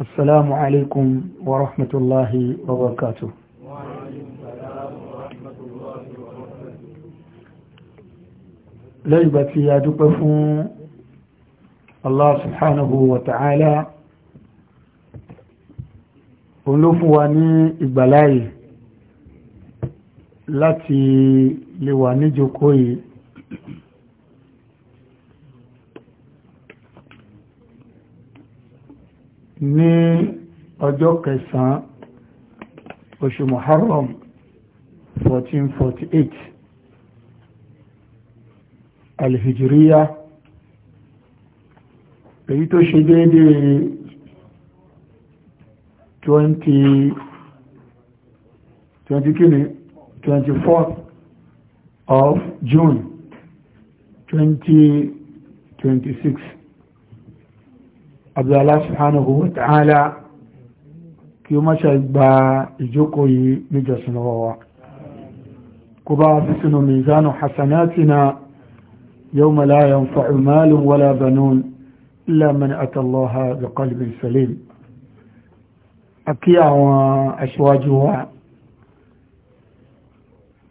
السلام عليكم ورحمة الله وبركاته lẹ́yìnbà tí a dúpẹ́ fún Allah subhanahu wa ta'ala òun ló fún wa ní ìgbàláyè láti lè wà níjókòó yìí ní ọjọ́ kẹsàn-án oṣù Muharram 1448 alhijiriya èyí tó ṣe déédéé 20 24th of June 2026 abdullahi subhanahu wa ta'ala kí ó má ṣe gba ìjókòó yìí níjọsìn lọ́wọ́ wa kó bá fi sínú mizanu hasanatina yawma la yanfa'u malun wala banun illa man ata Allaha bi qalbin salim àkí àwọn aṣíwájú wa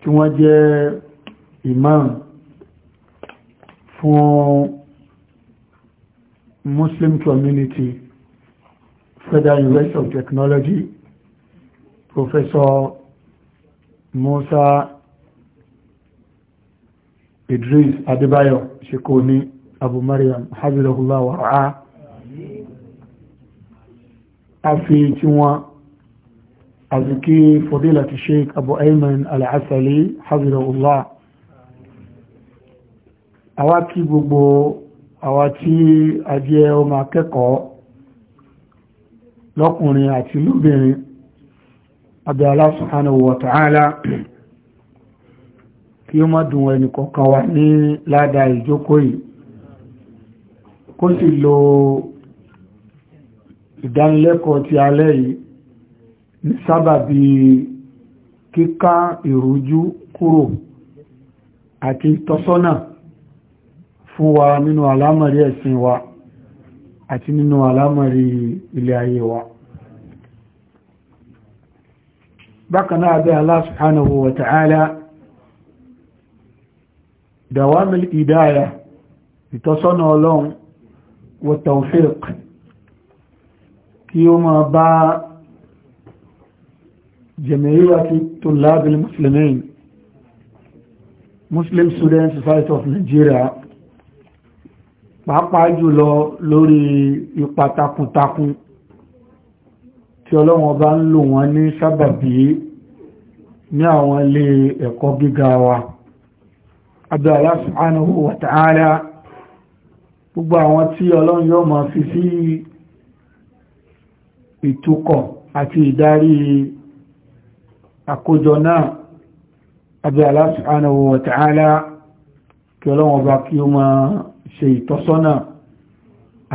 tí wọ́n jẹ́ imam fún Muslim Community, Federal University of Technology, Professor Musa Idris Adibayo, Shekoni Abu Maryam Hafizahullah Waraa, ra'a a fi Fodila wọ́n Sheikh Abu Ayman Al-Asali Hafizahullah àwa kí àwa tí a jẹ́ ọmọ akẹ́kọ̀ọ́ lọ́kùnrin àti lóbìnrin abẹ́ Allah subhanahu wa ta'ala kí ó má dùn ẹni kọ̀ọ̀kan wa ní ládàá ìjókòó yìí kó sì lo ìdánilẹ́kọ̀ọ́ ti alẹ́ yìí ní sábàbí kíká ìrújú kúrò àti ìtọ́sọ́nà fún wa nínú àlámọ̀rí ẹ̀sìn wa àti nínú àlámọ̀rí ilé ayé wa bákanáà bí Allah subhanahu wa ta'ala dawamil idaya ìtọ́sọ́nà ọlọ́run wa tawfiq kí ó máa bá jami'iyati tullabil muslimin Muslim Student Society of Nigeria pàápàá jùlọ lórí ipa takuntakun tí ọlọ́wọ́n bá ń lò wọ́n ní sábàbí ní àwọn ilé ẹ̀kọ́ gíga wa abẹ́ Allah subhanahu ta'ala gbogbo àwọn tí ọlọ́run yóò máa fi sí ìtukọ̀ àti ìdarí àkójọ náà abẹ́ Allah subhanahu ta'ala kí ọlọ́run ọba kí ó máa ṣe ìtọ́sọ́nà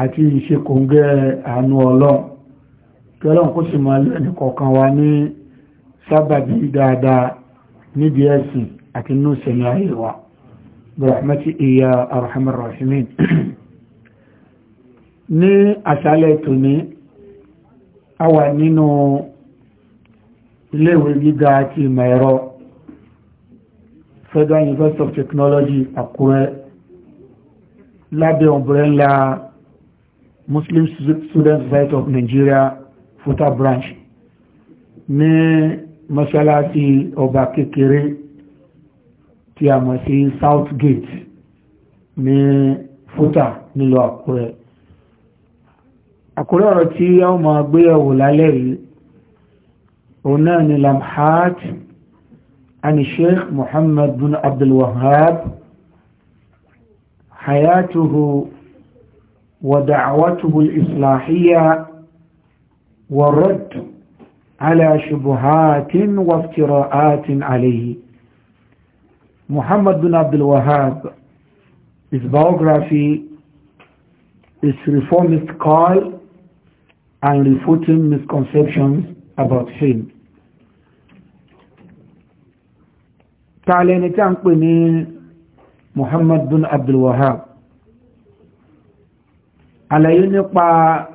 àti ìṣekòǹgẹ́ àánú ọlọ́run kí ọlọ́run kó sì máa lẹ́nu kọ̀ọ̀kan wa ní sábàbí dáadáa níbi ẹ̀sìn àti inú ìsẹ̀mí ayé wa bẹ̀rẹ̀mẹ́tì ìyá arhamar rahimin Federal University of Technology Akure. lábẹ́ umbrella Muslim Student Society of Nigeria futa branch ní mọ́ṣálásí ọba kékeré tí a mọ̀ sí South Gate ní futa nílò Akure. Akure, ọ̀rọ̀ tí a máa gbéyẹ̀wò lálẹ́ yìí òun náà ni lamhat عن الشيخ محمد بن عبد الوهاب حياته ودعوته الإصلاحية والرد على شبهات وافتراءات عليه محمد بن عبد الوهاب his biography is reformist call and refuting misconceptions about him tààlẹ́ ni tí a n'i pè Muhammad bin Abdul Wahab àlàyé nípa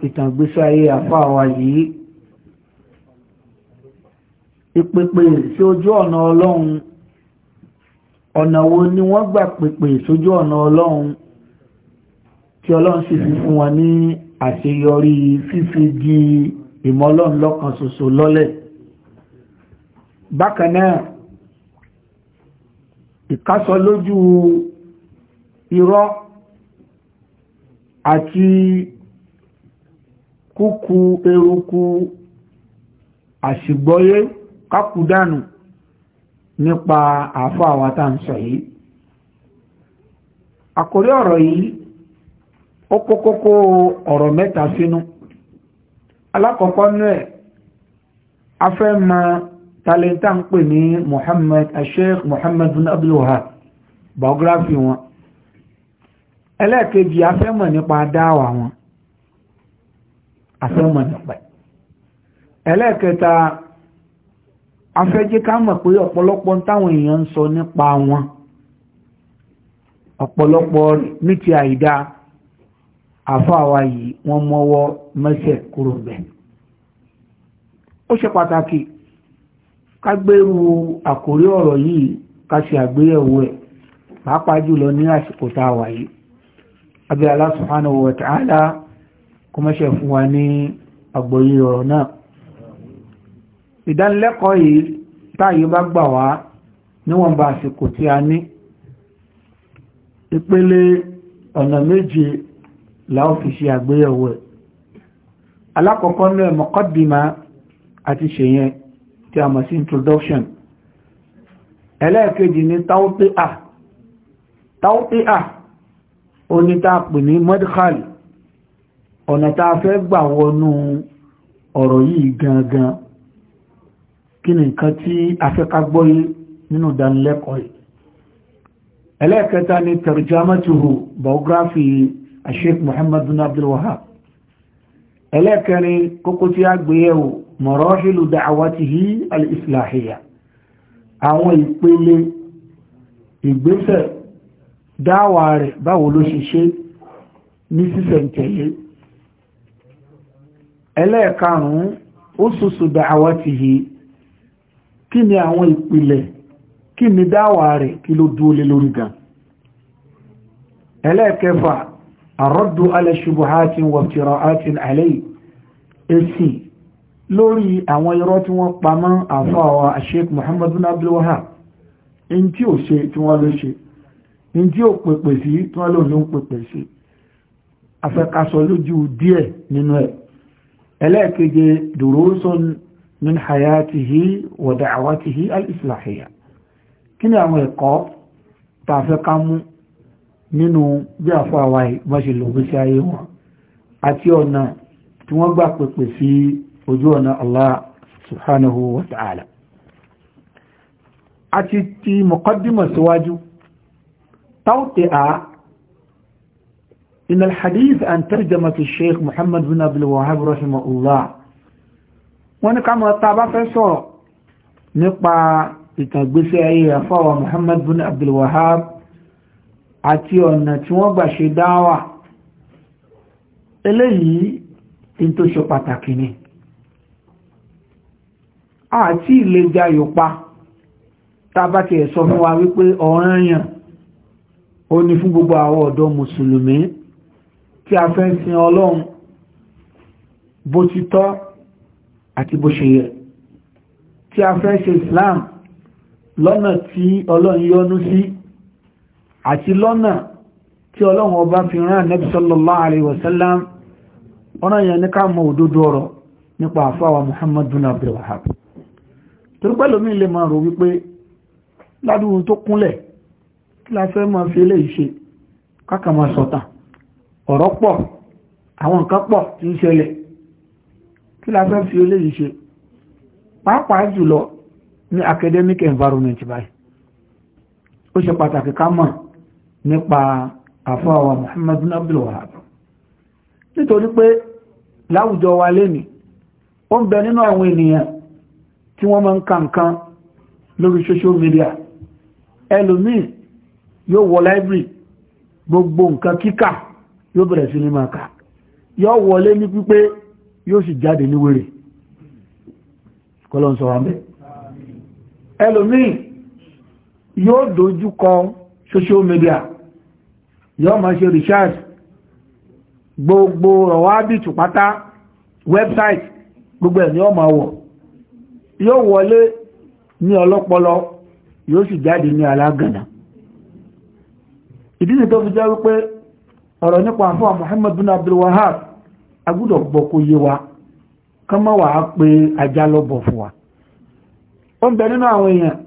ìtàngbésí ayé àfáàwà yìí ìpèpè sí ojú ọ̀nà ọlọ́run ọ̀nà wo ni wọ́n gbà pèpè sójú ọ̀nà ọlọ́run tí ọlọ́run sì fi fún wọn ní àṣeyọrí fífi di ìmọ̀ ọlọ́run lọ́kan ṣoṣo lọ́lẹ̀ bákan náà ìkásọ lójú irọ́ àti kúkú eruku àṣìgbọ́yé kákúdánù nípa àfọ́ àwátà ń sọ yìí àkórí ọ̀rọ̀ yìí ó kó ọ̀rọ̀ mẹ́ta sínú alákọ̀ọ́kọ́ náà a fẹ́ máa talenta ń pè ní Muhammad eh, Sheikh Muhammad bin Abdul Wahab biography wọn ẹlẹ́ẹ̀kejì afẹ́mọ̀ nípa dáwà wọn afẹ́mọ̀ nípa ẹlẹ́ẹ̀kẹta afẹ́jẹ́ ká mọ̀ pé ọ̀pọ̀lọpọ̀ táwọn èèyàn ń sọ nípa wọn ọ̀pọ̀lọpọ̀ ní ti àìdá àfáàwà yìí wọ́n mọ́wọ́ mẹ́sẹ̀ kúrò bẹ̀ ó ṣe pàtàkì kágbérú àkórí ọ̀rọ̀ yìí ká ṣe àgbéyẹ̀wò ẹ̀ pàápàá jùlọ ní àsìkò tá a wà yìí abẹ́ Allah subhanahu wa ta'ala kó mọ́ṣẹ́ fún wa ní àgbọ́yé ọ̀rọ̀ náà ìdánilẹ́kọ̀ọ́ yìí táàyè bá gbà wá níwọ̀nba àsìkò tí a ní ìpele ọ̀nà méje láò fi ṣe àgbéyẹ̀wò ẹ̀ alákọ̀ọ́kọ́ náà mọ̀kọ́dìmá àti ṣèyẹn tí a mọ̀ sí introduction ẹlẹ́ẹ̀kejì ni tawti'a tawti'a onítàpì ní madkhal ọ̀nà tá a fẹ́ gbà wọnú ọ̀rọ̀ yìí gangan kí ni nǹkan tí a fẹ́ ká gbọ́yé nínú ìdánilẹ́kọ̀ọ́ yìí ẹlẹ́ẹ̀kẹta ni tarjamatuhu biography Sheikh Muhammad bin ẹlẹ́ẹ̀kẹrin kókó tí a gbéyẹ̀wò mọ̀rọ́hìlù da'awatihi al-islahiyya àwọn ìpele ìgbésẹ̀ dáwà rẹ̀ báwo ló ṣiṣẹ́ ní sísẹ̀ntẹ̀lé ẹlẹ́ẹ̀karùn-ún ususu da'awatihi kí ni àwọn ìpìlẹ̀ kí ni dáwà rẹ̀ kí ló dúó lé lórí gan ẹlẹ́ẹ̀kẹfà àrọ́dù ala lórí àwọn irọ́ tí wọ́n pa mọ́ àfáwà Sheikh Muhammad bin Abdul Wahab in tí ò ṣe tí wọ́n ló ṣe in tí ò pèpè sí tí wọ́n lò ló ń pèpè sí afẹ́kasọ lójú díẹ̀ nínú ẹ̀ ẹlẹ́ẹ̀keje nínú bí àfáwà bá ṣe lògbésí ayé wọn àti ọ̀nà tí wọ́n gbà pèpè sí ojú ọ̀nà Allah subhanahu wa ta'ala àti ti muqaddima síwájú tawti a in alhadith an tarjama sheikh muhammad bin abdul wahab rahimahullah wọ́n ní kama ta bá fẹ́ sọ̀rọ̀ nípa ìtàgbésí ayé àfọwà muhammad bin abdul wahab àti ọ̀nà tí wọ́n gbà ṣe dáwà eléyìí in tó ṣe pàtàkì ni àti ìlẹ́jà yòpa tàbátì ẹ̀sọ́ e mú wa wípé ọ̀ranyàn ó ní fún gbogbo àwọn ọ̀dọ́ mùsùlùmí tí a fẹ́ sin ọlọ́run bó ti tọ́ àti a fẹ́ ṣe Islam lọ́nà tí ọlọ́run yọ́nú sí àti lọ́nà tí ọlọ́run ọba fi rán Nabi sallallahu alaihi ní ká mọ òdodo ọ̀rọ̀ torí pẹ́lú mi lè máa rò wípé ládùúgbò tó kúnlẹ̀ kí la fẹ́ máa fi eléyìí ṣe káàkà máa sọ̀tàn ọ̀rọ̀ pọ̀ àwọn nǹkan pọ̀ tí ń ṣẹlẹ̀ kí la fẹ́ fi eléyìí ṣe pàápàá jùlọ ní academic environment báyìí ó ṣe pàtàkì ká mọ̀ nípa àfọwà Muhammadu Abdul nítorí pé láwùjọ wa lénìí ó ń bẹ nínú àwọn ènìyàn tí wọ́n máa ń ka nǹkan lórí social media ẹlòmíì yóò wọ library gbogbo nǹkan kíkà yóò bẹ̀rẹ̀ sí ní máa kà yóò wọlé ní pípé yóò sì jáde ní wèrè kọlọ́n sọ wàmẹ́ ẹlòmíì yóò dojú kọ social media yóò máa ṣe research gbogbo rọ̀wábìtù pátá website gbogbo ẹ̀ ni ó máa wọ̀ yóò wọlé ní ọlọ́pọlọ yóò sì jáde ní alágànà ìdí ni tó fi jẹ́ wípé ọ̀rọ̀ nípa àfọ́wà Muhammad bin Abdul agbúdọ̀ yé wa kọ́mọ́ wà á pé ajá lọ́bọ̀ fún wa ó ń bẹ nínú àwọn èèyàn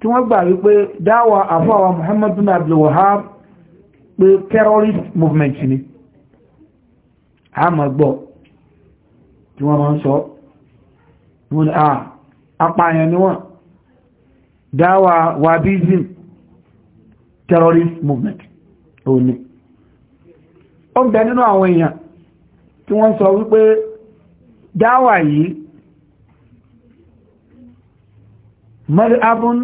tí wọ́n gbà wípé dáwà àfọ́wà bin pé terrorist movement ni a ma gbọ́ tí wọ́n máa ń sọ wọ́n ni apààyàn ni wọ́n dáwà wabism terrorist movement òní ó ń bẹ nínú àwọn èèyàn tí wọ́n sọ wípé dáwà yìí madhabun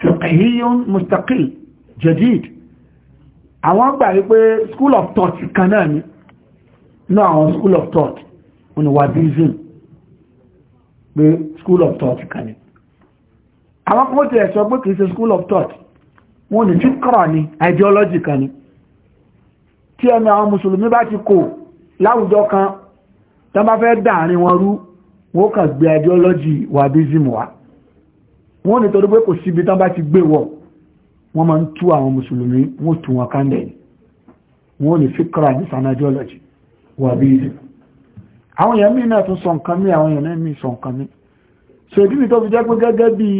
fiqhiyun mustaqil jadid àwọn gbà wípé school of thought kan náà ni náà àwọn school of thought oníwàbísìn pé school of thought kalẹ̀ àwọn kan tẹ̀ sọ pé kìí ṣe school of thought wọn ni fíkọ́rọ̀ ni ideology kan ni tí ẹnu àwọn mùsùlùmí bá ti kò láwùjọ kan tán bá fẹ́ dàárín wọn rú wọ́n kàn gbé ideology wàbísìm wá wọ́n ni torí pé kò síbi tán bá ti gbé wọ̀ wọ́n máa ń tú àwọn mùsùlùmí wọ́n tú wọn kánlẹ̀ wọ́n ni fíkọ́rọ̀ ní san ideology wàbísìm àwọn èèyàn mí náà tún sọ nǹkan mí àwọn èèyàn náà mí sọ nǹkan mí so tó fi jẹ́ pé gẹ́gẹ́ bí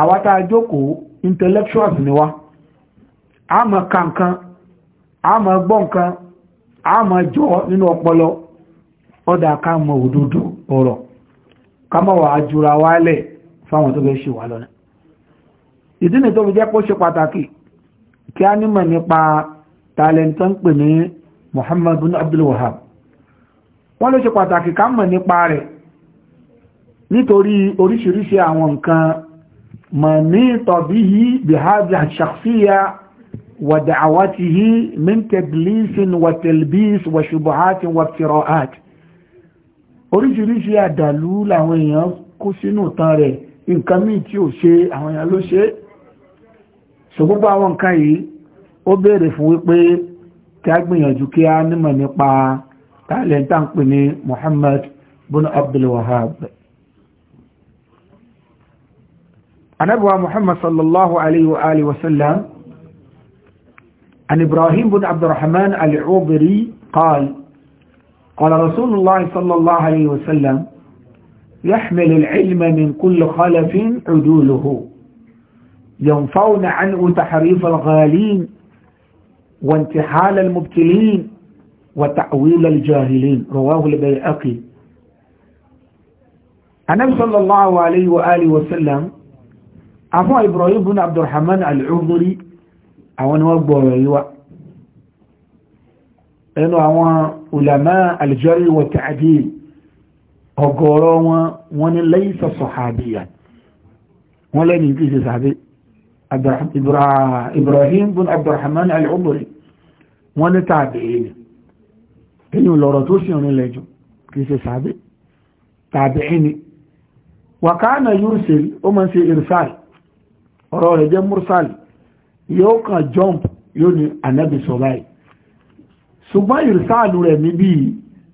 àwátá jókòó intellectuals ni wá a mọ̀ ka nǹkan a mọ̀ gbọ́ a mọ̀ jọ nínú ọpọlọ ọdá ká mọ̀ òdodo ọ̀rọ̀ ká mọ̀ wà jura wálẹ̀ fáwọn tó fẹ́ ṣe wà lọ́nà ìdí ni tó fi jẹ́ pé ṣe pàtàkì kí a nímọ̀ nípa tàlẹ́ntọ́ pè ní Muhammad bin Abdul Wahab wọ́n ló ṣe pàtàkì ká mọ̀ nípa rẹ̀ nítorí oríṣiríṣi àwọn nǹkan mọ̀ní tọ̀bí yìí bí hajjá ṣàfíyà ودعوته من تدليس وتلبيس وشبهات وافتراءات oríṣiríṣi àdàlú làwọn èèyàn kó sínú tán rẹ̀ nǹkan míì tí ò ṣe àwọn èèyàn ló ṣe ṣògbógbó àwọn nǹkan yìí ó béèrè fún wípé kí a gbìyànjú kí a nímọ̀ nípa tààlẹ́ntà ń pè ní Muhammad bin Abdul Wahhab أبو محمد صلى الله عليه وآله وسلم عن إبراهيم بن عبد الرحمن العوبري قال قال رسول الله صلى الله عليه وسلم يحمل العلم من كل خلف عدوله ينفون عنه تحريف الغالين وانتحال المبتلين وتأويل الجاهلين رواه البيعقي النبي صلى الله عليه وآله وسلم àfún Ibrahim bin Abdurrahman al-Urduri àwọn ni wọ́n gbọ́rọ̀ yíwá ẹnu àwọn ulama al-jarh wa ta'dil ọgọ́rọ̀ wọn wọ́n ni laysa sahabiyan wọ́n lẹ́ni kí ṣe sàbí Ibrahim bin Abdurrahman al-Urduri wọ́n tàbí ni inú lọ́rọ̀ tó sì rìn lẹ́jọ kìí ṣe sàbí tàbí ni wa kana yursil ó mọ́ sí irsal ọ̀rọ̀ rẹ̀ jẹ́ mursal yóò kàn jump yóò ní anabi sọ báyìí ṣùgbọ́n ìrìsáàlù rẹ̀ níbi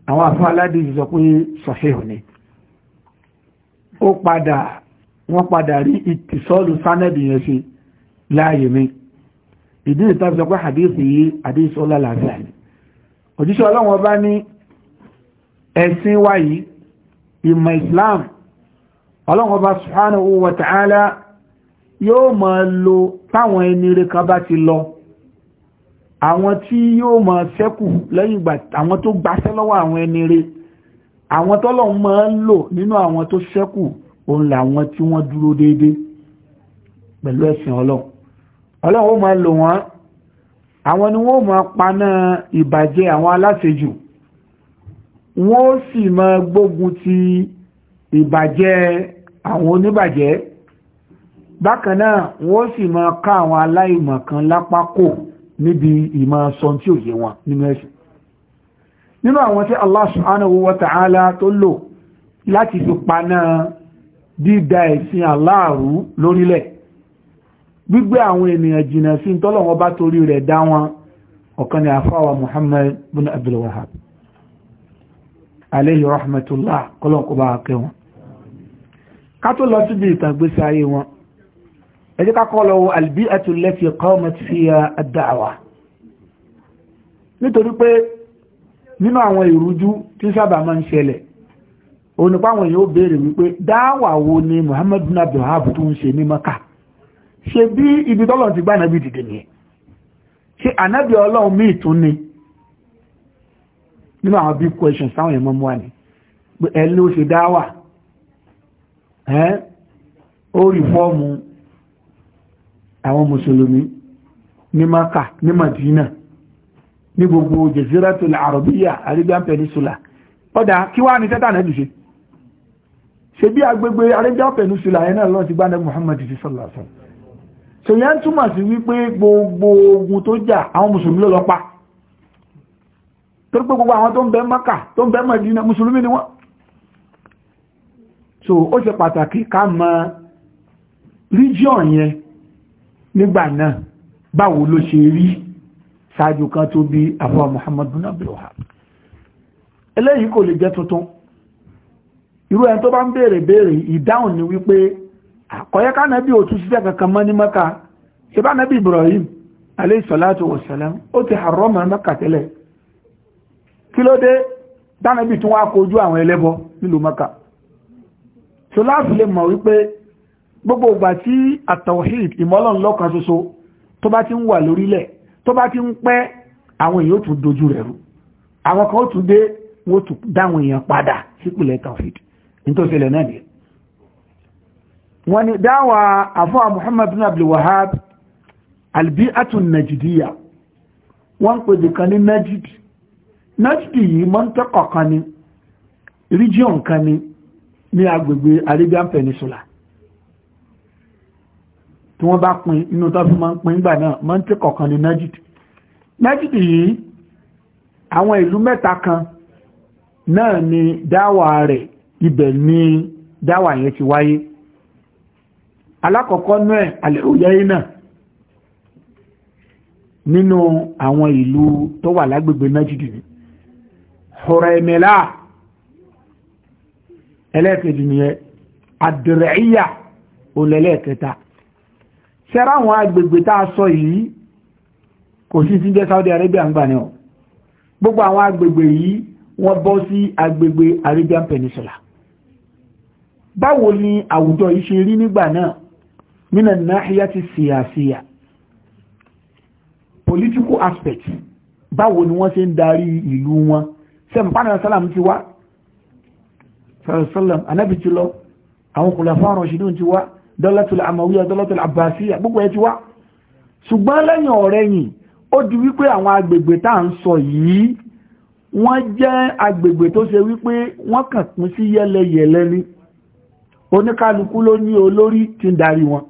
àwọn afọ aládìsí sọ pé sahih ni ó padà wọ́n padà rí ìtìsọ́lù sánẹ́dì yẹn ṣe láàyè mi ìdí ìtàbí sọ pé hadith yìí hadith ọlá làáfíà ni òjíṣẹ́ ọlọ́wọ́n bá ní ẹ̀sìn wa yìí ìmọ̀ islam ọlọ́wọ́n bá subhanahu wa yóò máa lo táwọn ẹni rẹ̀ kan bá ti lọ àwọn tí yóò máa ṣẹ́kù lẹ́yìn ìgbà àwọn tó gbaṣẹ́ lọ́wọ́ àwọn ẹni rẹ̀ àwọn tọ́lọ́run máa ń lò nínú àwọn tó ṣẹ́kù òun làwọn tí wọ́n dúró déédéé pẹ̀lú ẹ̀sìn ọlọ́run ọlọ́run ó máa lò wọ́n àwọn ni wọ́n máa paná ìbàjẹ́ àwọn aláṣejù wọ́n sì máa gbógun ti ìbàjẹ́ àwọn oníbàjẹ́ bákan náà wọ́n sì máa ká àwọn aláìmọ̀ kan lápákò níbi ìmọ̀ sọ tí ò yé wọn nínú ẹ̀sìn nínú àwọn tí Allah subhanahu wa ta'ala tó lò láti fi paná dídá ẹ̀sìn aláàrú lórílẹ̀ gbígbé àwọn ènìyàn jìnà sí tọ́lọ̀wọ́ bá torí rẹ̀ dá wọn ọ̀kan ni àfáwà Muhammad bin Abdul Wahhab alayhi rahmatullah kọlọ̀kọba akẹwọn ká tó lọ síbi ìtàgbésí ayé wọn ẹjẹ́ kákọ́ lọ albí'atu allati qamat fiha ad-da'wa nítorí pé nínú àwọn ìrújú tí sábà máa ń ṣẹlẹ̀ onípa àwọn èèyàn ó béèrè wípé dáwà wo ni muhammadu nabi wahab tó ń ṣe ní maka ṣe bí ibi tọ́lọ̀ ti gbá nàbí dìde nìyẹn ṣe ànábì ọlọ́run míì tún ni nínú àwọn big questions táwọn èèyàn mọ́mú wà ní pé ẹ ló ṣe dáwà ẹ́ ó rí fọ́ọ̀mù àwọn mùsùlùmí ní maka ní madina ní gbogbo jaziratul arabiya arabian peninsula ọ̀dá kí wá ní tẹ́tà náà jùṣe ṣe bí agbègbè arabian peninsula ẹ̀ náà lọ́n ti gbá nẹ́bù muhammad ti sallallahu alaihi wasallam so yẹn túmọ̀ sí wípé gbogbo ogun tó jà àwọn mùsùlùmí ló lọ pa gbogbo àwọn tó ń bẹ maka tó ń bẹ madina mùsùlùmí ni wọ́n so ó ṣe pàtàkì ká mọ region yẹn nígbà náà báwo ló ṣe rí ṣáájú kan tó bí àfọwà Muhammad bin Abdul Wahab eléyìí kò lè jẹ́ tuntun irú ẹni tó bá ń béèrè béèrè ìdáhùn ni wípé àkọyẹ kánàbí ò tún ṣiṣẹ́ kankan mọ́ ní Mẹ́kà ìbánàbí Ibrahim alayhi salatu wassalam ó ti harrama Mẹ́kà tẹ́lẹ̀ kí ló dé dánàbí tún wá kojú àwọn ẹlẹ́bọ nílùú Mẹ́kà gbogbo ìgbà tí àtàwọ̀hìd ìmọ́lọ́n lọ́kan ṣoṣo tó bá ti ń wà lórílẹ̀ tó bá ti ń pẹ́ àwọn èèyàn tún dojú rẹ̀ rú àwọn kan ó tún dé wọ́n tún dáwọn èèyàn padà sípìlẹ̀ tàwọ̀hìd nítòsílẹ̀ náà ni wọ́n ni dáwà àfọ́wà Muhammad ni region kan ni ní agbègbè Arabian Peninsula tí wọ́n bá pín inú tó fi máa ń pín gbà náà máa tí kọ̀ọ̀kan ní nájìdì nájìdì yìí àwọn ìlú mẹ́ta kan náà ni dáwà rẹ̀ ibẹ̀ ni dáwà yẹn ti wáyé alákọ̀ọ́kọ́ náà alẹ́ òyáyé náà nínú àwọn ìlú tó wà lágbègbè nájìdì ni Hùrẹ̀mẹ̀lá ẹlẹ́ẹ̀kejì nìyẹn Àdìrẹ̀íyà olẹ́lẹ́ẹ̀kẹta sẹ́rà àwọn agbègbè tá a sọ yìí kò sí sí jẹ́ Saudi Arabia ń gbà ní ọ̀ gbogbo àwọn agbègbè yìí wọ́n bọ́ sí agbègbè Arabian Peninsula báwo ni àwùjọ yìí ṣe rí nígbà náà nínú náà ti síyàsíyà political aspect báwo ni wọ́n ṣe ń darí ìlú wọn sẹ́mpánà sálàm ti wá sálàm anábì ti lọ àwọn kùlà fáwọn ọ̀ṣìdún ti wá dọ́lọ́tù àmọ̀wíyà dọ́lọ́tù àbáṣíyà gbogbo ẹ ti wá ṣùgbọ́n lẹ́yìn ọ̀rẹ́ yìí ó di wípé àwọn agbègbè tá à ń sọ yìí wọ́n jẹ́ agbègbè tó ṣe wípé wọ́n kàn pín sí yẹ́lẹyẹ̀lẹ ni oníkálukú ló ní olórí tí ń darí wọn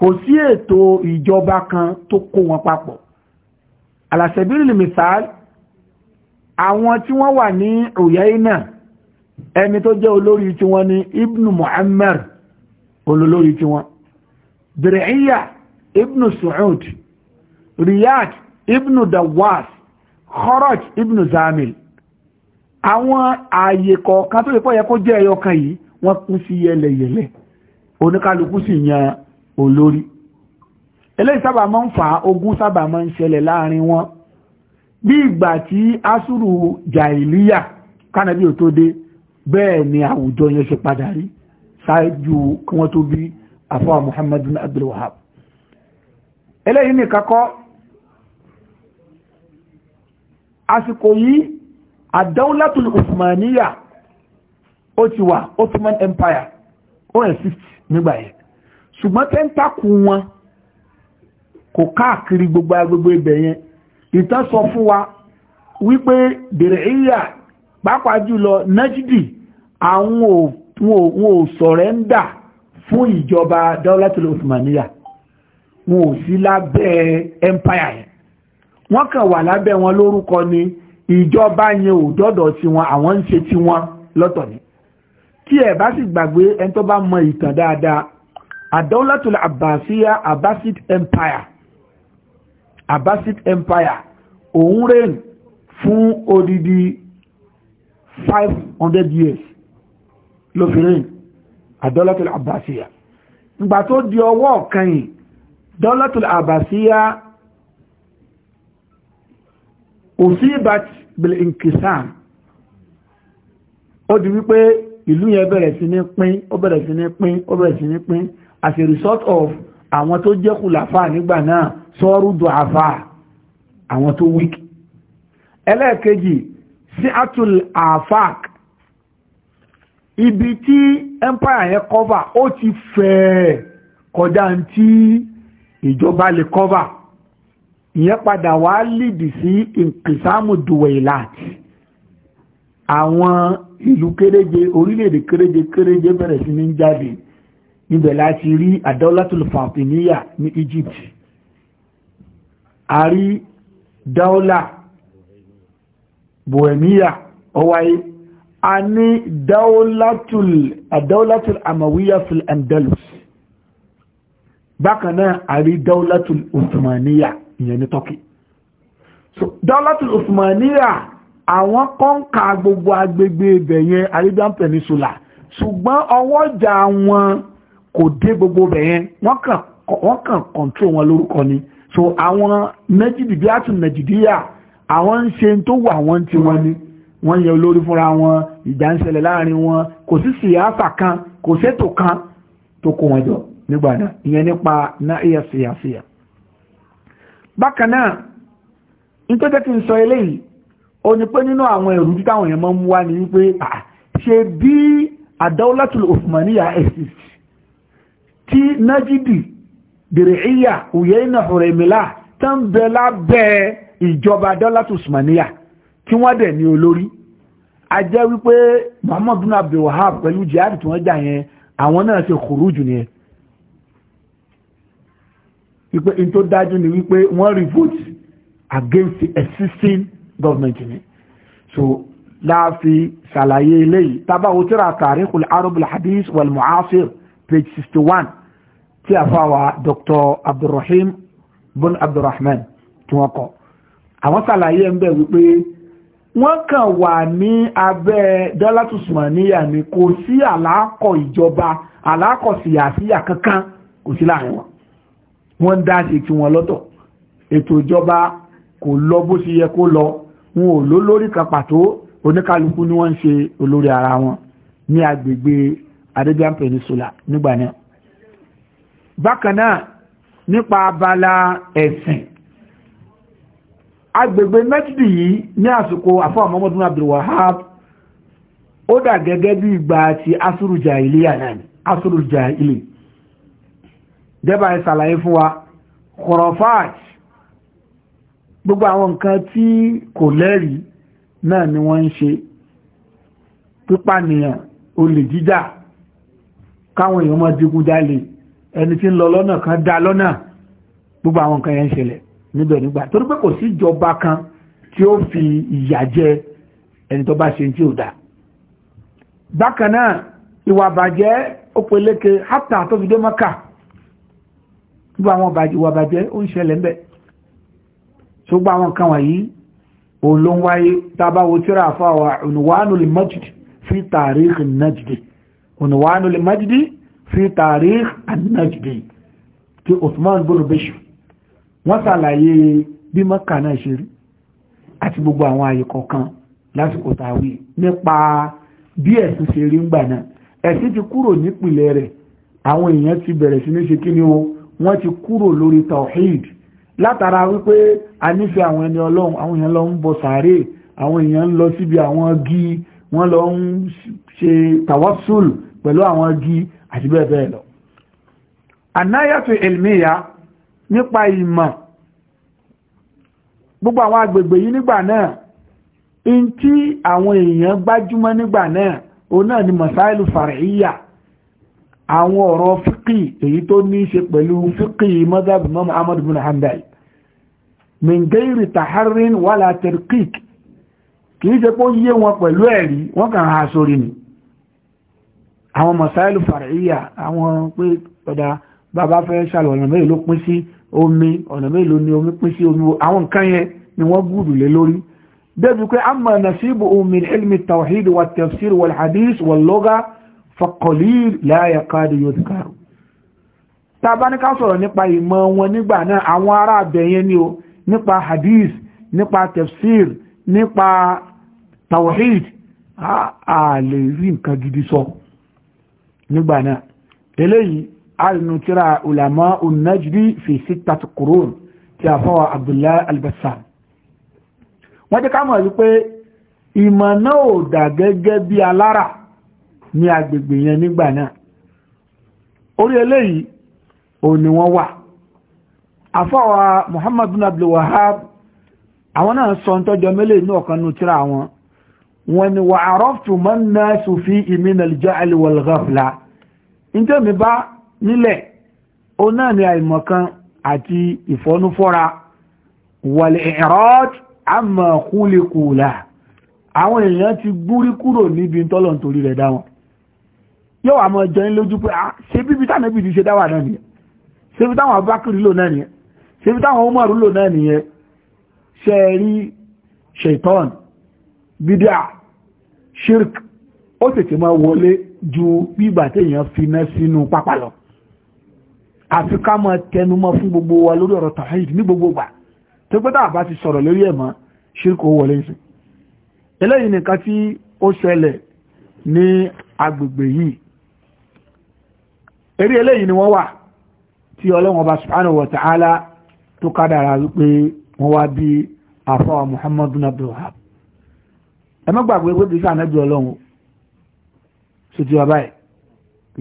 kò sí ètò ìjọba kan tó kó wọn papọ̀ àlàṣẹ̀bírìlì mìsáàlì àwọn tí wọ́n wà ní òyẹ́ iná ẹni tó jẹ́ olórí tí wọ́n ibnu muhammad olólórí tí wọ́n Dir'iyya ibn Su'ud Riyad ibn Dawas Kharaj ibn Zamil àwọn ààyè kọ̀ọ̀kan tó lè pọ̀ yẹ kó jẹ́ ẹyọ kan yìí wọ́n kún sí yẹlẹyẹlẹ oníkálukú sì yan olórí eléyìí sábà máa ń fà ogun sábà máa ń ṣẹlẹ̀ láàrin wọn bí ìgbà tí asúrù jàìlíyà kánàbí ò tó dé bẹ́ẹ̀ ni àwùjọ yẹn ṣe padà rí ṣáájú kí wọ́n tó bí àfáà Muhammad bin Abdul Wahab eléyìí ní kakọ́ àsìkò yìí àdáúlátùl Uthmaniyya ó ti wà Ottoman Empire ó exist nígbà yẹn ṣùgbọ́n tẹ́ńtàkù wọn kò káàkiri gbogbo agbègbè ibẹ̀ ìtàn sọ fún wa wípé dèrè ìyà pàápàá jùlọ nájídì àwọn ò wọn ò sọ̀rẹ́ndà fún ìjọba dáúlátìlì osmaniya wọn ò sí lábẹ́ empire yẹn wọ́n kàn wà lábẹ́ wọn lórúkọ ni ìjọba yẹn ò dọ́dọ̀ sí wọn àwọn ń ṣe tí wọ́n lọ́tọ̀ ni tí ẹ̀ bá sì gbàgbé ẹni tó bá mọ ìtàn dáadáa àdáúlátìlì abbasiya abbasid empire abbasid empire òun reign fún odidi five hundred years lófinrin àdọ́lọ́tòlù àbàsíyà ìgbà tó di ọwọ́ kẹyìn dọ́lọ́tòlù àbàsíyà òsíbat bil inkisam ó di wípé ìlú yẹn bẹ̀rẹ̀ sí ní pín ó bẹ̀rẹ̀ sí ní pín ó bẹ̀rẹ̀ sí ní pín as a result of àwọn tó jẹ́ kùlàfà nígbà náà sọ́rú dùàfà àwọn tó wík ẹlẹ́ẹ̀kejì sí àtúl àfáàk ibi tí empire yẹn cover ó ti fẹ̀ kọjá tí ìjọba lè cover ìyẹn padà wá lìdì sí ìkìsámù duwailat àwọn ìlú kéréje orílẹ̀-èdè kéréje kéréje bẹ̀rẹ̀ sí ní jáde níbẹ̀ láti rí àdáwọ́látòlù fàtíníyà ní Egypt a rí dáwọ́lá bohemia ó a ní dáúlátùl àmàwíyà fil andalus bákan náà a rí dáúlátùl osmaniya ìyẹn ní turkey so dáúlátùl osmaniya àwọn kọ́ǹkà gbogbo agbègbè ibẹ̀ yẹn arabian peninsula ṣùgbọ́n ọwọ́jà wọn kò dé gbogbo ibẹ̀ yẹn wọ́n kàn control wọn lórúkọ ni so àwọn nàìjíríà àwọn ń ṣe tó wà wọ́n wọ́n yẹ olórí fúnra wọn ìjà ń ṣẹlẹ̀ láàrin wọn kò sí síyáàsà kan kò sétò kan tó kó wọn jọ nígbà náà ìyẹn nípa náà síyàsíyà bákan náà ní tó jẹ́ kí n sọ eléyìí ó ní pé nínú àwọn ẹ̀rù tí táwọn èèyàn máa mú wá ní wípé ṣe bí àdáwọ́látùlù òfìmọ̀níyà exist tí nájídì dèrèíyà òyẹ́ ìnà ọ̀rẹ̀mìlá tán bẹ lábẹ́ ìjọba àdáwọ́látùlù òfìmọ̀níyà tí wọ́n dẹ̀ ní olórí a jẹ́ wípé Muhammad bin Abdul Wahab pẹ̀lú jihad tí wọ́n jà yẹn àwọn náà ṣe khuruju nìyẹn wípé in tó dájú ni wípé wọ́n revolt against the existing government ni so láàfi ṣàlàyé eléyìí tábàwò tíra Tarikhul Arab al-Hadith wal-Mu'asir page 61 tí a fáwà Dr. Abdulrahim bin Abdulrahman tí wọ́n kọ àwọn ṣàlàyé ń bẹ̀ wípé wọ́n kàn wà ní abẹ́ dọ́látùsùmọ̀ níyà ni kò sí àlákọ̀ ìjọba àlákọ̀ síyàsíyà kankan kò sí láàrin wọn wọ́n ń dá ṣe tí wọ́n lọ́tọ̀ ètò ìjọba kò lọ bó ṣe yẹ kó lọ wọn ò ló lórí kan pàtó oníkálukú ni wọ́n ń ṣe olórí ara wọn ní agbègbè Arabian Peninsula nígbà náà bákan náà nípa abala ẹ̀sìn agbègbè mẹ́tìdì yìí ní àsìkò àfáà mọ́mọ́dún abdulwahab ó dà gẹ́gẹ́ bí ìgbà àti asúrùjà ilé àdáni asúrùjà ilé dẹ́bà ìsàlàyé fún wa kọ̀rọ̀fáàt gbogbo àwọn nǹkan tí kò lẹ́rìí náà ni wọ́n ń ṣe pípànìyàn olè jíjà káwọn èèyàn mọ́ digun jalè ẹni tí ń lọ lọ́nà kan dá lọ́nà gbogbo àwọn nǹkan yẹn ń ṣẹlẹ̀ níbẹ̀ nígbà torí pé kò sí ìjọba kan tí ó fi ìyà jẹ ẹni tó bá ṣe tí ò dá bákan náà ìwà bàjẹ́ ó peléke hátà tó fi dé mọ́kà gbogbo àwọn ìwà bàjẹ́ ó ń ṣẹlẹ̀ ń bẹ̀ ṣùgbọ́n àwọn kan wọ̀nyí olóńwáyé tábà wo tíra àfáwà ònùwánú lè mọ́jìdì fi tàríkì nájìdì ònùwánú lè mọ́jìdì fi tàríkì nájìdì ti Uthman bin Bashir wọ́n ṣàlàyé bí mọ́kà náà ṣe rí àti gbogbo àwọn àyè kọ̀ọ̀kan lásìkò tàwí nípa bí ẹ̀sìn ṣe rí ńgbà náà ẹ̀sìn ti kúrò nípìnlẹ̀ rẹ̀ àwọn èèyàn ti bẹ̀rẹ̀ sí ní ṣe kí ni o wọ́n ti kúrò lórí tawhid látara wípé a nífẹ̀ẹ́ àwọn ẹni ọlọ́run àwọn èèyàn lọ ń bọ sàárè àwọn èèyàn lọ síbi àwọn igi wọ́n lọ ń ṣe tawassul pẹ̀lú àwọn igi àti bẹ́ẹ̀ bẹ́ẹ̀ lọ. ànáyàtò elmiya nípa ìmọ̀ gbogbo àwọn agbègbè yìí nígbà náà in tí àwọn èèyàn gbájúmọ́ nígbà náà òun náà ni masáìlù fàrẹ̀íyà àwọn ọ̀rọ̀ fíkì èyí tó ní í ṣe pẹ̀lú fíkì mọ́dábì mọ́mọ́ ahmadu bin hanbal mingeiri taharin wala terkik kì í ṣe pé ó yé wọn pẹ̀lú ẹ̀rí wọ́n kàn á sórí ni àwọn masáìlù fàrẹ̀íyà àwọn pé bàbá fẹ́ ṣàlọ̀nà mẹ́rin ló pín sí omi ọ̀nà mélòó ni omi pín sí omi àwọn nǹkan yẹn ni wọ́n gùdù lé lórí débi pé amma nasibu min ilmi tawhid wa tafsir wal hadith wal lugha fa qalil la yaqad yudhkar tá bá ní ká sọ̀rọ̀ nípa ìmọ̀ wọn nígbà náà àwọn ará abẹ̀ yẹn ni o nípa hadith nípa tafsir nípa tawhid a lè rí nǹkan gidi sọ nígbà náà eléyìí alnutira ulama unajdi fi sittati qurun tí a fọwọ́ abdullahi albassam wọ́n jẹ́ ká mọ̀ wípé ìmọ̀ náà ò dà gẹ́gẹ́ bí alára ní agbègbè yẹn nígbà náà orí eléyìí ò ní wọ́n wà àfọwọ́ muhammadu abdul wahab àwọn náà sọ ń tọ́jọ mẹ́lẹ̀ inú ọ̀kan nù tíra wọn wọn ni wà àrọ́fù mọ́nà sùfí ìmìnà ìjọ àlìwọ̀lọ́fìlà ní tẹ́mi bá nílẹ̀ ó náà ni àìmọ̀kan àti ìfọ́núfọ́ra wàlẹ̀ ẹ̀rọ́d àmà kúlẹ̀kùlà àwọn èèyàn ti gbúrí kúrò níbi tọ́lọ̀ nítorí rẹ̀ dáwọn yóò wà mọ́ jẹ́ lójú pé ah, ṣe bíbi táwọn ibi ti ṣe dáwà náà nìyẹn ṣe bí táwọn abákìrí lò náà nìyẹn ṣe bí táwọn Umaru lò náà nìyẹn ṣe rí ṣètọ́n bídíà shirk ó tètè máa wọlé ju bíbà téèyàn fi ná sínú pápá lọ àfi ká mọ́ tẹnumọ́ fún gbogbo wa lórí ọ̀rọ̀ tàhíd ní gbogbo gbà tó pẹ́tà bá ti sọ̀rọ̀ lórí ẹ̀mọ́ ṣírkò wọlé sí eléyìí nìkan tí ó ṣẹlẹ̀ ní agbègbè yìí eré eléyìí ni wọ́n wà tí ọlọ́wọ́n bá subhanahu wa ta'ala tó kádàrà wípé wọ́n wá bí àfọwà muhammadu abdulhab ẹ má gbàgbé pé kìí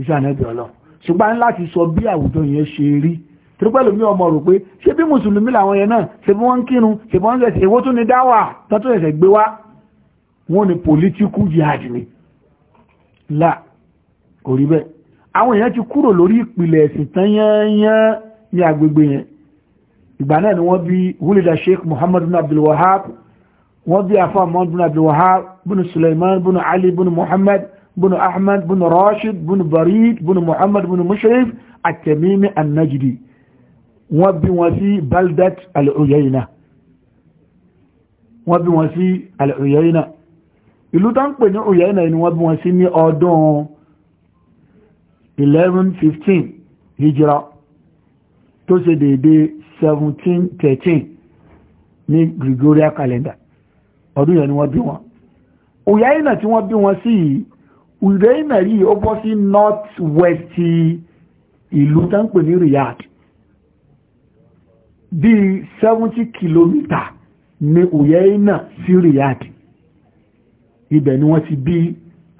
sànẹ́bí ṣùgbọ́n láti sọ bí àwùjọ yẹn ṣe rí torípẹ́lú mi ọmọ rò pé ṣé bí mùsùlùmí làwọn yẹn náà ṣe bí wọ́n ń kírun ṣe bí wọ́n ń tún ni dáwà tán tún ṣẹ̀ṣẹ̀ gbé wá wọ́n ní political jihad ni là kò rí bẹ́ẹ̀ àwọn èèyàn ti kúrò lórí ìpìlẹ̀ ẹ̀sìn tán ní agbègbè yẹn ìgbà náà ni wọ́n bí wúlídà Sheikh Muhammad bin Abdul Wahab wọ́n bí afa Muhammad bin Abdul Wahab bin Suleiman bin Ali bin Muhammad بن أحمد بن راشد بن بريد بن محمد بن مشرف التميمي النجدي وبي وفي بلدة العيينة وبي وفي العيينة ìlú tá ń pè ní Uyayna ni wọ́n bí wọ́n sí ní ọdún 1115 hijira tó ṣe dédé 1713 ní Gregorian calendar ọdún yẹn ni wọ́n bí Uyayna tí wọ́n bí wọn sí ìrẹ́ ìmẹ̀rí ó bọ́ sí north west ìlú tó ń pè ní Riyadh bí 70 km ní òyẹ́ìnà sí Riyadh ibẹ̀ ni wọ́n ti bí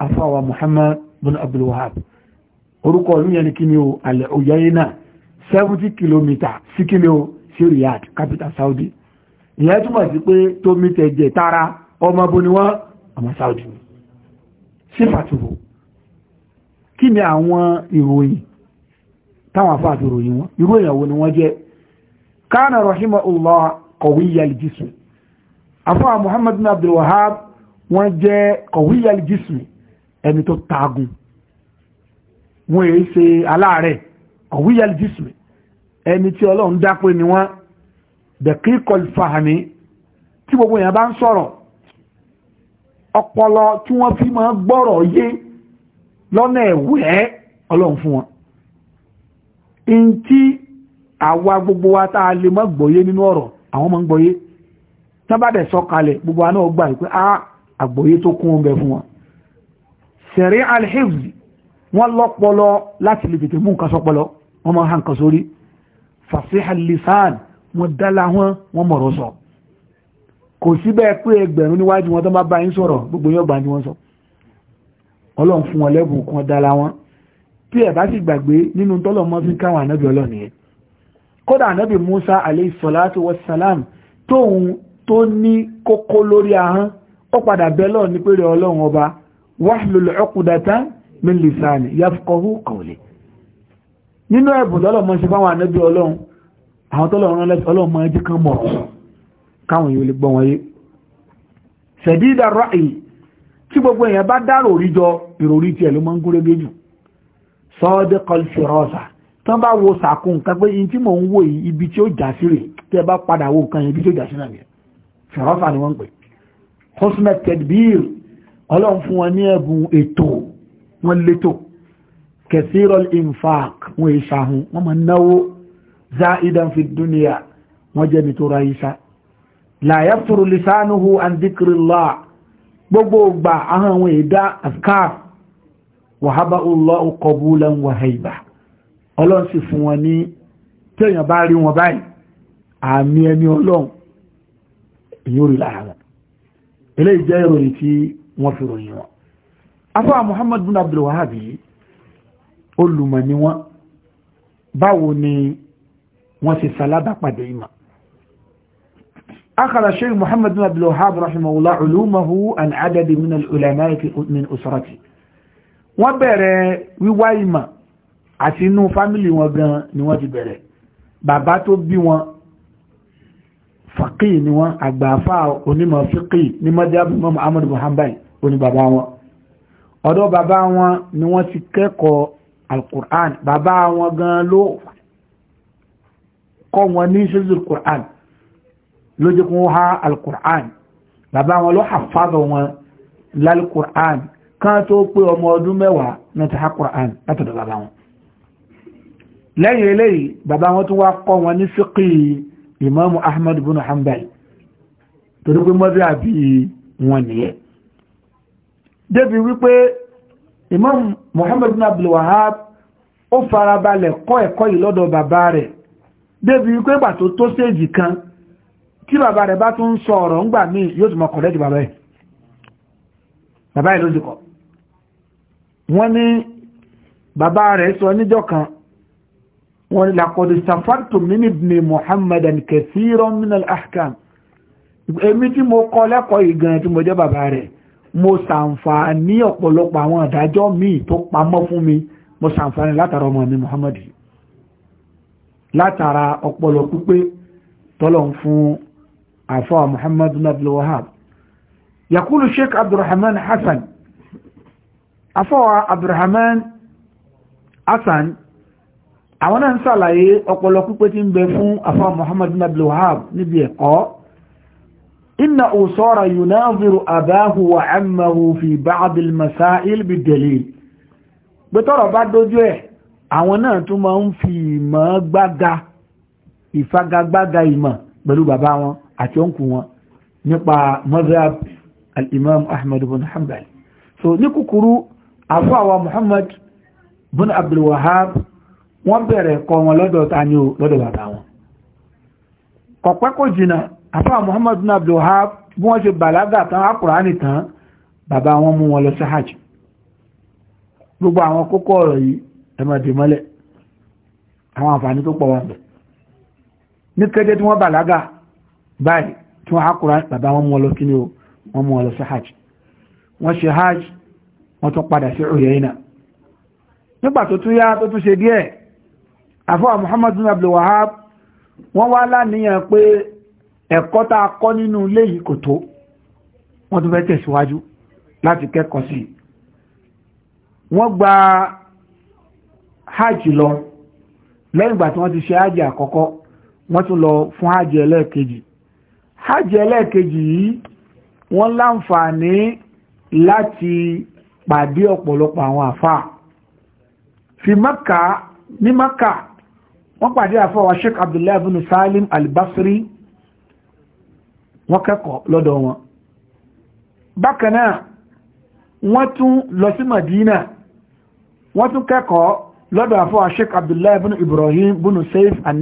afáwà Muhammad bin Abdul Wahab orúkọ ìlú yẹn ni kí ni o alẹ́ òyẹ́ìnà 70 km sí kí ni o sí Riyadh capital Saudi ìyẹn túmọ̀ sí pé tó mítẹ̀ jẹ̀ tara ọmọ bo ni wọ́n ọmọ Saudi ni sífàtòrò kí ni àwọn ìròyìn táwọn àfáàtò ròyìn wọn irú ìyàwó ni wọ́n jẹ́ kánà rahimahullah qawiyyal jism àfáà Muhammad bin Abdul Wahhab wọ́n jẹ́ qawiyyal jism ẹni tó taagun wọ́n èyí ṣe aláàrẹ̀ qawiyyal jism ẹni tí ọlọ́run dápé ni wọ́n daqiqul fahmi tí gbogbo ọpọlọ tí wọ́n fi máa gbọ́rọ̀ yé lọ́nà ẹ̀wẹ́ ọlọ́run fún wọn in tí àwa gbogbo wa tá a lè mọ́ gbọ́yé nínú ọ̀rọ̀ àwọn mọ́ ń gbọ́yé tí wọ́n bá dẹ̀ sọ̀kalẹ̀ gbogbo wa gbà wípé a àgbọ́yé tó kún un fún wọn sẹ̀rí alhifz wọ́n lọ́pọlọ láti lè tètè mú nǹkan sọpọlọ kò sí bẹ́ẹ̀ pé ẹgbẹ̀rún níwájú wọn tó bá bá yín sọ̀rọ̀ gbogbo yóò gbà ní wọ́n sọ ọlọ́run fún wọn lẹ́bùn kan dára wọn tí ẹ̀ sì gbàgbé nínú tọ́lọ̀ káwọn ànábì ọlọ́run salatu wassalam tóun tó ní kókó lórí ahọ́n ó padà bẹ́ẹ̀ lọ́ọ̀ ní péré ọlọ́run ọba wahlul uqdatan min lisani yafqahu qawli nínú ẹ̀bùn tọ́lọ̀ mọ́ ṣe fáwọn ànábì ọlọ́run àwọn tọ́lọ̀ ọlọ́run mọ́ ẹjẹ́ kan mọ̀ káwọn yóò lè gbọ́ wọn yé ṣẹ̀dídà ráì tí gbogbo èèyàn bá dárò orí jọ ìròrí tiẹ̀ ló máa ń gúnrégé jù sọ́ọ́dẹ́ kọlùsìrọ́ọ̀sà tán bá wo sàkún nǹkan pé in tí mò ń wò yìí ibi tí ó jà sí rẹ̀ tẹ́ bá padà wo nǹkan ibi tí ó jà sí náà fìrọ́sà ni wọ́n ń pè hosmet tedbir ọlọ́run fún wọn ní ẹ̀bùn ètò wọn létò kẹsírọl infaq wọn èṣàhùn wọn máa náwó zaidan fi dúnìyà wọn jẹ́ nítorá iṣá la yafuru lisanuhu an dhikrillah gbogbo gba ahọ́n àwọn ìdá afkar wàhábà Allahu qabulan wa haiba ọlọ́n sì fún wọn ní tí èyàn bá rí wọn báyìí àmì ẹni ọlọ́n èyí orí lára wọn ilé ìjẹ́ ìròyìn tí wọ́n fi أخذ الشيخ محمد بن عبد الوهاب رحمه الله علومه عن عدد من العلماء من أسرته wọ́n bẹ̀rẹ̀ wíwá ìmọ̀ àti inú fámílì wọn gan ni wọ́n ti bẹ̀rẹ̀ bàbá tó bí wọn fàkí ni wọ́n àgbàfà onímọ̀ fíkì ní mọ́jábù mọ́mù ahmadu muhammad oní bàbá wọn ọ̀dọ̀ bàbá wọn ni wọ́n ti kẹ́kọ̀ọ́ alkùrán bàbá wọn gan ló kọ́ wọn ní ṣíṣù kùrán lójú kún ha alkùrán bàbá wọn ló hàfàdọ̀ wọn lálkùrán kan tó pé ọmọ ọdún mẹ́wàá ní ti ha kùrán látọ̀dọ̀ bàbá wọn lẹ́yìn eléyìí bàbá wọn tún wá kọ́ wọn ní fíkì ìmáàmù ahmad bin hanbal torí pé mọ́bí àbí wọn nìyẹn débi wípé imam muhammad bin abdul wahab ó farabalẹ̀ kọ́ ẹ̀kọ́ yìí lọ́dọ̀ bàbá rẹ̀ débi wípé gbà tó tó kan tí bàbá rẹ̀ bá tún ń sọ ọ̀rọ̀ ńgbà míì yóò tún mọ kọ̀lẹ́jì bàbá ẹ̀ bàbá ẹ̀ ló ti kọ̀ wọ́n ní bàbá rẹ̀ sọ níjọ́ kan wọ́n ní làkọ̀dù safartu min ibn muhammadan kathiran min al-ahkam èmi tí mo kọ́ lẹ́kọ̀ọ́ ìgan tí mo jẹ́ bàbá rẹ̀ mo sàǹfààní látara ọmọ mi tọ́lọ̀ fún عفوا محمد بن عبد الوهاب يقول الشيخ عبد الرحمن حسن عفوا عبد الرحمن حسن àwọn náà ń sàlàyé ọpọlọ pípé tí ń bẹ fún afá Muhammad ibn Abdul Wahhab níbi ẹ̀kọ́ inna usara yunaziru abahu wa ammahu fi ba'd al-masail bi dalil pé tọ́rọ̀ bá dójú ẹ̀ àwọn náà tún máa ń fi ìmọ̀ gbága ìfagagbága ìmọ̀ pẹ̀lú bàbá wọn àti ọ̀nkù wọn nípa mazhab al-imam ahmad bin hanbal so ní kúkúrú àfọwà muhammad bin abdul wahab wọ́n bẹ̀rẹ̀ kọ́ wọn lọ́dọ̀ tani o lọ́dọ̀ bàbá wọn kọ̀pẹ́ kò jìnnà àfọwà muhammad bin abdul wahab bí wọ́n ṣe bàlágà tán akùránì tán bàbá wọn mú wọn lọ sí gbogbo àwọn kókó ọ̀rọ̀ yìí ẹmọ̀dé mọ́lẹ̀ àwọn àǹfààní tó pọ̀ wọn bẹ̀ ní kéde tí wọ́n bàlágà báyìí tí wọ́n hákùrá bàbá wọn mú ọlọ́ kíní o wọ́n mú ọlọ́ sí hajj wọ́n ṣe hajj wọ́n tún padà sí Uyayna nígbà tó tún yá tó tún ṣe díẹ̀ àfọwà Muhammad bin Abdul Wahab wọ́n wá láníyàn pé ẹ̀kọ́ tá a kọ́ nínú ilé yìí kò tó wọ́n tún fẹ́ tẹ̀síwájú láti kẹ́kọ̀ọ́ sí wọ́n gba hajj lọ lẹ́yìn ìgbà tí wọ́n ti ṣe hajj àkọ́kọ́ wọ́n tún lọ fún hajj ẹlẹ́ẹ̀kejì hajj ẹlẹ́ẹ̀kejì yìí wọ́n láǹfààní láti pàdé ọ̀pọ̀lọpọ̀ àwọn àfà fi maka ní maka wọ́n pàdé àfà wa sheikh abdullahi ibn salim al wọ́n kẹ́kọ̀ọ́ lọ́dọ̀ wọn bákan wọ́n tún lọ sí madina wọ́n tún kẹ́kọ̀ọ́ lọ́dọ̀ àfà wa sheikh abdullahi ibn ibrahim ibn saif an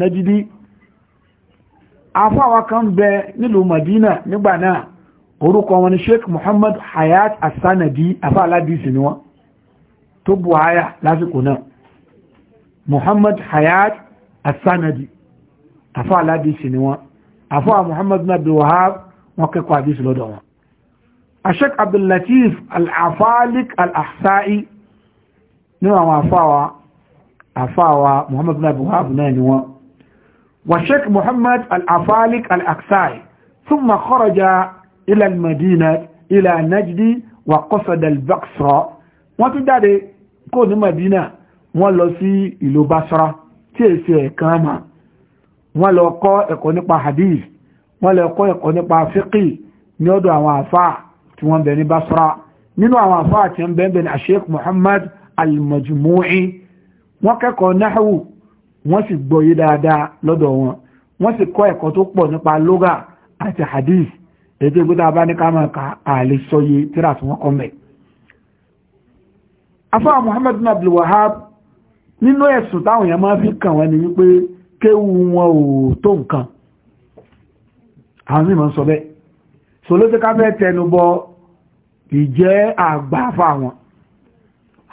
afáwa kan bẹ nílùú Madina nígbà náà orúkọ wọn ni Sheikh Muhammad Hayat Asanadi afá aládìsí ni wọn tó bu aya lásìkò náà Muhammad Hayat Asanadi afá aládìsí ni wọn afáwa Muhammad nabi Wahab wọn kẹ́kọ̀ọ́ àdìsí lọ́dọ̀ wọn Sheikh Abdul Latif Al-Afalik nínú àwọn afáwa afáwa Muhammad nabi Wahab náà ni wọn والشيخ محمد الأفالك الأقصاي ثم خرج إلى المدينة إلى نجد وقصد البصرة وتدري كون مدينة wọ́n lọ sí ìlú basra tí è sí ẹ̀kan ma wọ́n lọ kọ́ ẹ̀kọ́ nípa hadith wọ́n lọ kọ́ ẹ̀kọ́ nípa fiqi ní ọdọ̀ àwọn àfá tí wọ́n bẹ̀ ní basra nínú àwọn àfá tí wọ́n bẹ̀ ní sheikh muhammad al-majmu'i wọ́n kẹ́kọ̀ọ́ nahwu wọ́n sì gbọ́yé dáadáa lọ́dọ̀ wọn wọ́n sì kọ́ ẹ̀kọ́ tó pọ̀ nípa lóga àti hadith èyí tó gbọ́dá bá ní ká máa ka sọye tíra tí wọ́n kọ́ mẹ́. afáà Muhammad bin Wahab nínú ẹ̀sùn táwọn èèyàn máa fi kàn wọ́n ni wípé kéwù wọn ò tó nǹkan àwọn mímọ̀ sọ bẹ́ẹ̀ solótíká fẹ́ tẹnu bọ ìjẹ́ àgbà fáwọn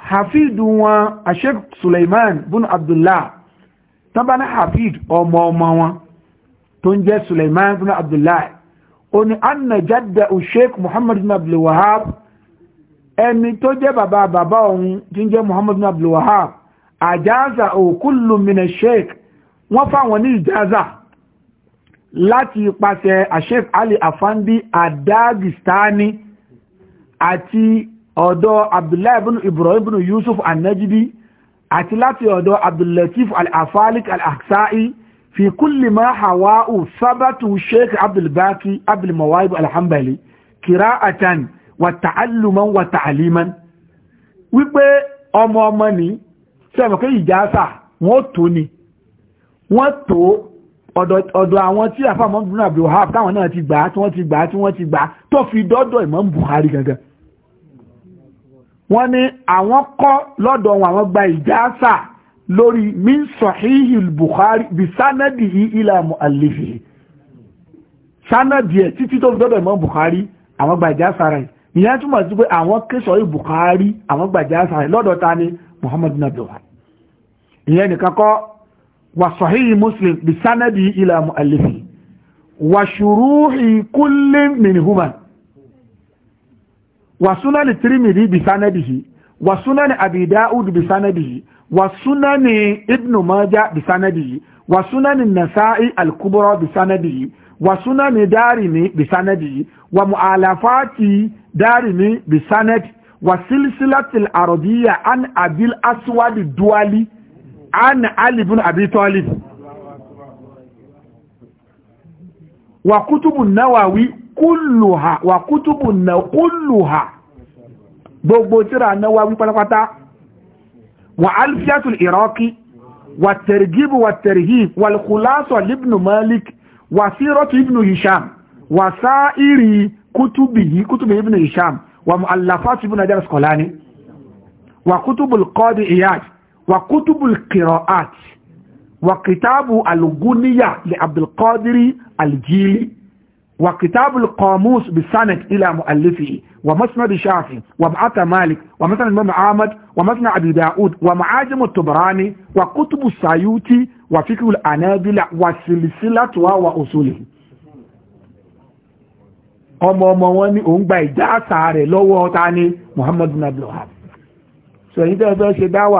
hafidu wọn Sheikh Suleiman bin Abdullah tán bá ní hafid ọmọ ọmọ wọn tó ń jẹ́ suleiman bin abdullahi ó ní anna jadda sheikh muhammad bin abdul wahab ẹni tó jẹ́ bàbá bàbá òun tí ń jẹ́ muhammad bin abdul wahab àjáza kullu min sheikh wọ́n fáwọn ní ìjáza láti ipasẹ̀ ashef ali afandi adagistani àti ọ̀dọ̀ abdullahi bin ibrahim bin yusuf anajibi àti láti ọ̀dọ̀ abdullatif al-afalik al-aksai fi kulli ma hawa'u sabatu sheikh abdulbaki abdulmawahib alhambali kira'atan wa ta'alluman wa ta'aliman wípé ọmọ ọmọ ni sẹ́mọ̀kẹ́ ìjásà wọ́n tó ni wọ́n tó ọ̀dọ̀ àwọn tí àfà mọ́ Abdul Wahab táwọn náà ti gbà tí wọ́n ti gbà tí wọ́n ní àwọn kọ́ lọ́dọ̀ wọn àwọn gba ìjáàsà lórí min sahihi bukhari bí sánàdì yìí ilà mu'allifi sánàdì ẹ̀ títí tó dọ́dọ̀ ìmọ̀ bukhari àwọn gba ìjáàsà rẹ̀ ìyẹn túmọ̀ sí pé àwọn kéṣọ́ yìí bukhari àwọn gba ìjáàsà rẹ̀ lọ́dọ̀ ta ni muhammadu nabiwa ìyẹn nìkan kọ́ wà sahihi muslim bí sánàdì yìí ilà mu'allifi wà ṣùrúhì kulli min وسنن الترمذي بسنده وسنن أبي داود بسنده وسنن ابن ماجه بسنده وسنن النسائي الكبرى بسنده وسنن دارمي بسنده ومؤلفات دارمي بسند وسلسلة العربية عن أبي الأسود الدولي عن علي بن أبي طالب وكتب النووي kúlùhà wà kútùbù nà kúlùhà gbogbo tíra náwà wí pátápátá wà alfiyatul iraqi wà tẹ̀rìgíbù wà tẹ̀rìhìb wà kùlásọ̀ libnu malik wà sírọ́tù ibnu hisham wà sáírì kútùbì yìí kútùbì ibnu hisham wà mu'allafatu ibnu hajar asqalani wà kútùbù qadi iyad wà kútùbù qira'at wà kìtàbù al-guniya li abdul al-jili وكتاب القاموس بالسند إلى مؤلفه ومسند الشافعي وابعث مالك ومسند الإمام أحمد ومسند أبي داود ومعاجم الطبراني وكتب السيوطي وفكر الأنابلة وسلسلة وأصوله ọmọ ọmọ wọn ni òun gba ìjà àṣà rẹ̀ lọ́wọ́ ta ni Muhammad bin Abdul Wahab so èyí tẹ́ fẹ́ ṣe dáwà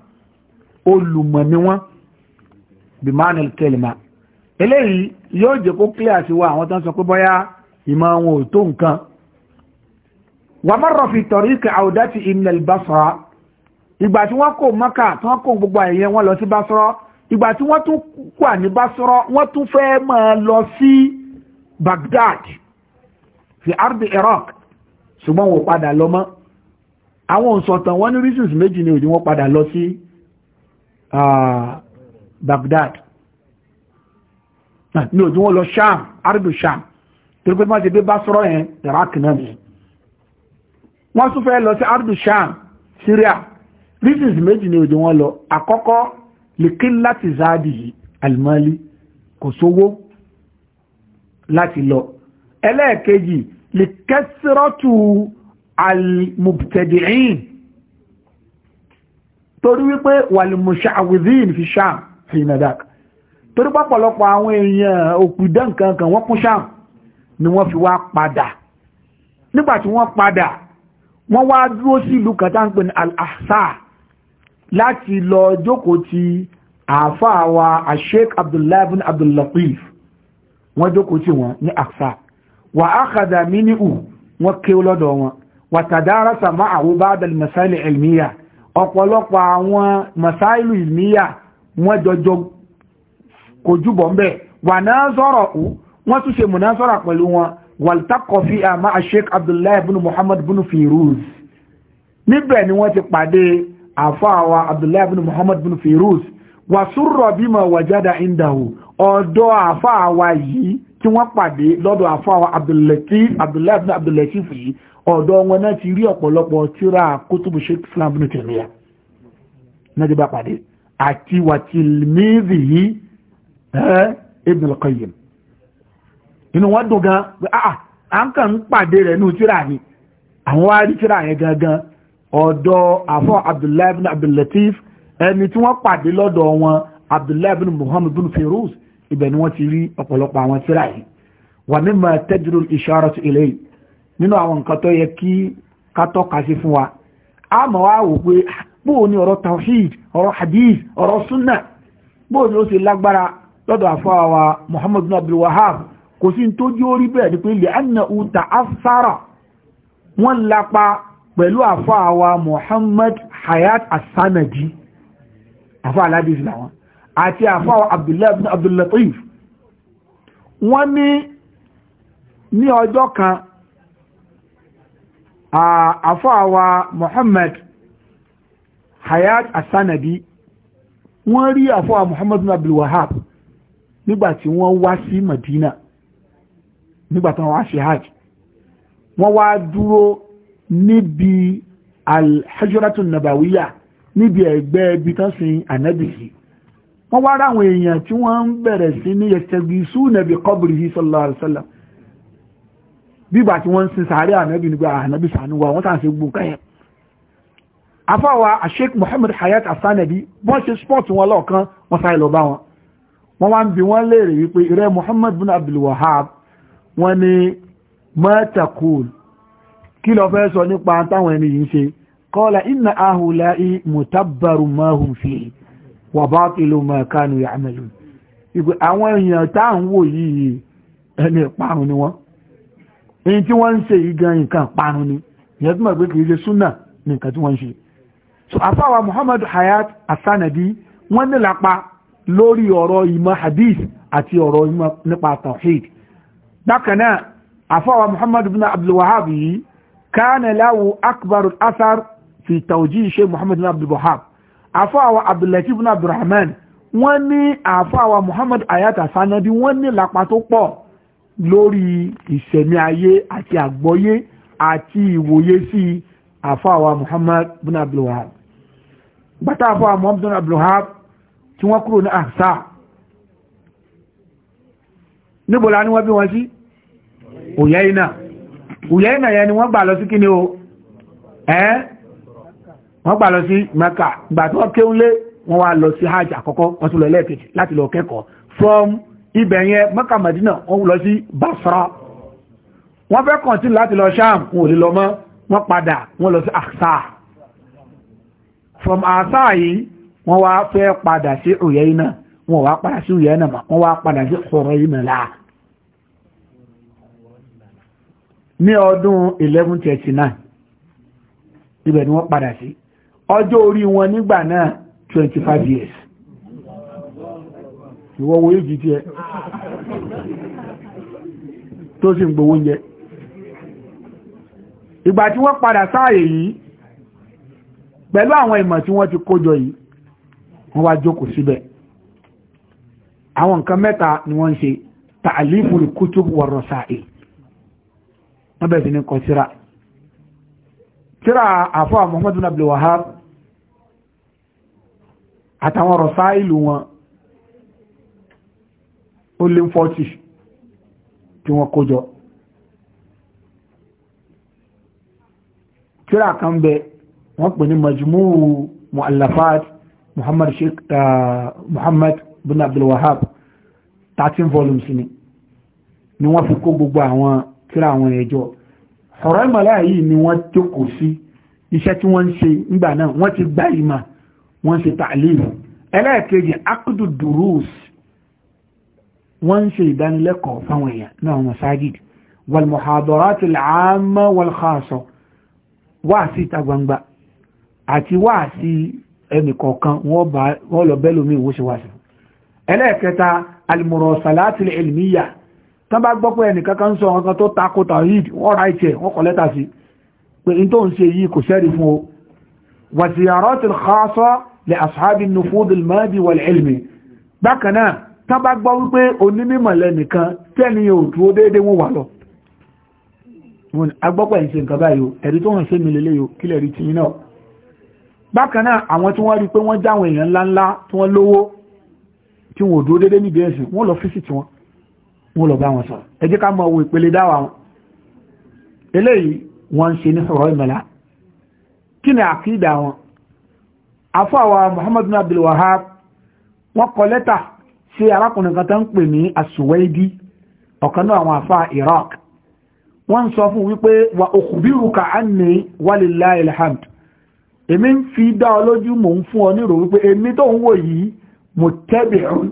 olùmọ̀ ni wọ́n bí manil kelima eléyìí yóò jẹ́ kó clear sí wa àwọn tó ń sọ pé bọ́yá ìmọ̀ wọn ò tó nǹkan wà marra fi tariqi àwòdátì ìmìnà ìbásọ́ra ìgbà tí wọ́n kò mọ́kà tí wọ́n kò gbogbo àyẹ̀yẹ wọn lọ sí básọ́rọ́ ìgbà tí wọ́n tún wà ní básọ́rọ́ wọ́n tún fẹ́ máa lọ sí Baghdad fi ardi Iraq ṣùgbọ́n wọn ò padà lọ mọ́ àwọn òǹsọ̀tàn wọn ní reasons méjì ni òjì wọn padà lọ sí Uh, Baghdad ní òjú wọn lọ Sham ardu Sham torí pé wọ́n ti dé Basra yẹn Iraq náà ni wọ́n tún fẹ́ lọ sí ardu Sham Syria reasons méjì ní òjú wọn lọ àkọ́kọ́ lèkín láti záàdì alìmọ́lì kò sówó láti lọ ẹlẹ́ẹ̀kejì lèkẹ́sìrọ́tù alìmọ̀bùtẹ̀dìrín torí wípé wàlìmọ̀ṣà within fi sham fi nadak torí pọ̀pọ̀lọpọ̀ àwọn èèyàn òpìdán kankan wọ́n kún sham ni wọ́n fi wá padà nígbàtí wọ́n padà wọ́n wá dúró sí ìlú kan tá ń pè ní al-ahsa láti lọ jókòó ti àáfàá wa sheikh abdullahi bin abdullatif wọ́n jókòó tí wọ́n ní ahsa wà á kàdà mí ní ù wọ́n ké lọ́dọ̀ wọn wà tàdára sàmà àwọn bá dàlmẹ́sàlẹ̀ ilmiya ọ̀pọ̀lọpọ̀ àwọn masáìlù ìmíyà wọ́n jọjọ kojúbọ̀ ń bẹ̀ wà náà sọ́rọ̀ ú wọ́n tún ṣe múná sọ́rọ̀ pẹ̀lú wọn wàltákọ̀ fi àmà sheikh abdullahi muhammad bin firuz níbẹ̀ ni wọ́n ti pàdé àfáàwà abdullahi bin muhammad bin firuz wà súrọ̀ bímọ wàjádà ọ̀dọ̀ àfáà wa yìí tí wọ́n pàdé lọ́dọ̀ àfáà Abdul-Latif Abdullahi ibn Abdul-Latif yìí ọ̀dọ̀ wọn náà ti rí ọ̀pọ̀lọpọ̀ tíra kútùbù Sheikh Islam ibn Taymiyyah náà ti bá pàdé àti wàtìlmíìzì yìí eh, Ibn al-Qayyim inú wọn dùn gan ah, ah à ń kàn ń pàdé rẹ̀ ní tíra ni àwọn wá rí tíra yẹn gangan ọ̀dọ̀ àfáà Abdullahi ibn abdul ẹni tí wọ́n pàdé lọ́dọ̀ wọn Abdullahi ibn Muhammad bin Firuz ibẹ̀ ni wọ́n ti rí ọ̀pọ̀lọpọ̀ àwọn tírà yìí wà mímọ̀ tẹ́júrò ìṣọ́rọ̀ sí ilé yìí nínú àwọn nǹkan tó yẹ kí ká sí fún wa a mọ̀ wá wò pé bóò ni ọ̀rọ̀ tawhid ọ̀rọ̀ hadith ọ̀rọ̀ sunna bóò ni ó sì lágbára lọ́dọ̀ àfọwà Muhammad bin Abdul Wahab kò sí tó jí ó rí bẹ́ẹ̀ ni pé lè anna uta afsara wọ́n lapa pẹ̀lú àfọwà Muhammad Hayat As-Sanadi àfọ aládìsí làwọn àti àfáwà abdullahi ibn abdullatif wọ́n ní ní ọjọ́ kan àfáwà muhammad hayat asanabi wọ́n rí àfáwà muhammad ibn abdulwahab nígbàtí wọ́n wá sí madina nígbàtí wọ́n wá sí hajj wọ́n wá dúró níbi alhajjuratun nabawiya níbi ẹgbẹ́ ibi tán anabisi wọ́n wá ráwọn èèyàn tí wọ́n ń bẹ̀rẹ̀ sí ní yẹtẹgbìsú nẹ̀bì kọbùrì sallallahu alaihi wasallam bíbà tí wọ́n ń sin sàárẹ̀ ànábì nígbà ànábì sànúwà wọ́n tàn sí gbogbo kẹ́yẹ̀ afáwa Sheikh Muhammad Hayat Asanabi bọ́n ṣe sport wọn lọ́ọ̀kan wọ́n sáré lọ bá wọn wọ́n wá ń bi wọ́n léèrè wípé ìrẹ́ Muhammad bin Abdul Wahab wọ́n ní mọ́tàkùl kí lọ fẹ́ sọ nípa táwọn ẹni yìí ṣe kọ́lá inna ahùlá i mutabbaru mahum fi wà bá kìlò mọ̀ kánú yàmẹ̀lú ìgbé àwọn èèyàn tá à ń wò yìí ẹni ìparun ni wọ́n èyí tí wọ́n ń ṣe yìí gan nǹkan ìparun ni ìyẹn tó mọ̀ pé kìí ṣe súnà ní nǹkan tí wọ́n ń ṣe so àfáwà Muhammad Hayat Asanadi wọ́n ní lápá lórí ọ̀rọ̀ ìmọ̀ hadith àti ọ̀rọ̀ ìmọ̀ nípa tawhid bákan náà àfáwà Muhammad bin Abdul Wahhab yìí kánà láwù akbar asar fi tawjih Sheikh Muhammad bin Abdul àfáàwà abdullahi ibn abdulrahman wọ́n ní àfáàwà muhammad ayata sanadi wọ́n ní lápá tó pọ̀ lórí ìṣẹ̀mí ayé àti àgbọ́yé àti ìwòye sí àfáàwà muhammad ibn abdulwahab bàtà àfáàwà muhammad ibn abdulwahab tí wọ́n kúrò ní àṣà níbòlá ni wọ́n bí wọn sí òyẹ́ iná òyẹ́ iná yẹn ni wọ́n gbà lọ sí kí ni o ẹ́ wọ́n gbà lọ sí maka ìgbà tí wọ́n kéúnlé wọ́n wá lọ sí hajj àkọ́kọ́ wọ́n tún láti lọ kẹ́kọ̀ọ́ from ibẹ̀ yẹn maka madina wọ́n lọ sí basra wọ́n fẹ́ kàn sí láti lọ sham wọn lè lọ mọ́ wọ́n padà wọ́n lọ sí asa from asa yìí wọ́n wá fẹ́ padà sí Uyayna wọ́n wá padà sí Uyayna mà wọ́n wá padà sí Huraymala ní ọdún 1139 ibẹ̀ ni wọ́n padà sí ọjọ́ orí wọn nígbà náà 25 years ìwọ wo èjì tí ẹ tó sì ń gbowó oúnjẹ ìgbà tí wọ́n padà sáàyè yìí pẹ̀lú àwọn ìmọ̀ tí wọ́n ti kójọ yìí wọ́n wá jókòó síbẹ̀ àwọn nǹkan mẹ́ta ni wọ́n ń ṣe ta'aliful kutub wa rasail wọ́n bẹ̀rẹ̀ sí ní kọ síra síra àfọ́ Muhammad ibn Abdul Wahhab àtàwọn ọ̀rọ̀ sáìlù wọn ó lé 40 tí wọ́n kójọ tíra kan bẹ wọ́n pè ní majmúù mu'allafat muhammad sheikh muhammad bin Abdul Wahab 13 volumes ni ni wọ́n fi kó gbogbo àwọn tíra àwọn ẹjọ́ ọ̀rọ̀ ìmọ̀lá yìí ni wọ́n jókòó sí iṣẹ́ tí wọ́n ń ṣe nígbà náà wọ́n ti gbá ìmọ̀ wọ́n ṣe tààlìmù ẹlẹ́ẹ̀kejì akudu durus wọ́n ń ṣe ìdánilẹ́kọ̀ọ́ fáwọn èèyàn náà wọ́n masajid wal muhadarati al-amma wal khassa wáàsí ìta gbangba àti wáàsí ẹnìkọ̀ọ̀kan wọ́n lọ bẹ́lómi ìwóṣe wáṣe wọ́n ra ìtẹ̀ sí pé in tó ń ṣe lè àṣàbí المادي والعلم، wà ilmi bákan náà tán bá gbọ́ wípé onímọ̀ lẹ́nìkan tẹ́ni yóò dúró déédé wọn wà lọ agbọ́pọ̀ ìṣe nǹkan báyìí ẹ̀rí tó hàn sí mi lélẹ́ yóò kílẹ̀ rí ti náà bákan náà àwọn tí wọ́n rí pé wọ́n jáwọn èèyàn ńláńlá tí wọ́n lówó tí wọ́n dúró déédé níbi ẹ̀sìn wọ́n lọ fíṣì tí wọ́n lọ bá wọn sọ̀rọ̀ ẹ ká mọ owó ìpele dáwà afáwa muhammad muhammadu abdul wahab wọ́n kọ lẹ́tà sí arákùnrin kan tó ń pè ní asuwaidi ọ̀kan náà àwọn afá iraq wa ukhbiruka anni walillahi walila èmi ń fi dá ọ mò ń fún ọ nírò wípé èmi tó ń wò yìí muttabi'un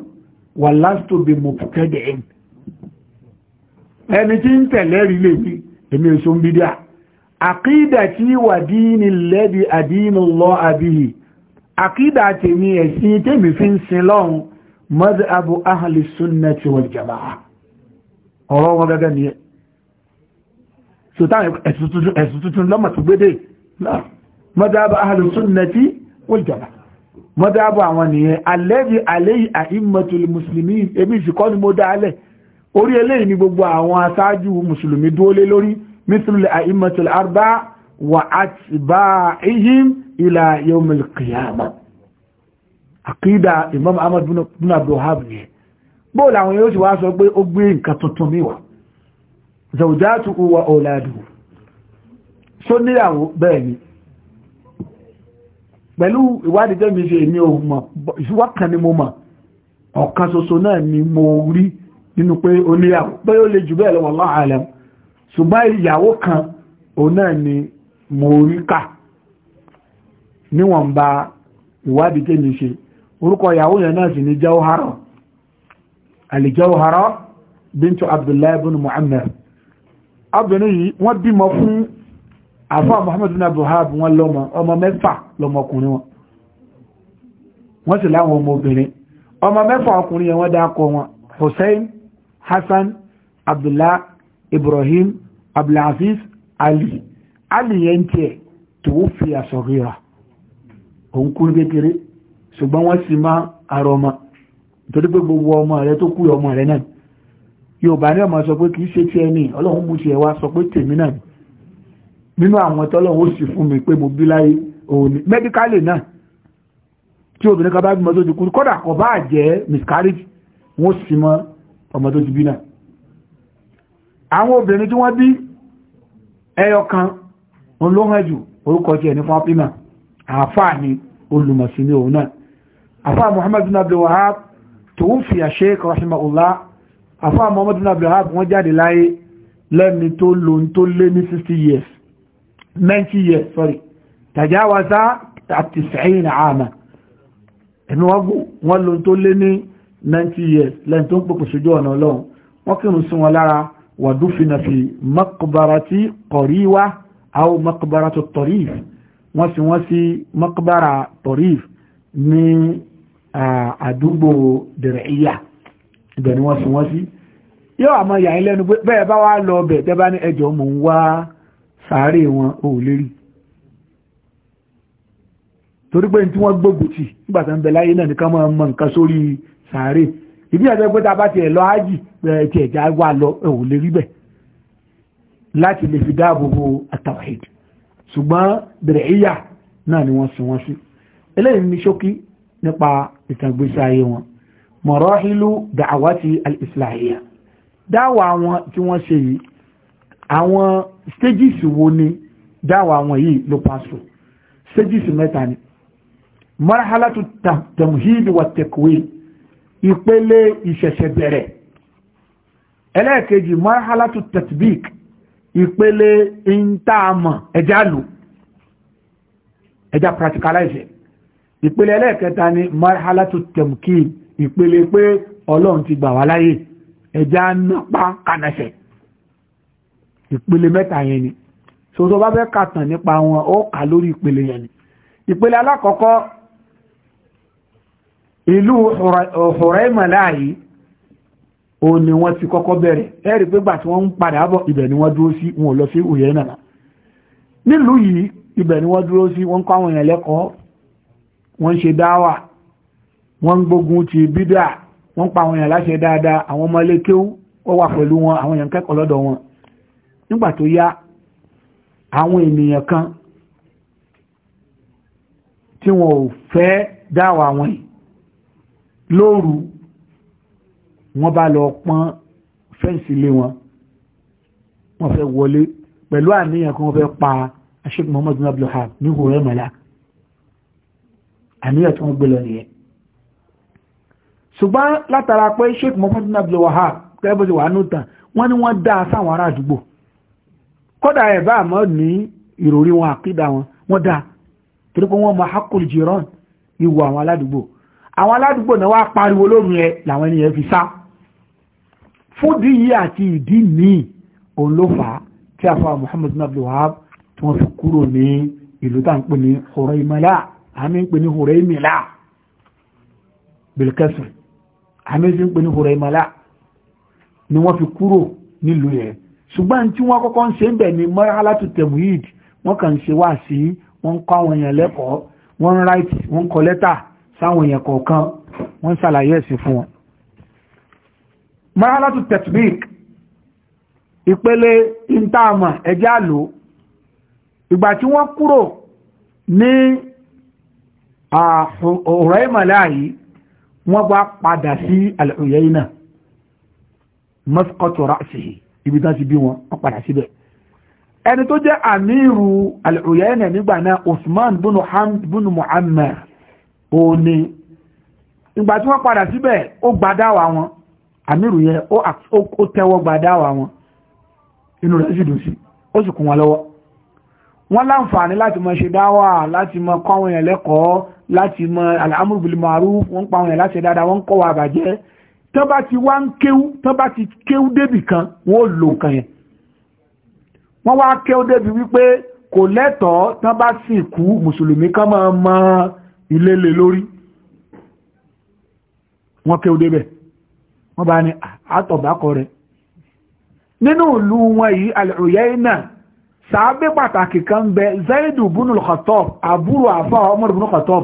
wa lastu bi mubtadi'in ẹni tí ń tẹ̀lẹ́ rí lè ní èmi èso ń àkídà àkídà tèmi ẹ̀sìn tèmi fi ń sin lọ́hun madhabu ahli sunnati wal jama'a ọ̀rọ̀ wọn gẹ́gẹ́ ni ẹ̀sùn tuntun lọ́mà tó gbédè madhabu ahli sunnati wal jama'a madhabu àwọn nìyẹn alladhi alayhi a'immatul muslimin èmi ìsìkọ́ ni mo dálẹ̀ orí eléyìí ni gbogbo àwọn aṣáájú mùsùlùmí dúólé lórí mithlul a'immatul arba'a wà atba'ihim ila yawmil qiyamah àkídà Imam Ahmad bin Abdul Wahhab ni bóòlù àwọn yóò ti wá sọ pé ó gbé nǹkan tuntun mi wá zawjatu wa auladuhu so níyàwó bẹ́ẹ̀ ni pẹ̀lú ìwádìí tẹ́mi ṣe ní ohun mọ̀ ìṣúwákan ni mo mọ̀ ọ̀kan ṣoṣo náà ni mo rí nínú pé oníyàwó pé ó le jù bẹ́ẹ̀ lọ wallahu alam ṣùgbọ́n ìyàwó kan òun náà ni mo rí kà níwọ̀nba ìwádìí kéyìn ṣe orúkọ ìyàwó yẹn náà sì ní jawhara alijawhara bintu abdullahi bin muhammad obìnrin yìí wọ́n bímọ fún àfáà muhammadu bin abuhab wọn lọ́mọ ọmọ mẹ́fà lọ́mọkùnrin wọn wọ́n sì láwọn ọmọ obìnrin hussein hassan abdullah ibrahim abdulaziz ali Ali yẹn tiẹ̀ tó fi àsọ̀rìrà òun kékeré ṣùgbọ́n wọ́n ara ọmọ torí pé gbogbo ọmọ rẹ tó ọmọ rẹ náà Yorùbá ní ọmọ sọ pé kìí ṣe tí ẹni Ọlọ́run mú tiẹ̀ sọ pé tèmi náà nínú àwọn ó pé mo bí láyé òun náà tí obìnrin kan bá bímọ tó ti kú kò bá òun ló hàn jù orúkọ tiẹ̀ ní Fatima àáfàá ni olùmọ̀sí ní òun náà àfáà Muhammad bin Abdul Wahab tòun fi àṣẹ rahimahullah àfáà Muhammad bin Abdul Wahab wọ́n jáde láyé lẹ́ni tó lò ń tó lé ní 60 years 90 years sorry tàjáwàsá àti sẹ́yìn àmà ẹ̀mí wọ́n lò tó lé ní 90 years lẹ́ni tó ń pòpò sójú ọ̀nà ọlọ́run wọ́n kírun sí wọn lára wàdúfinà fi maqbarati qariwa au maqbaratu Tarif wọ́n fi wọ́n sí maqbara Tarif ní àdúgbò Dir'iyya ibẹ̀ ni wọ́n fi wọ́n sí yóò àmọ́ yà ń lẹ́nu bẹ́ẹ̀ bá wá lọ bẹ̀ tẹ́ bá ní ẹjọ́ mò ń wá sàárè wọn ò lérí torí pé tí wọ́n gbógun tì nígbà ń bẹ láyé náà nìkan máa ń nǹkan sórí sàárè ìbí àti ẹgbẹ́ tá a bá lọ ájì tiẹ̀ já wà lọ ẹ̀ ò lérí bẹ́ẹ̀ láti lè fi dáàbòbò àtàwàhìd ṣùgbọ́n bẹ̀rẹ̀ ìyà náà ni wọ́n sin wọ́n sí eléyìí ní ṣókí nípa ìtàgbésí ayé wọn mọ̀rọ́hìlú dàwátì al-islahiyya dáwà àwọn tí wọ́n ṣe yìí àwọn stages wo ni dáwà àwọn yìí ló pàṣọ stages mẹ́ta ni marhalatu tamhid wa takwin ìpele ìṣẹ̀ṣẹ̀ bẹ̀rẹ̀ ẹlẹ́ẹ̀kejì marhalatu tatbik ìpele ìntààmọ̀ ẹjá lò ẹjá practicalize ìpele ẹlẹ́ẹ̀kẹta ni marhalatu temkin ìpele pé ọlọ́run ti gbà wá láyè ẹjá nápa kanẹsẹ̀ ìpele mẹ́ta yẹn ni so tó bá fẹ́ kàtàn nípa wọn ó kà lórí ìpele yẹn ni ìpele alákọ̀ọ́kọ́ ìlú Huraymala ó ní wọ́n ti kọ́kọ́ bẹ̀rẹ̀ ẹ̀rí pé tí wọ́n ń padà bọ̀ ibẹ̀ ni wọ́n dúró sí wọn ò lọ sí òye nànà nílùú yìí ibẹ̀ ni wọ́n dúró sí wọ́n kọ́ àwọn èèyàn lẹ́kọ̀ọ́ wọ́n ń ṣe dáwà wọ́n ń gbógun ti bídà wọ́n pa àwọn èèyàn láṣẹ dáadáa àwọn ọmọ ilé kéwú ó wà pẹ̀lú wọn àwọn èèyàn kẹ́kọ̀ọ́ lọ́dọ̀ wọn nígbà tó yá àwọn ènìyàn kan tí wọn ò fẹ́ dáwà wọn lóru wọ́n bá lọ pọ́n fẹ́ǹsì ilé wọn wọ́n fẹ́ wọlé pẹ̀lú àníyàn kan wọ́n fẹ́ pa Sheikh Muhammad bin Abdul Wahab ní hùwẹ́ mọ̀lá àníyàn tí wọ́n gbé lọ nìyẹn ṣùgbọ́n látara pé Sheikh Muhammad bin Abdul Wahab kẹ́bọ̀ ti wà ní ìtàn wọ́n ní wọ́n dá sáwọn ará àdúgbò kódà ẹ̀ bá àmọ́ ní ìròrí wọn àkídà wọn wọ́n dá torí pé wọ́n mọ hakul jiran ìwọ àwọn aládùúgbò àwọn aládùúgbò náà wá pariwo lómi ẹ làwọn ènìyàn fi sá fúdí yìí àti ìdí míì òun tí a fa Muhammad bin Abdul Wahab tí wọ́n fi kúrò ní ìlú tá à ń pè ní Huraymala àmì ń pè ní Huraymila bilkesir àmì sí ń pè ní Huraymala ni wọ́n fi kúrò nílùú yẹn ṣùgbọ́n tí wọ́n kọ́kọ́ ń ṣe ń bẹ̀ ní marhalatu tẹ̀wìd wọ́n kàn ṣe wá sí wọ́n kọ́ àwọn èèyàn lẹ́kọ̀ọ́ wọ́n ń ráìtì wọ́n ń lẹ́tà sáwọn èèyàn kọ̀ọ̀kan wọ́n ń ṣàlàyé ẹ̀sìn fún wọn marhalatu tatbiq ìpele ìntàmà ẹjá lò ìgbà tí wọ́n kúrò ní ọ̀rọ̀ ìmọ̀lá yìí wọ́n bá padà sí al-Uyayna masqatu ra'sihi ibi tán ti bí wọn wọ́n padà síbẹ̀ ẹni tó jẹ́ àmìrù al-Uyayna nígbà náà Usman bunu Hamd bunu Muammar òní ìgbà tí wọ́n padà síbẹ̀ ó gbadáwà wọn àmìrù yẹn ó tẹ́wọ́ gba dáwà wọn inú rẹ̀ sì dùn sí ó sì kún wọn lọ́wọ́ wọ́n láǹfààní láti mọ ṣe dáwà láti mọ kọ́ àwọn èèyàn lẹ́kọ̀ọ́ láti mọ al-amru bil ma'ruf wọ́n pa àwọn èèyàn láti dáadáa wọ́n kọ́ wa àbàjẹ́ tó bá ti wá ń kéwú tó bá wọ́n bá ní ah, àtọ̀bákọ rẹ̀ nínú ìlú wọn yìí al-Uyayna sàábé pàtàkì kan bẹ Zaidu bunu al-Khattab àbúrò àfà Umar bunu al-Khattab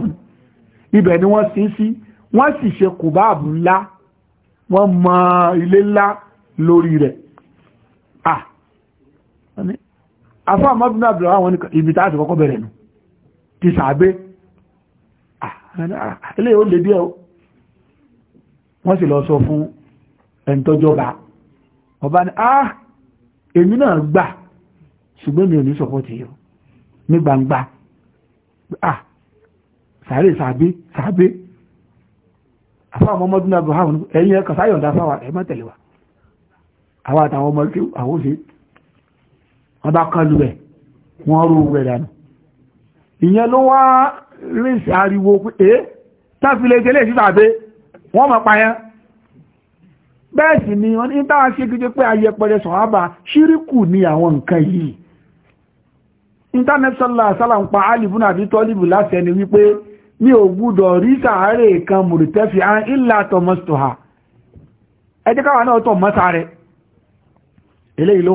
ibẹ̀ ni wọ́n sin sí wọ́n sì ṣe kùbáàbù ńlá wọ́n mọ ilé ńlá lórí rẹ̀ ah. àfà Umar bunu Abdullah wọn ibi tá a ti kọ́kọ́ bẹ̀rẹ̀ nù ti sàábé ilé ìwọ́n lè díẹ̀ wọ́n sì lọ sọ fún ẹni tọ́jọba ọba ni ah èmi náà gbà ṣùgbọ́n mi ò ní sọpọ́tì yìí ní gbangba ah sàárè sàbí sàbí àfáà mọ́mọ́dún náà bọ̀ hàn ẹ̀yìn ẹ̀kọ̀ sáyọ̀ǹda fáwà ẹ̀ mọ́tẹ̀lé wa àwọn àtàwọn ọmọ kí àwọn òṣè wọ́n bá kán lu ẹ̀ wọ́n rú rẹ̀ dànù ìyẹn ló wá rí sí ariwo pé eh táfilé gẹlẹ́ sí sàbí wọ́n mọ̀ payán bẹ́ẹ̀ ni wọ́n ní bá a ṣe pé ayẹpẹrẹ sọ̀hábà ṣíríkù ni àwọn nǹkan yìí internet sọ́lá ń pa alìbùn àbí tọ́lìbù láti ẹni wípé mi ò rí sàárè kan mùrìtẹ́fì án ìlà tọmọsítọ̀hà ẹ jẹ́ náà tọ̀ ló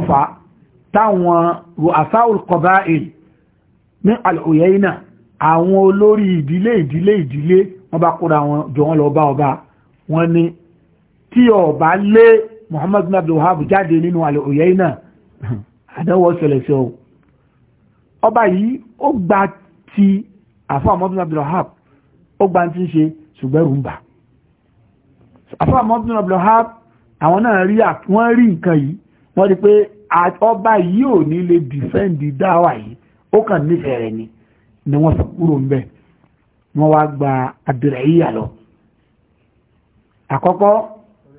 fà ní tí ọba lé Muhammad bin Abdul Wahab jáde nínú àlè òye náà àdánwò ṣẹlẹ̀ sí o ọba yìí ó gba ti àfáà Muhammad bin Abdul Wahab ó gba ti ń ṣe ṣùgbọ́n ẹ̀rù ń bà àfáà Muhammad bin Abdul Wahab àwọn náà rí wọ́n rí nǹkan yìí wọ́n rí pé ọba yìí ò ní lè dìfẹ́ǹdì dáwà yìí ó kàn nífẹ̀ẹ́ rẹ̀ ni ni wọ́n fi kúrò ń bẹ̀ wọ́n wá gba àdìrẹ̀ lọ àkọ́kọ́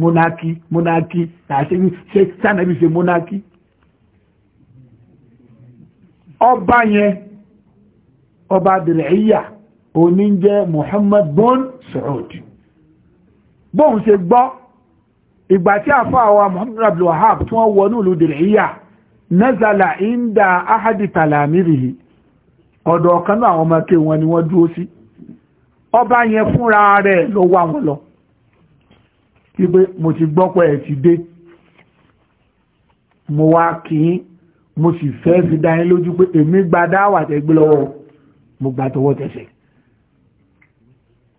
mónákí mónákí àṣírí ṣe sánàbí ṣe mónákí ọba yẹn ọba dìrẹ̀ẹ́yà òní jẹ́ Muhammad bon Saud bóhun ṣe gbọ́ ìgbà tí àfáà wa Muhammad Abdul Wahab tí wọ́n wọnú ìlú dìrẹ̀ẹ́yà nazala inda ahadi talamirihi ọ̀dọ̀ ọ̀kan àwọn ọmọ kí ni wọ́n dúró sí ọba yẹn fúnra rẹ̀ ló wá wọn lọ wípé mo ti gbọ́pọ̀ ẹ̀ ti dé mo wá kí í mo sì fẹ́ fi dá yín lójú pé èmi gba dáwà tẹ́gbé lọ́wọ́ mo gba tọwọ́ tẹsẹ̀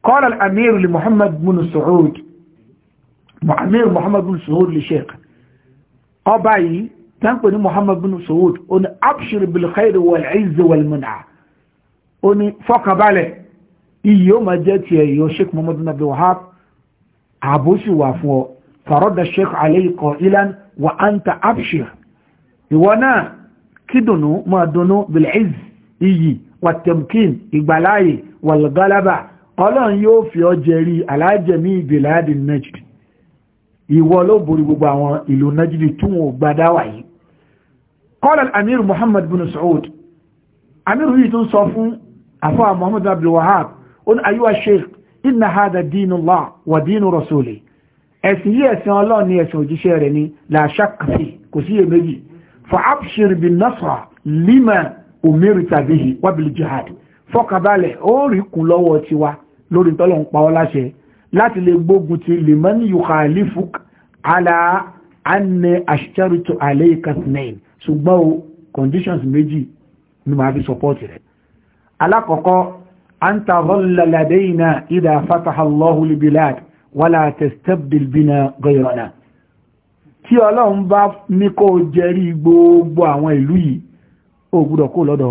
qala al-amir li Muhammad bin Saud amir Muhammad bin Saud li sheikh ọba yìí tánkò ní Muhammad bin Saud ó ní abshir bil khair wal izz wal mun'a ó ní fọkànbalẹ̀ iyì ó máa jẹ́ tiẹ̀ yóò sheikh Muhammad bin Wahab ààbò sì wà fún ọ farada sheikh alayhi qailan wa anta abshir ìwọ náà kí dùnú máa dùnú bil'iz iyì wàtẹ̀mkín ìgbàláyè wàlgálábà ọlọ́run yóò fi ọ jẹrí alájẹmí ìbìláàdì najd ìwọ ló borí gbogbo àwọn ìlú najd tún ò gbadáwà yìí kọ́lá amir muhammad bin saud amir yìí tún sọ fún àfọ́ muhammad abdul wahab ó ní ayúwa sheikh inna hada dinullah wa dinu rasuli ẹ̀sìn yìí ẹ̀sìn ọlọ́run ni ẹ̀sìn òjíṣẹ́ rẹ̀ ni la shakka fi kò sí iyèméjì fa abshir bin nasra lima umirta bihi wa bil jihad fọkàbalẹ̀ ó rí kún lọ́wọ́ tiwa lórí tọ́lọ́run pa ọ́ láṣẹ láti lè gbógun ti liman yukhalifuk ala anni ashtaritu alayka thnain ṣùgbọ́n o conditions méjì ni màá fi support rẹ̀ alákọ̀ọ́kọ́ أن تظل لدينا إذا فتح الله البلاد ولا تستبدل بنا غيرنا tí ọlọ́run bá ní kó jẹrí gbogbo àwọn ìlú yìí ó gbúdọ̀ kó lọ́dọ̀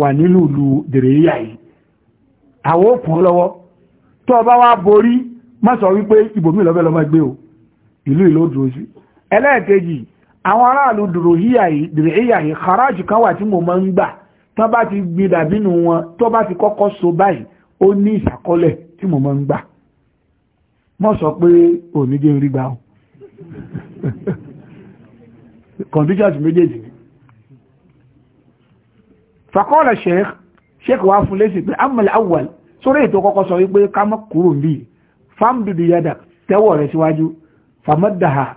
wa nínú ìlú dèrèyà yìí àwọn òkùn lọ́wọ́ tó bá borí wípé lọ́mọ o ìlú ìlú dúró sí ẹlẹ́ẹ̀kejì àwọn aráàlú dèrèyà yìí dèrèyà yìí kharaj kan wà tí mo máa ń gbà tán bá ti gbin dàbínú wọn tó bá ti kọ́kọ́ so báyìí ó ní ìṣàkọ́lẹ̀ tí mo máa ń gbà mọ́ sọ pé òní jẹ́ orí gbà ó conditions méjèèjì ni fàkọ́ọ̀lẹ̀ sheikh sheikh wa fún lẹ́sìn pé amal awal sórí ètò kọ́kọ́ sọ wípé ká mọ́ kúrò níbí fámdùdù yadà tẹ́wọ̀ rẹ̀ síwájú famadaha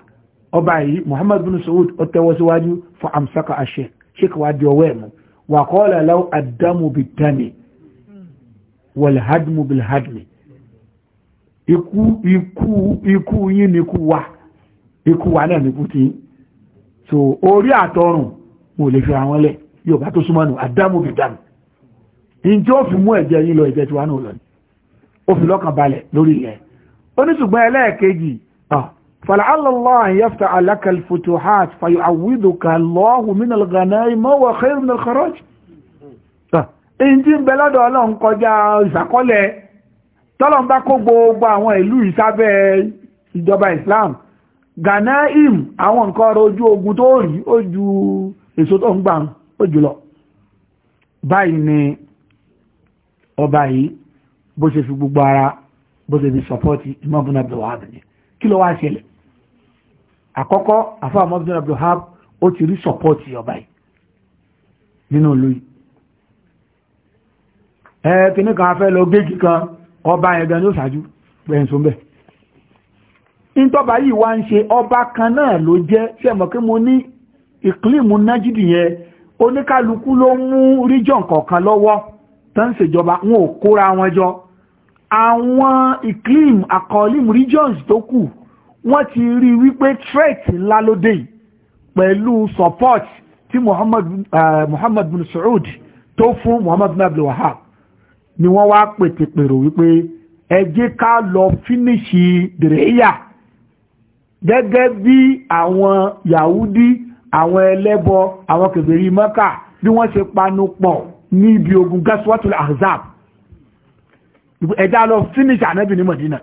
ọba yìí muhammad bin saud ó tẹ́wọ́ síwájú fún amsaka ashe sheikh wa di ọwọ́ ẹ̀ mọ́ وقال لو الدم بالدم والهدم بالهدم ikú ikú ikú yín ni ikú wa ikú wa náà ni ikú tí so orí àtọrùn mo lè fi àwọn lẹ̀ yóò bá tó súnmọ́ nù àdámù bí dámù ìjọ fi mú ẹ̀jẹ̀ yín lọ ẹ̀jẹ̀ tí wà náà lọ ní ó fi lọ́kàn balẹ̀ lórí ilẹ̀ ó ẹlẹ́ẹ̀kejì ah فلعل الله يفتح لك الفتوحات فيعوضك الله من الغنائم وخير من الخراج èyí tí ń bẹ lọ́dọ̀ ọlọ́run kọjá ìṣàkọlẹ̀ tọ́lọ́n bá kó gbogbo àwọn ìlú ìsábẹ́ ìjọba Islam Ghanaim àwọn nǹkan ọrọ̀ ojú ogun tó rí ó ju èso tó ń gbà ó ni ọba yìí bó ṣe fi gbogbo ara bó ṣe fi sọpọ́tì Imam Abdul Wahab kí ló wá ṣẹlẹ̀ àkọ́kọ́ àfáà Abdul Abdulhab ó ti rí sọ́pọ́ọ̀tì ọba yìí nínú ìlú yìí ẹ kìíní kan afẹ́ lọ géèjì kan ọba yẹn gan ló ṣáájú pẹ̀yìnsó bẹ́ẹ̀ ìtọ́ba yìí wá ń ṣe ọba kan náà ló jẹ́ ṣe mọ̀ kí mo ní ìkílìmù nájídì yẹn oníkálukú ló mú ríjọ̀n kọ̀ọ̀kan lọ́wọ́ tó ń ṣèjọba wọn ò kóra wọn jọ àwọn ìkílìmù àkọọ́lìmù ríjọ̀ns tó kù wọ́n ti rí wípé threat ńlá lóde yìí pẹ̀lú support tí Muhammad, uh, Muhammad bin Saud tó fún Muhammad bin Abdul Wahab ni wọ́n wá pètèpèrò wípé ẹ jẹ́ ká lọ fínísì dìrẹ́yà gẹ́gẹ́ bí àwọn Yahudi àwọn ẹlẹ́bọ àwọn kèfèrí Mẹ́kà bí wọ́n ṣe panu pọ̀ níbi ogun gaswatul Ahzab ẹ̀dá lọ fínísì ànábì ní Madina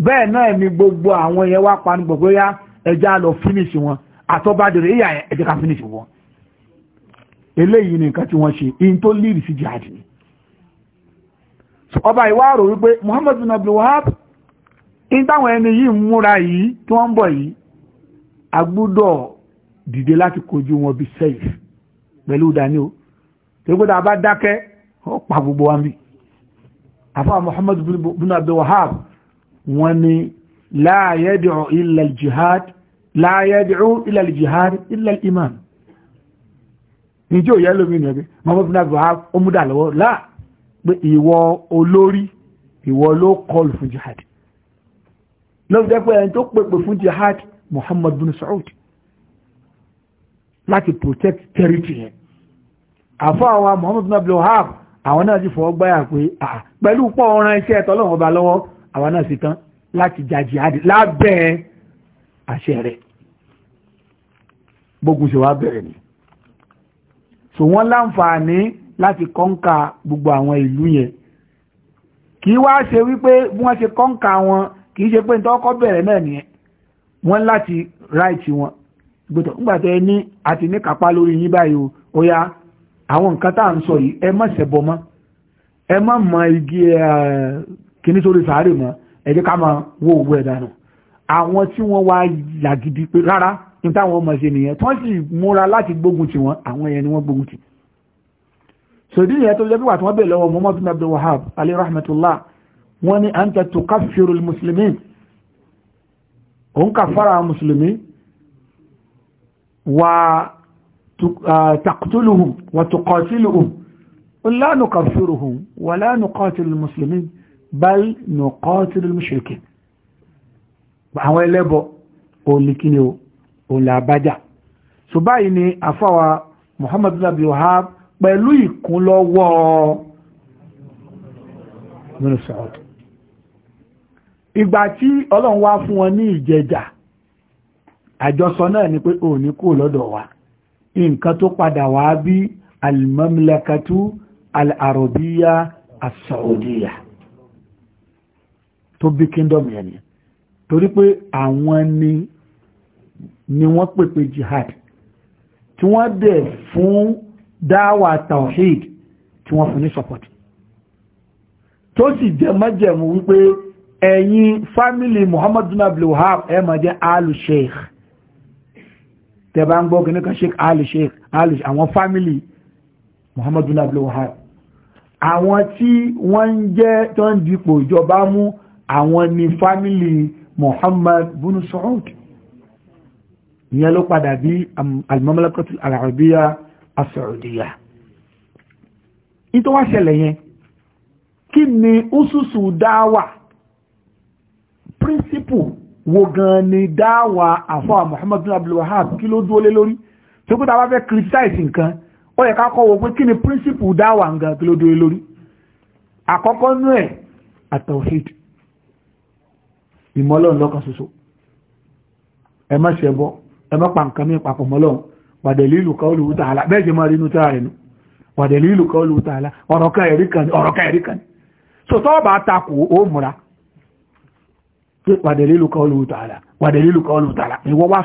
bẹ́ẹ̀ náà ni gbogbo àwọn yẹn wá pa ní gbogbo yá ẹjá lọ finish wọn àtọ́bádèrè ìyà ẹjẹ́ ká finish wọn eléyìí ni nǹkan tí wọ́n ṣe in tó lìrì sí jihad ni ọba ìwá rò wípé Muhammad bin Abdul Wahab in táwọn ẹni yìí ń múra yìí tí wọ́n ń bọ̀ yìí agbúdọ̀ dìde láti kojú wọn bí sẹ́yìn pẹ̀lú Daniel o tó gbọ́dọ̀ dákẹ́ ó gbogbo wa mi àfáà Muhammad bin Abdul Wahab wọ́n ni la yad'u illa jihad la yad'u illa jihad illa al ni ìjọ ìyá lómi ní ẹgbẹ́ mọ́mọ́ fún àgbà ọmúdà lọ́wọ́ láà pé ìwọ olórí ìwọ ló kọlù fún jihad lọ́wọ́ jẹ́ pé ẹni tó pèpè fún jihad Muhammad bin Saud lati protect territory yẹn àfọ́ àwọn Muhammad bin Abdul Wahab àwọn náà ti pe gbáyà pé pẹ̀lú pọ̀ ọ̀ràn iṣẹ́ ẹ̀tọ́ lọ́wọ́ àwa náà sì tán láti jà jihad lábẹ́ àṣẹ rẹ̀ gbógun ṣe wá bẹ̀rẹ̀ ni so wọ́n láǹfààní láti kọ́ńkà gbogbo àwọn ìlú yẹn kì í wá ṣe wípé bí wọ́n ṣe kọ́ńkà wọn kì í ṣe pé nítorí ọkọ̀ bẹ̀rẹ̀ náà nìyẹn wọ́n láti ráìtì wọn gbọ́dọ̀ ńgbàtẹ́ ní àti ní kápá lórí yín báyìí o ó àwọn nǹkan tá à ń sọ yìí ẹ má ṣẹbọ mọ́ ẹ má mọ igi kí ní sórí sàárè mọ́ ẹ jẹ́ ká máa wó owó ẹ̀ dànù àwọn tí wọ́n wá làgidi pé rárá ní táwọn ọmọ ṣe nìyẹn tí wọ́n sì múra láti gbógun tì wọ́n àwọn ẹ̀yẹn ni wọ́n gbógun tì sòdí ìyẹn tó jẹ́ pé wà tí wọ́n bèèrè lọ́wọ́ Muhammad bin Abdul Wahhab alayhi rahmatullah wọ́n ní anta tukaffiru al-muslimin òun kàfàrà mùsùlùmí wa taqtuluhum wa tuqatiluhum la nukaffiruhum wa la nuqatilu al-muslimin bal nuqatil al-mushrikin àwọn ẹlẹ́bọ olùkíni olàbájá so báyìí ni àfáwà Muhammad ibn Abdul Wahhab pẹ̀lú ìkúnlọ́wọ́ ibn Saud ìgbà tí ọlọ́run wá fún wọn ní ìjẹjà àjọsọ náà ni pé òní kú lọ́dọ̀ wa nǹkan tó padà wá bí al-mamlakatu al-arabiyya as-saudiyya al mamlakatu al al tó bí kingdom yẹn ni torí pé àwọn ni ni wọ́n pèpè jihad tí wọ́n dẹ̀ fún dáwà tawhid tí wọ́n fún ní support tó sì jẹ́ májẹ̀mú wípé ẹ̀yin fámílì Muhammad bin Abdul Wahab ẹ máa jẹ́ alu sheikh tẹ́bá ń gbọ́ kí ní kan sheikh alu sheikh alu àwọn fámílì Muhammad bin Abdul Wahab àwọn tí wọ́n ń jẹ́ tó ń dipò ìjọba mú àwọn ni fámílì Muhammad bin Saud ìyẹn ló padà bí um, al-Mamlakatul Arabia as-Saudiya ìtọ́wà ṣẹlẹ̀ yẹn kí ni úsùsù dáwà príncipù wo gan ni dáwà àfọ́ Muhammad bin Abdul Wahab kí ló dúó lé lórí tó kó tàbá fẹ́ criticize nǹkan ó yẹ ká kọ́ wo pé kí ni príncipù dáwà nǹkan kí ló dúó lé lórí àkọ́kọ́ nú ẹ̀ at ìmọ́lọ́run lọ́kan ṣoṣo ẹ má ṣe bọ́ ẹ má pa nǹkan mí papọ̀ mọ́lọ́run pàdẹ̀lú ìlú kan olùwú tààlà bẹ́ẹ̀ ṣe máa rí inú tí a rẹ̀ nù pàdẹ̀lú ìlú kan olùwú tààlà ọ̀rọ̀ kan ẹ̀rí kan ọ̀rọ̀ kan ẹ̀rí kan so tọ́ bá takò ó múra pé pàdẹ̀lú ìlú kan olùwú tààlà pàdẹ̀lú ìlú kan olùwú tààlà ìwọ wá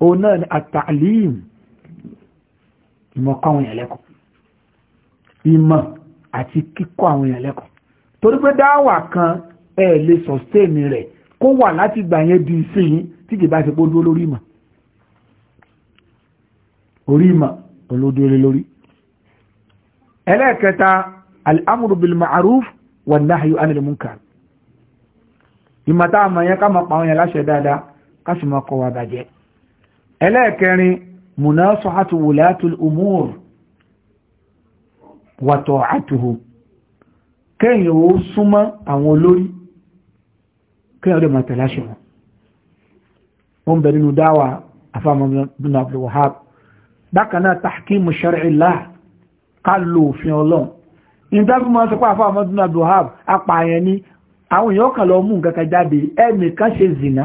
òun náà ni àtàlìm ìmọ̀kọ́ àwọn èèyàn lẹ́kọ̀ọ́ ìmọ̀ àti kíkọ́ àwọn èèyàn lẹ́kọ̀ọ́ torí pé dáwà kan ẹ lè sọ̀stẹ́ẹ̀nì rẹ̀ kó wà láti gbà yẹn di sí yín tí kì bá ṣe pé ó dúró lórí ìmọ̀ orí ìmọ̀ olódúró lórí ẹlẹ́ẹ̀kẹta al'amuru ma'aruf wà náàyò ẹlẹ́ẹ̀kẹrin munasahatu wulatul umur wa ta'atuhu kẹ́yìn o súnmọ́ àwọn olórí kẹ́yìn ọdẹ mọ̀tẹ̀láṣẹ́ wọn wọ́n bẹ̀rẹ̀ nínú dáwà afáàmọ́bìnà abdulwahab bákanáà tahkimu shar'illah kálò òfin ọlọ́run ìdájú máa sọ pé afáàmọ́bìnà apààyàn ni àwọn èèyàn kan mú nǹkan kan jáde kan ṣe zina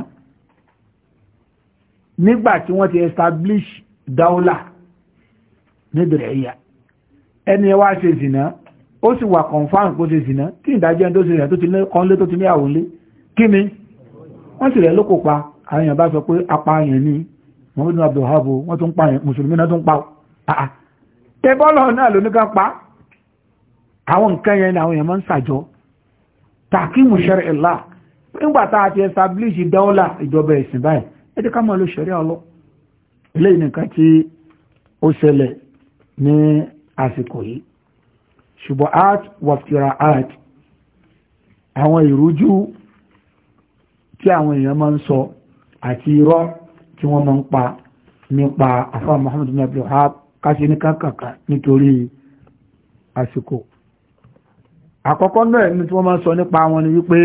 nígbà tí wọ́n ti establish dáúlà ní Diriyya ẹni ẹwà ṣe zìnà ó sì wà confam kó ṣe zìnà kí ìdájọ́ ẹni tó ṣe rẹ̀ tó ti ní kọ́nlé tó ti ní àwọlé kí ni wọ́n sì rẹ̀ ló kò pa àwọn èèyàn bá sọ pé apààyàn ni Muhammad bin Abdul Wahhab wọ́n tún pa yẹn mùsùlùmí náà tún pa àà tẹ́bọ́lọ̀ náà ló ní ká pa àwọn nǹkan yẹn ni àwọn èèyàn máa ń ṣàjọ takimu shar'illah nígbà tá a ti establish dáúlà ìjọba ẹ̀sìn báyìí ẹjẹ́ ká máa lo ṣẹ̀rí ọlọ́ ilé ìnìkan tí ó ṣẹlẹ̀ ní àsìkò yìí ṣùgbọ́n art wàfíra art àwọn ìrújú tí àwọn èèyàn máa ń sọ àti irọ́ tí wọ́n máa ń pa nípa afá Muhammadu nabi ha kásí ní kàkàkà nítorí àsìkò àkọ́kọ́ náà ní tí wọ́n máa ń sọ nípa wọn ni wípé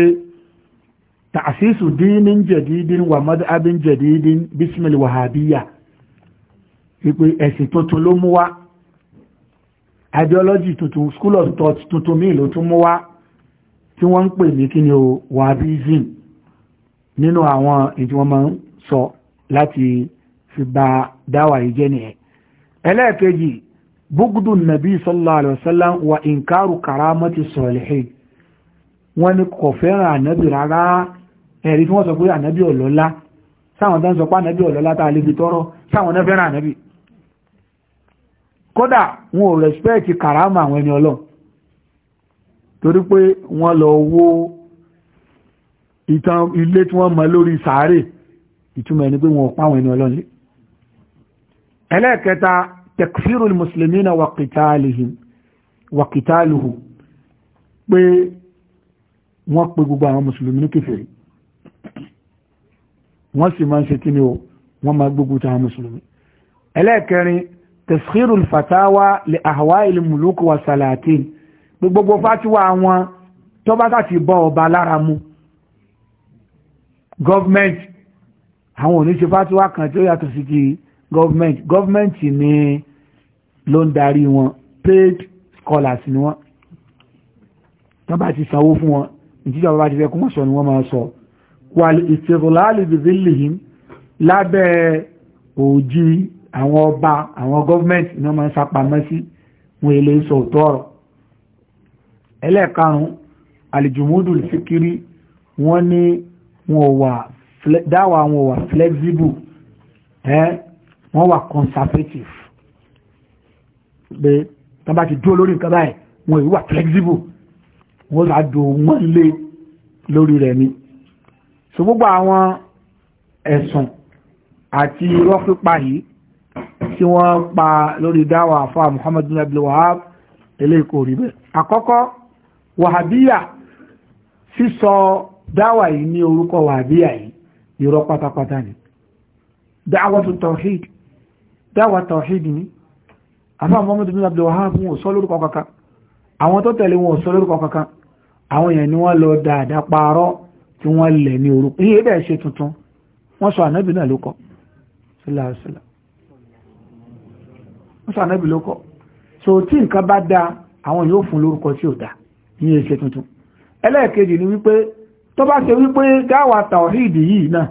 تعسيس دين جديد ومذهب جديد باسم الوهابية ìpè ẹ̀sìn tuntun ló mú wá ideology tuntun school of thought tuntun míì ló tún mú wá tí wọ́n ń pè ní kí ni o wahhabism nínú àwọn ìdí wọ́n máa ń sọ láti fi ba dáwà yìí jẹ́ nìyẹn ẹlẹ́ẹ̀kejì búgùdù sallallahu alaihi wasallam wa inkaru karamati salihin wọ́n ní kò ẹ̀rí tí wọ́n sọ pé ànábì ọ̀lọ́lá sáwọn tó ń sọ pé ànábì ọ̀lọ́lá tá a lè fi tọ́rọ sáwọn náà fẹ́ràn ànábì kódà wọn ò rẹ̀spẹ́ẹ̀tì kàrámà àwọn ẹni ọlọ́run torí pé wọ́n lọ wo ìtàn ilé tí wọ́n mọ lórí sàárè ìtumọ̀ ẹni pé muslimina wa qitalihim wa qitaluhu pé wọ́n pe gbogbo àwọn mùsùlùmí ní kèfèrí wọ́n sì máa ń ṣe kíni o wọ́n máa gbógun ti àwọn mùsùlùmí ẹlẹ́ẹ̀kẹrin tẹ̀síkírù fatawa lè àhàwá ilé mùlúkù wa salatin gbogbo fatiwa wọn tó bá láti bọ́ ọba lára mu gọ́ọ̀mẹ́ntì àwọn oníṣe fatiwa kan tí ó yàtọ̀ sí ti gọ́ọ̀mẹ́ntì gọ́ọ̀mẹ́ntì ni ló ń darí wọn paid scholars ni wọn tó ti sanwó fún wọn ìjíjọba bá ti fẹ́ kó mọ̀ sọ ni wọ́n máa sọ wàlì ìṣèlúláàlì bìbílìhìn lábẹ́ òjì àwọn ọba àwọn gọ́ọ̀mẹ́ntì ní wọ́n máa ń sapamọ́ sí wọn èlé sọ òtọ́ ọ̀rọ̀ ẹlẹ́ẹ̀karùn-ún àlìjùmúdù síkiri wọ́n ní dáwà wọn wà flexible ẹ́ wọ́n wà conservative pé tán bá ti dúró lórí nǹkan báyìí wọn wà flexible wọ́n sá dùn wọ́n lé lórí rẹ̀ ni ṣùgbọ́n àwọn ẹ̀sùn àti irọ́ pípa yìí tí wọ́n pa lórí dáwà àfáà Muhammad bin Abdul Wahab eléyìí kò rí bẹ́ẹ̀ àkọ́kọ́ wàhábíyà sísọ dáwà yìí ní orúkọ wàhábíyà yìí irọ́ pátápátá ni dáwà tó tawhid dáwà tawhid ni àfáà Muhammad bin Abdul Wahab wọn ò sọ lórúkọ kankan àwọn tó tẹ̀lé wọn sọ lórúkọ kankan àwọn èèyàn ni wọ́n lọ dáadáa pààrọ̀ tí wọ́n lẹ̀ ní bẹ́ẹ̀ ṣe tuntun wọ́n sọ ànábì náà ló kọ́ síláàsílá wọ́n sọ ló so tí nǹkan bá dá àwọn yóò fún lórúkọ tí ò dá ní iye tuntun ẹlẹ́ẹ̀kejì ni wípé tó bá ṣe wípé yìí náà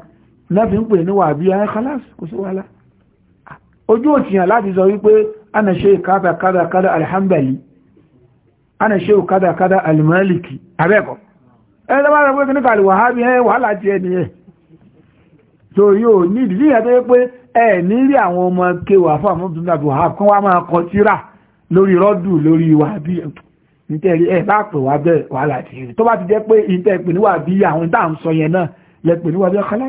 ń pè ní kálásì kò sí wàhálà ojú òtìyàn láti ana alhambali ẹ lọ́wọ́ rẹ̀ pé kí ní kàlì wàhábí ẹ wàhálà ti ẹ nìyẹn tó yóò ní ìdílé yẹn tó yẹ pé ẹ ní rí àwọn ọmọ kéwà fún àwọn ọmọ tó wà kán wá máa kọ tírà lórí rọ́dù lórí wàhábí nítorí ẹ bá pè wá bẹ́ẹ̀ wàhálà ti rí tó bá ti jẹ́ pé ìtẹ́ pè ní wàhábí àwọn tá à ń sọ yẹn náà lẹ pè ní wàhábí ọ̀kálá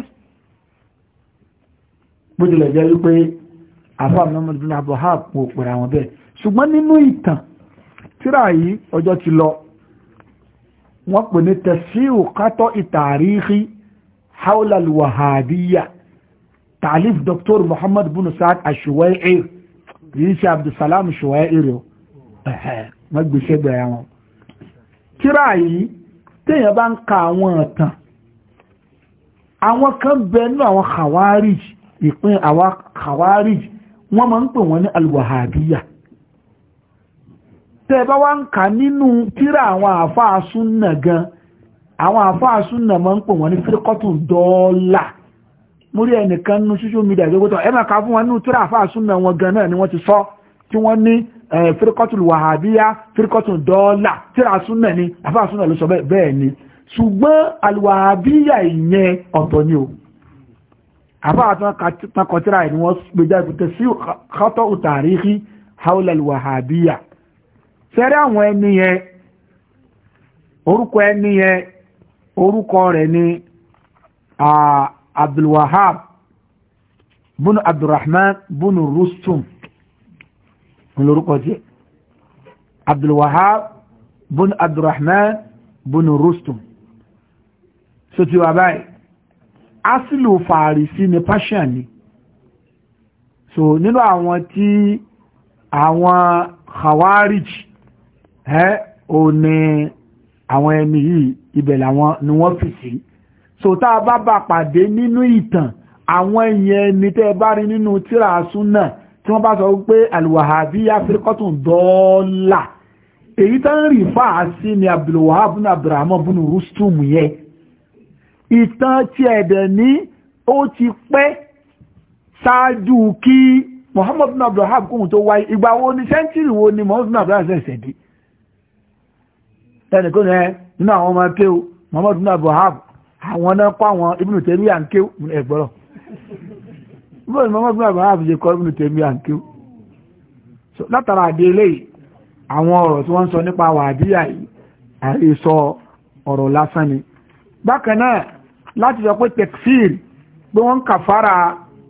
bó tilẹ̀ jẹ́ wípé àfọ́ àwọn ọmọ tó wà kò pèrè àwọn bẹ́ẹ̀ ṣùgbọ́n nínú ìtàn tírà yìí ọjọ́ ti lọ wọ́n pè ní tẹ̀síù kátọ́ ìtàríhì haulal wahabiyya tàlif dr muhammad bin saad ashuwa'i kìí ṣe abdulsalam ashuwa'i rẹ̀ wọ́n gbèsè bẹ̀rẹ̀ wọn kíra yìí téèyàn bá ń ka àwọn ọ̀tàn àwọn kan bẹ nínú àwọn khawarij ìpín àwọn khawarij wọ́n máa ń pè wọ́n ní alwahabiyya tẹ́ bá wá ń kà nínú tíra àwọn àáfàá súnà gan àwọn àáfàá súnà máa ń pò wọ́n ní fíríkọ́tù dọ́ọ́là mo rí ẹnìkan nínú social media ìgbégbó tán ẹ máa ka fún wọn nínú tíra àáfàá súnà wọn gan náà ni wọ́n ti sọ tí wọ́n ní fíríkọ́tù wàhábíyá fíríkọ́tù dọ́ọ́là tíra súnà ni àáfàá súnà ló sọ bẹ́ẹ̀ ni ṣùgbọ́n àlùwàhábíyà ìyẹn ọ̀tọ̀ ni o àbáwọn kan kọtíra ẹ̀ ni wọ́n gbé jáde pé sí kọ́tọ̀ òtàríkì haúlẹ̀ sẹ́rí àwọn ẹni yẹn orúkọ ẹni yẹn orúkọ rẹ̀ ni abdulwahab bunu abdulrahman bunu rustum lórúkọ jẹ́ abdulwahab bunu abdulrahman bunu rustum sotí wa báyìí asìlù fàárísí ni persian ni so nínú àwọn tí àwọn khawarij ẹ́ ò ní àwọn ẹni yìí ibẹ̀ làwọn ni wọ́n fi sí so tá a bá bá pàdé nínú ìtàn àwọn èèyàn ẹni tẹ́ bá rí nínú tíra súnà tí wọ́n bá sọ wípé alwahabiyya firqatun dọ́ọ́là èyí tán rí fáà sí ni abdulwahab bin abdulrahman bin rustum yẹn ìtàn tí ẹ̀dẹ̀ ní ó ti pẹ́ ṣáájú kí Muhammad bin abdulwahab kóhun tó wáyé ìgbà wo ni sẹ́ńtírì wo ni Muhammad abdulrahman ṣẹ̀ṣẹ̀ dé ẹnìkan ẹ nínú àwọn ọmọ kéwù muhammadu bin abdulhab àwọn náà kọ́ àwọn ibùdó tẹ̀mí à ń kéwù ẹ̀gbọ́rọ̀ bóyá muhammadu bin abdulhab ṣe kọ́ ibùdó tẹ̀mí à ń kéwù látara àdé eléyìí àwọn ọ̀rọ̀ tí wọ́n sọ nípa wàdíyà yìí ọ̀rọ̀ lásán ni bákan náà láti sọ pé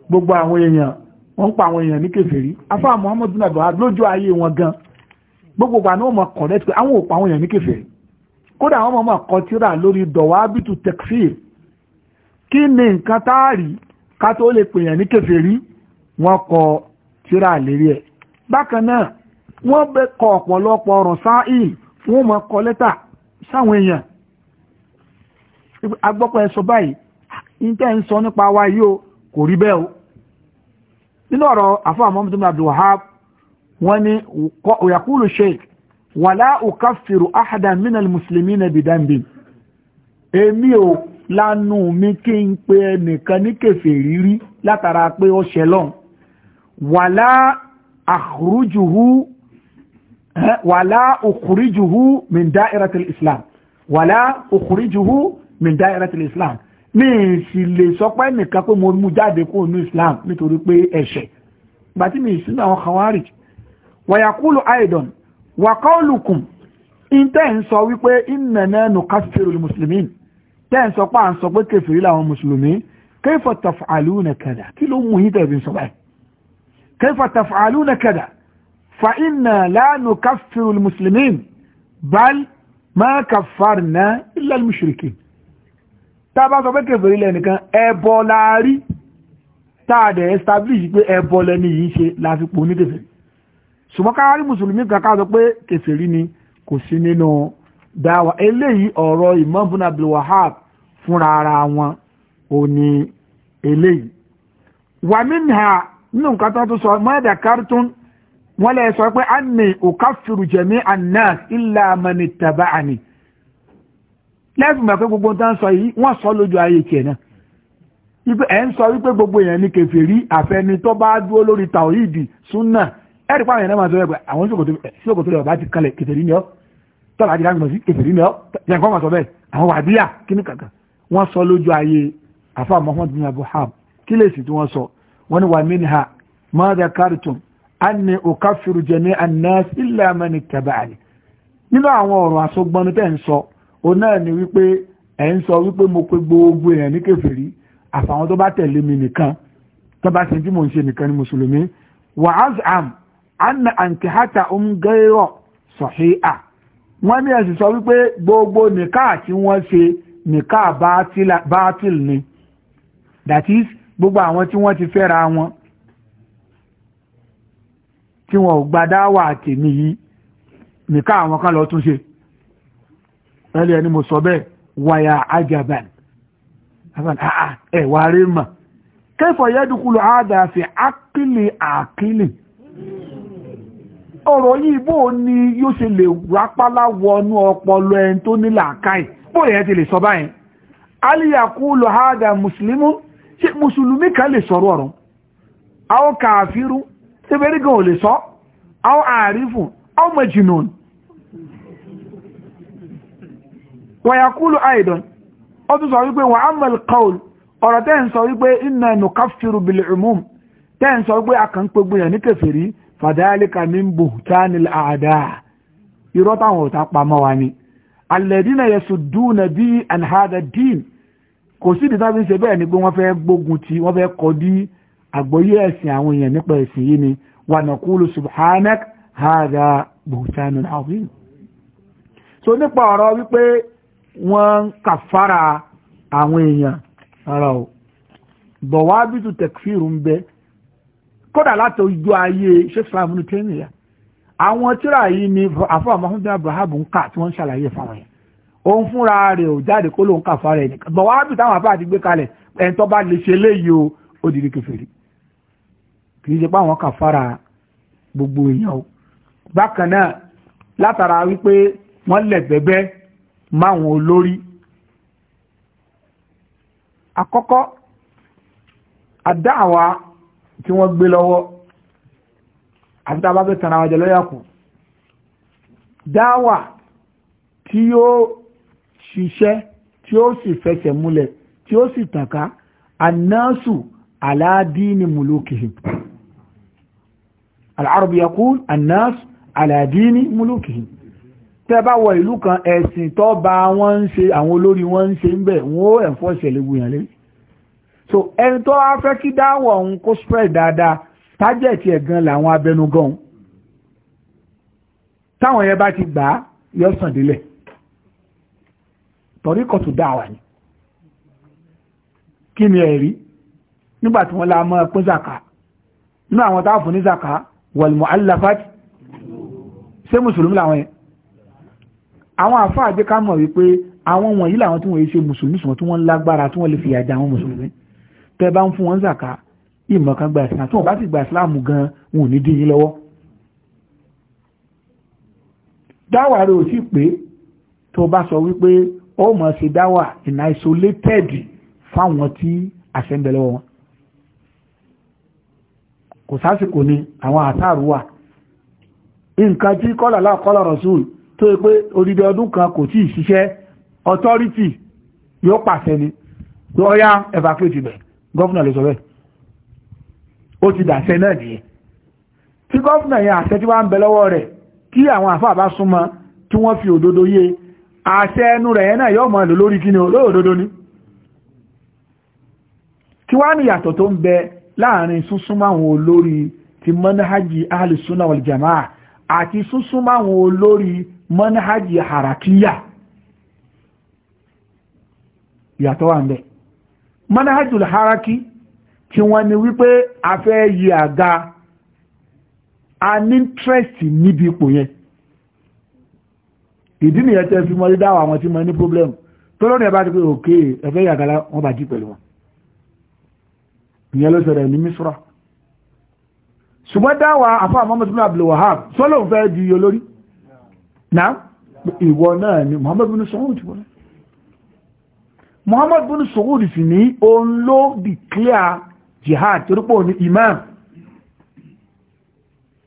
gbogbo àwọn èèyàn wọ́n ń pa àwọn èèyàn ní muhammadu gbogbo àwọn ò kódà àwọn ọmọ àkọtíra lórí dọ̀wà bìtù tekfir kí ni nǹkan táàrí ká tó lè pèèyàn ní kèfèrí wọn kọ tíra lérí ẹ̀ bákan náà wọ́n bẹ kọ ọ̀pọ̀lọpọ̀ ọ̀rọ̀ sáàìl fún ọmọ kọ o kò rí bẹ́ẹ̀ o nínú ọ̀rọ̀ wàlá ukaffiru ahadan minal muslimina bidanbi èmi ò lánú mi kí n pe ẹnìkan ní kèfèrí rí látara pé ó ṣẹlọ́n wàlá akhrujuhu wàlá ukhrijuhu min da'iratil islam wàlá ukhrijuhu min da'iratil islam mi sì lè sọ pé nìkan pé mo mú jáde kó nú islam nítorí pé ẹ̀ṣẹ̀ gbàtí mi sínú àwọn khawarij wàyàkúlù aidan wàkọ́ọ̀lùkùn tẹ́ ń sọ wípé ìnànà nùkásírò mùsùlùmí tẹ́ ń sọ pé à ń sọ pé kẹfìrí làwọn mùsùlùmí kẹfà tàfààlù nà kẹdà kí ló mú yín tẹ̀sí sọ báyìí kẹfà tàfààlù nà fa ìnà lánà kásírò mùsùlùmí bal má kàfàr ilẹ̀ mùsùlùkì tá a bá sọ pé kẹfìrí lẹ́nìkan ẹbọ láàrí tá a dẹ̀ establish pé ẹbọ lẹ́ni yìí ṣe láti pò ní kẹfìrí ṣùgbọ́n káwárí mùsùlùmí kan ká sọ pé kèfèrí ni kò sí nínú dáwà eléyìí ọ̀rọ̀ Imam Ibn Abdul Wahhab fúnra ara wọn ò ní eléyìí wàmínà nínú nǹkan tó tún sọ mọ́ẹ̀dà kártún wọ́n lẹ́ sọ pé a ní òkàfìrù jẹ̀mí annas illa mani taba'ani lẹ́fìn mọ̀ pé gbogbo tán sọ yìí wọ́n sọ lójú ayé tiẹ̀ náà ẹ̀ ń sọ wípé gbogbo èèyàn ní kèfèrí àfẹni tó bá dúró lórí tàwíìdì súnà ẹ̀rí pààrọ̀ yẹn náà máa sọ ẹgbẹ́ àwọn ṣòkòtò rẹ̀ ọba ti kalẹ̀ kẹfẹ́rí ni ọ́ tọ́lá àti láti mọ̀ sí kẹfẹ́rí ni ọ́ yẹn kọ́ máa sọ bẹ́ẹ̀ àwọn wàdíyà kíní kankan wọ́n sọ lójú ayé afa muhammad bin abu ham kí lè sì tí wọ́n sọ wọ́n ní wà mí ni ha ma dhakartum anni ukaffiru jami'a an-nas illa man ittaba'ani nínú àwọn ọ̀rọ̀ àsọgbọ́n tẹ́ ń sọ òun wípé ẹ̀ ń sọ wípé mo pe gbogbo èèyàn ní kẹfẹ́rí àfàwọn tó bá tẹ̀lé mi nìkan tó bá ṣe mò ń ṣe nìkan ní mùsùlùmí wàhálà anna ankihata um gairo sahiha wọ́n ní ẹ̀sìn sọ wípé gbogbo nìká tí wọ́n ṣe nìká báátìl ni that is gbogbo àwọn tí wọ́n ti fẹ́ra wọn tí wọ́n ò gbadáwà tèmi yìí nìká àwọn kan lọ tún ṣe ẹlẹ́ ẹni mo sọ bẹ́ẹ̀ wàyà ajaban ah, ah, ẹ̀wà rí mà kẹfọ̀ yẹ́dùkúlù àádáfẹ́ àkílì àkílì ọ̀rọ̀ yìí bó o ní yóò ṣe lè rápálá wọnú ọpọlọ ẹni tó ní làákàyè bó yẹn ti lè sọ báyẹn aliyaku lọ́hádà mùsùlùmí ṣe mùsùlùmí kan lè sọ̀rọ̀ ọ̀rọ̀ àwọn kàáfírú ṣẹbẹ̀rí gan ò lè sọ àwọn àrífù àwọn mẹjìnnà wàyàkúlù àìdàn ó tún sọ wípé wà á mẹ́lì kọ́ọ̀lù ọ̀rọ̀ tẹ́ ń sọ wípé iná ẹnu káfíru bìlì ìmúm tẹ́ ń sọ wípé fàdálíkà min buhtanil àdá irọ́ táwọn ọ̀tá pamọ́ wa ni alẹ́dínà yẹ sùdúnà bí anhada dín kò sí ìdí tábí ṣe bẹ́ẹ̀ ni pé wọ́n fẹ́ gbógun ti wọ́n fẹ́ kọ́ dí ẹ̀sìn àwọn èèyàn nípa ẹ̀sìn yìí ni wà nàkúlù subhanak hada buhtanil azim so nípa ọ̀rọ̀ wípé wọ́n ń kàfàrà àwọn èèyàn ara ò bọ̀wá bí tu tẹ̀kfíìrù ń bẹ́ẹ̀ kódà láti ojú ayé ṣẹ́sìlámù ní tẹ́nìyà àwọn tíra yìí ni àfọwọ́ mahmoud abraham ń kà tí wọ́n ń ṣàlàyé fáwọn yẹn òun fúnra rẹ̀ ò jáde kó lóun kà fara ẹ̀ nìkan bọ̀wá bí táwọn afá àti gbé kalẹ̀ ẹni tó bá lè ṣe léyìí o ó di kèfèrí kì í ṣe pé àwọn kà fara gbogbo èèyàn o bákan náà látara wípé wọ́n lẹ̀ bẹ́bẹ́ máwọn olórí àkọ́kọ́ àdáwà tí wọ́n gbé lọ́wọ́ àti tàbá fẹ́ tàrà àjẹ́ lọ́yàkù dáwà tí ó ṣiṣẹ́ tí ó sì fẹsẹ̀ múlẹ̀ tí ó sì tànká annáṣù aláàdínì mùlókìhìn al'arabu yakun annáṣù aláàdínì mùlókìhìn tẹ́ bá wọ ìlú kan ẹ̀sìn tó bá wọ́n ń ṣe àwọn olórí wọ́n ń ṣe ń bẹ̀ wọ́n ẹ̀fọ́ ìṣẹ̀lẹ̀ gbìyànlẹ́ so ẹni tó wá fẹ́ kí dáwọ̀ òun kó spread dáadáa tájẹ̀tì ẹ̀ gan làwọn abẹnugan táwọn yẹn bá ti gbà á yọ sàn délẹ̀ torí kò tún dáwà ni kí ni ẹ̀rí nígbà tí wọ́n la mọ́ pín zaka nínú àwọn táwọn fún ní zaka wọ̀lùmọ̀ alilafat ṣé mùsùlùmí làwọn yẹn àwọn àfáà jẹ́ ká mọ̀ wípé àwọn wọ̀nyí làwọn tí wọ́n yé ṣe mùsùlùmí sùn tí wọ́n lágbára tí wọ́n lè fìyà jẹ àwọn mùsùlùmí tẹ́ bá ń fún wọn zàká ìmọ̀ kan gba ìsìlámù tí wọ́n bá sì gba ìsìlámù gan wọn ò ní dín yín lọ́wọ́ dáwà rẹ̀ ò sí pé tó bá sọ wípé ó mọ̀ sí dáwà in isolated fáwọn tí àṣẹ́ńbẹ̀ wọn kò sásìkò ni àwọn àtàrù wà nǹkan tí kọ́là láàkọ́là rọ̀sùn tó yẹ pé odidi ọdún kan kò tí ì ṣiṣẹ́ authority yóò pàṣẹ ni yóò yá evacuate bẹ̀rẹ̀ gọ́fúnà ló sọ bẹ́ẹ̀ ó ti dàṣẹ náà nìyẹn tí gọ́fúnà yẹn àṣẹ tí wá ń bẹ lọ́wọ́ rẹ̀ kí àwọn àfáà bá súnmọ́ tí wọ́n fi òdodo yé àṣẹ ẹnu rẹ̀ yẹn náà yọ́ mọ̀ lò lórí kíni olóòdodo ni kí wá ní ìyàtọ̀ tó ń bẹ láàrin súnsúnmọ́ olórí ti mọ́náhájì alìsúnà wàlìjàmáà àti súnsúnmọ́ àwọn olórí mọ́náhájì hàràkíyà ìyàtọ̀ wà ń bẹ́ẹ̀ manahajul haraki tí wọ́n ní wípé a fẹ́ yí àga a ní interest níbi ipò yẹn ìdí nìyẹn tẹ́ fi mọ́ dídáwà àwọn tí mọ́ ní problem tó lónìí ẹ̀bá ti pé òkè ẹ̀fẹ́ yàgàlá wọ́n bá jí pẹ̀lú wọn ìyẹn ló sọ̀rọ̀ ní misra ṣùgbọ́n dáwà àfọ́ Muhammad bin Abdul Wahab sọ́lọ́ fẹ́ di olórí náà ìwọ náà ni Muhammad bin sọ́wọ́n ti wọ́n Muhammad bin Saud sì ní òun ló declare jihad torípò ní imam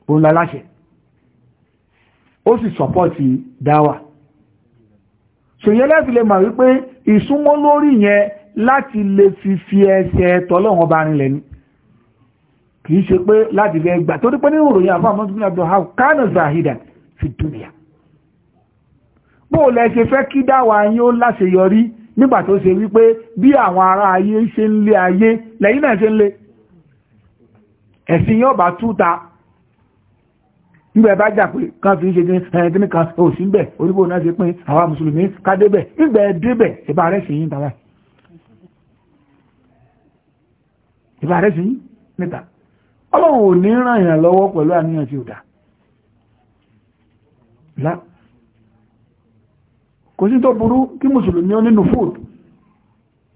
òun láláṣẹ ó sì sọpọ́tì dáwà ṣòyẹ́ láti lè mọ̀ wípé ìsúnmọ́ lórí yẹn láti lè fi fi ẹsẹ̀ tọ́lọ́wọ́n bá rinlẹ̀ ni kìí ṣe pé láti fẹ́ gbà torí pé ní ìròyìn àfáà mọ́tún abdullahi kánà zahida fi dúnìyà bó lẹ ṣe fẹ́ kí dáwà yín ó láṣeyọrí nígbà tó ṣe wípé bí àwọn ará ayé ṣe ń lé ayé lẹ́yìn náà ṣe ń lé ẹ̀sìn yóò bá túta nígbà bá jà pé kan fi ń ṣe ẹni kan ò sí bẹ̀ oníbò náà ṣe pín àwa mùsùlùmí ká débẹ̀ nígbà ẹ débẹ̀ ìbá rẹ̀ sí yín tàbá ìbá rẹ̀ sí yín níta ọlọ́run ò ní ràn yàn lọ́wọ́ pẹ̀lú àníyàn kò sí tó burú kí mùsùlùmí ó nínú food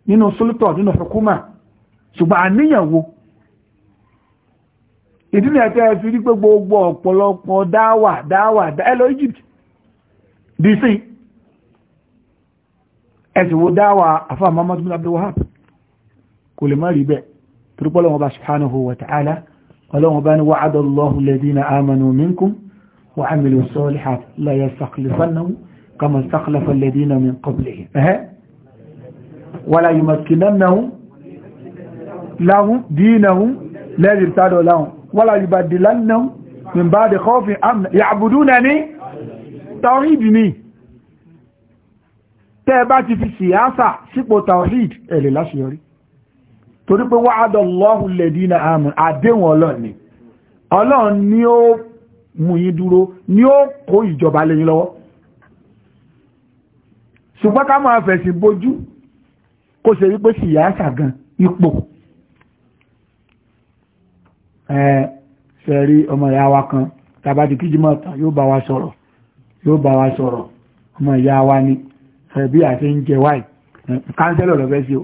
nínú sultan nínú hukuma ṣùgbọ́n àníyànwó ìdílé ẹ̀tẹ́ fi rí pé gbogbo ọ̀pọ̀lọpọ̀ dáwà dáwà ẹlọ Egypt dc ẹ̀sìn wo dáwà afá Muhammad bin Abdul Wahab kò lè má rí bẹ́ẹ̀ torípọ́lọ́ wọn bá subhanahu wa ta'ala ọlọ́wọ́n bá ní wa'ada Allahu alladhina amanu minkum wa 'amilu salihati la yastakhlifannahu كما استخلف الذين من قبلهم ولا يمكننهم لهم دينهم لا يرتادوا لهم ولا يبدلنهم من بعد خوف امن يعبدونني توحيدني tẹ́ bá ti fi siyasa sípò tawhid ẹ̀lẹ̀ láṣeyọrí torí pé wa'ada Allahu alladhina amanu àdéhùn ọlọ́run ni ọlọ́run ni ó mú yín dúró ni ó kó ìjọba lẹ́yìn lọ́wọ́ ṣùgbọ́n ká máa fẹ̀sìn bojú kó ṣe wípé síyáàsà gan ipò ẹ̀ sẹ̀rí ọmọ ìyá wa kan tàbá ti kíjì mọ́ta yóò bá wa sọ̀rọ̀ yóò bá wa sọ̀rọ̀ ọmọ ìyá wa ni ẹ̀bí àti ń jẹ wáì káńsẹ́lọ̀ lọ́fẹ́ sí o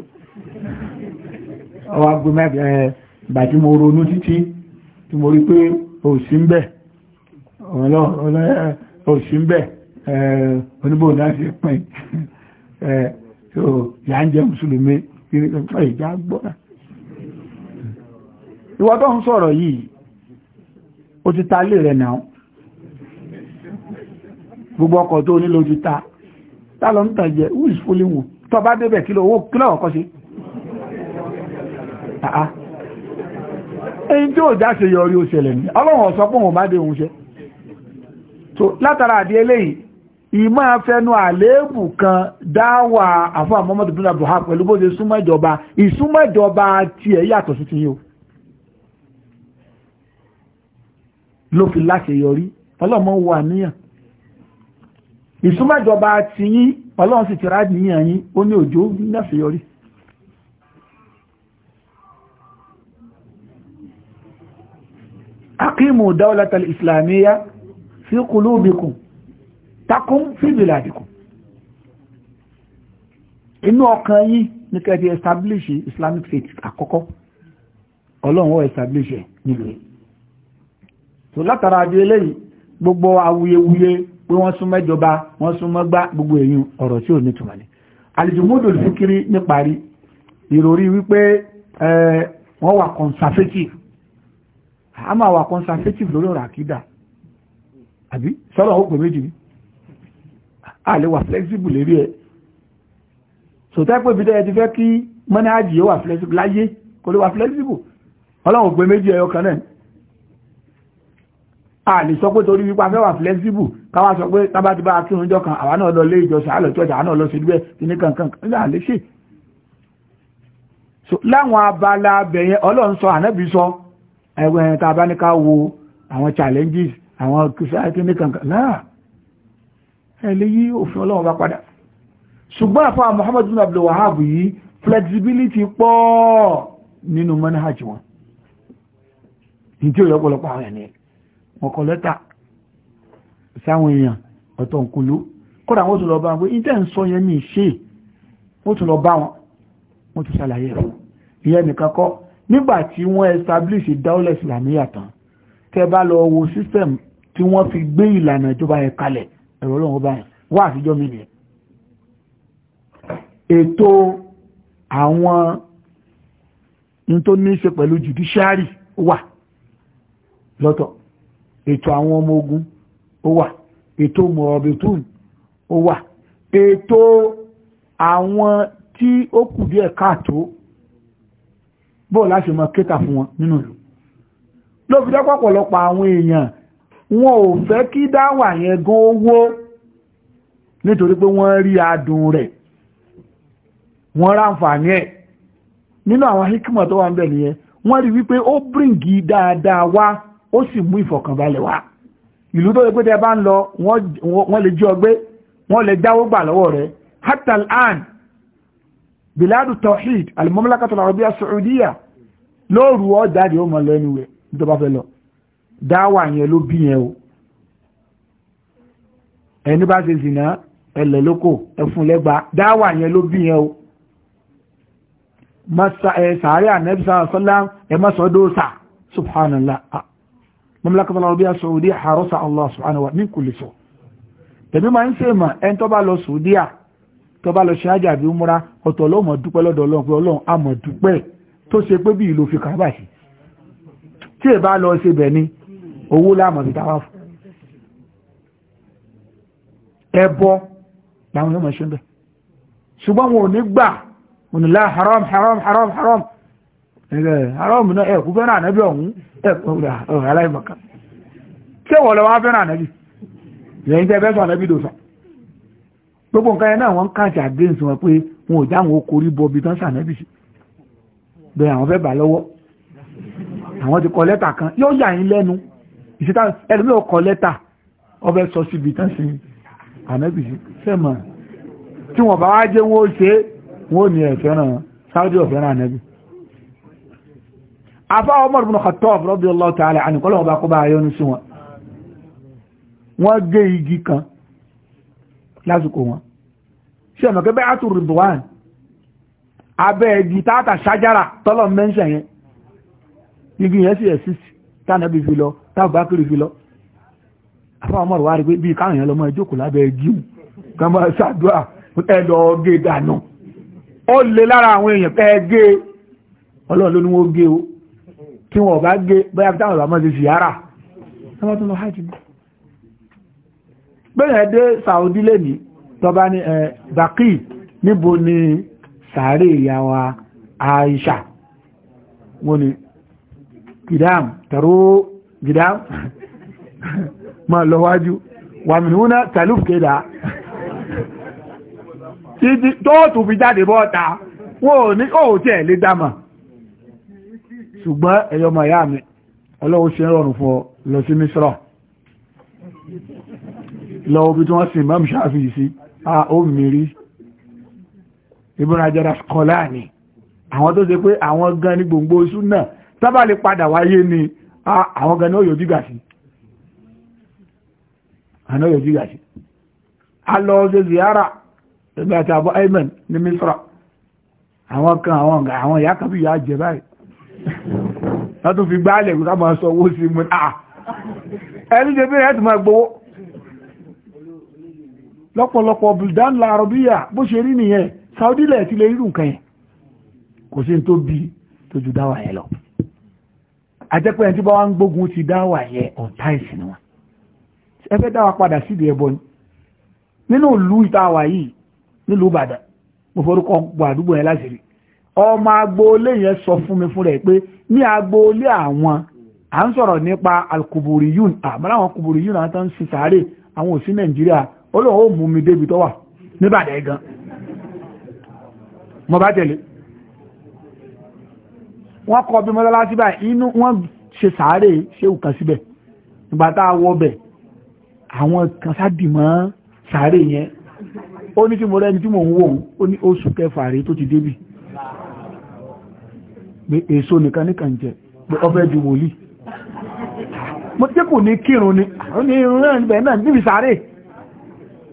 ọwá gbé mẹ́fẹ́ ẹ̀ bà Eh, oníbòdá ṣe pín eh, so yà ń jẹ mùsùlùmí kiri gbọ́ra tó ń sọ̀rọ̀ yìí ó ti ta lè rẹ̀ náà gbogbo ọkọ̀ tó nílò ti ta ń who is bá débẹ̀ kí owó kílọ̀ ọkọ̀ sí èyí tí ó ìmọ̀ afẹnu àléébù kan dáwà àfáà Muhammadu bin Abdulhaq pẹ̀lú bó ṣe súnmọ́ ìjọba ìsúnmọ́ ìjọba tiẹ̀ yàtọ̀ sí ti yín o ló fi láṣeyọrí ọlọ́mọ wo àníyàn ìsúnmọ́jọba ti yín ọlọ́run sì ti rá níyàn yín ó ní òjò láṣeyọrí aqimu dawlata al-islamiyya fi qulubikum takun fi biladikum inú ọkàn yín ní kẹ́ ti establish islamic faith àkọ́kọ́ ọlọ́run ó establish ẹ̀ ẹ̀ so látara adé eléyìí gbogbo awuyewuye pé wọ́n súnmọ́ ìjọba wọ́n súnmọ́ gbá gbogbo èyàn ọ̀rọ̀ tí ò ní tùmọ̀ ní àlejòmódò fíkiri níparí ìròrí wípé wọ́n wà conservative a máa wà conservative lórí ọ̀rọ̀ àkídà àbí sọ́rọ̀ ó pè méjì ní a lè flexible lérí ẹ̀ sòtẹ́pẹ́ ibi tẹ́yẹ ti fẹ́ kí mọ́nájì yóò wà flexible láyé kò lè wà flexible ọlọ́run pé méjì ẹyọ kan náà a lè sọ pé torí wípa fẹ́ wà flexible káwà sọ pé tábà ti bá kírun jọ kan àwa náà lọ lé ìjọsìn àlọ́ ìjọsìn àwa náà lọ sí ibẹ̀ kíní kankan nígbà lè ṣe láwọn abala abẹ̀yẹ ọlọ́run sọ ànábì sọ ẹ̀wẹ̀ tá bá ní ká wo àwọn challenges àwọn kìsà kíní kankan náà ẹ lè yí òfin ọlọ́run bá padà ṣùgbọ́n àfáà Muhammad bin Abdul Wahab yìí flexibility pọ̀ nínú manhaj wọn ìdí òyọ́ pọ̀lọpọ̀ àwọn ẹ̀ní wọn kọ lẹ́tà sáwọn èèyàn ọ̀tọ̀ nkúlú kódà wọ́n tún lọ bá wọn ìdẹ́ ń sọ yẹn ní ìṣe wọ́n tún lọ bá wọn wọ́n tún ṣàlàyé rẹ̀ ìyẹn nìkan kọ́ nígbà tí wọ́n establish dáúlẹ̀ ìsìlámíyà tán tẹ́ bá lọ wo system tí wọ́n fi gbé ìlànà ìjọba yẹn kalẹ̀ ẹ̀rọ ọlọ́run báyìí wá àfijọ́ mi nìyẹn ètò àwọn ní tó ní ṣe pẹ̀lú judiciary wà lọ́tọ̀ ètò àwọn ọmọ ogun ó wà ètò mọ̀ọ̀bẹ̀tún ó wà ètò àwọn tí ó kù díẹ̀ káàtó bọ́ọ̀ láti mọ̀ kéta fún wọn nínú ìlú ló fi dọ́pọ̀pọ̀lọpọ̀ àwọn èèyàn wọn ò fẹ́ kí dáwà yẹn gan owó nítorí pé wọ́n rí adùn rẹ̀ wọ́n ráǹfààní ẹ̀ nínú àwọn hikmọ̀ tó wà ń bẹ̀ nìyẹn wọ́n rí wípé ó bríǹgì dáadáa wá ó sì mú ìfọ̀kànbalẹ̀ wá ìlú tó yẹ pé ń lọ wọ́n lè jí ọgbé wọ́n lè dáwó gbà lọ́wọ́ rẹ̀ hatal an biladu tawhid al-mamlakatul arabia saudiya lóòrù ọjáde ó mọ̀ lẹ́nu rẹ̀ tó bá fẹ́ lọ dáwà yẹn ló bí yẹn o ẹni bá ṣe zìnà ẹlẹ̀ lóko ẹfun lẹ́gba dáwà yẹn ló bí yẹn o sàárẹ̀ ànẹ́bísà sọ́lá ẹmọ́sọ́dọ́ sà subhanallah ah. mamlaka bala rabia saudi harosa allah subhanahu wa min kulli so tẹ̀mí ma ń ṣe mà ẹni tó bá lọ saudiya tó bá lọ ṣe ajá bí múra ọ̀tọ̀ ọlọ́mọ dúpẹ́ lọ́dọ̀ ọlọ́run pé ọlọ́run àmọ̀ dúpẹ́ tó ṣe pé bí ìlò fi kàábà sí tí ẹ bá lọ ṣe bẹ̀ ni owó láàmọ̀ sí táwà fún ẹbọ láwọn yóò mọ̀ ṣe ń bẹ̀ ṣùgbọ́n wọn ò ní gbà wọn nílá haram haram haram haram ẹgbẹ́ haram náà ẹ̀kú fẹ́ràn ànẹ́bí ọ̀hún ẹ̀kú aláìmọ̀ká ṣé wọ́n lọ́wọ́ fẹ́ràn ànẹ́bí lẹ́yìn tẹ́ fẹ́ sọ ànẹ́bí dòsàn gbogbo nǹkan yẹn náà wọ́n káàkiri àgbéǹsì wọn pé wọn ò dáhùn okòrí bọbi tán sànẹ́bì sí bẹ́ẹ̀ àwọn fẹ́ bà lọ́wọ́ àwọn ti kọ lẹ́tà kan yóò yà yín lẹ́nu ìṣẹ́ta ẹlùmí ọkọ̀ lẹ́tà ọbẹ̀ sọ síbi tán sí ànábì sẹ́mà tí wọ́n bá wá jẹ́ wọ́n ṣe wọ́n ní ẹ̀fẹ́ràn Saudi ọ̀fẹ́ràn ànábì afá Umar ibn Khattab radiyallahu ta'ala anhu kọ́lọ̀ ọba kó bá yọnu sí wọn wọ́n gé igi kan lásìkò wọn ṣe ọ̀nà kẹ́bẹ́ àtúrùdùwàn abẹ́ igi tààtà ṣájára tọ́lọ̀ mẹ́ńṣẹ̀ yẹn igi yẹn sì ẹ̀ sí tánàbí fi lọ táwọn bá kiri fi lọ àfáwọn ọmọ wa rí pé bí káwọn èèyàn lọ mọ ìjókòó lábẹ́ gíùn kan máa ṣàdúrà ẹlọ gé dànù ó lè lára àwọn èèyàn pé gé ọlọ́run ló ní wọ́n gé o tí wọ́n bá gé bóyá táwọn bá máa ṣe ṣìyára táwọn tó lọ hajj bẹ́ẹ̀ dé Saudi lẹ́nìí tọba ní ẹ bàkì níbo ni sàárè ìyá wa Aisha wọ́n ni kìdáàmù tẹ̀rọ gida máa lọ wájú wàmìnúnà tàlúf kéda títí tóòtù fi jáde bọ́ta wọ́n ò ní òòtí ẹ̀ lé dámà ṣùgbọ́n ẹ̀yọ́mọ̀ ìyá mi ọlọ́wọ́ ṣe rọrùn fún ọ lọ sí mísírọ̀ lọ́wọ́ bí tí wọ́n sin Imam Shafi'i sí a ó mìírí Ibn Hajar Asqalani àwọn tó ṣe pé àwọn gan ní gbòǹgbò súnà sábà lè padà wáyé ni àwọn gan náà yóò dígbà sí àná yóò dígbà sí a lọ ṣe ziyara ẹgbẹ́ àti àbọ̀ ayman ní misra àwọn kan àwọn ọ̀gá àwọn ìyá kan bí ìyá jẹ báyìí wọ́n tún fi gbálẹ̀ kí káàmà sọ owó sí mú náà ẹni jẹ bẹ́rẹ̀ ẹ̀tùmọ̀ gbowó lọ́pọ̀lọpọ̀ buldan lárọ̀bíyà bó ṣe rí nìyẹn saudi lẹ̀ ti lè rírù nǹkan yẹn kò sí tó bí tó ju dáwà yẹn lọ àjẹpẹ́ ẹni tí bá wá ń gbógun ti dáwà yẹ ọ̀tá ìsìn wọn ẹ fẹ́ dáwà padà sídìí ẹbọ ni nínú ìlú ìtawà yìí nílùú Ìbàdàn mo forúkọ gbọ́ àdúgbò yẹn láti rí ọmọ agboolé yẹn sọ fún mi fún rẹ̀ pé ní agboolé àwọn à ń sọ̀rọ̀ nípa alkuburiyun àmọ́ àwọn kuburiyun àwọn tó ń sin sáré àwọn òsín Nàìjíríà olóhùn mú mi débi tó wà ní gan mo bá tẹ̀lé wọ́n kọ́ bí mọ́lá síbà inú wọ́n ṣe sàárè ṣe òkan síbẹ̀ nígbà tá a wọ́ bẹ̀ àwọn kan sáàdì mọ́ sàárè yẹn ó ní tí mo rẹ́ni tí mò ń wò ó ní oṣù kẹfà rèé tó ti débì pé èso nìkan nìkan jẹ pé ọfẹ́ ju wòlíì mo tí kò ní kírun ni àwọn ní irun náà níbẹ̀ náà níbi sàárè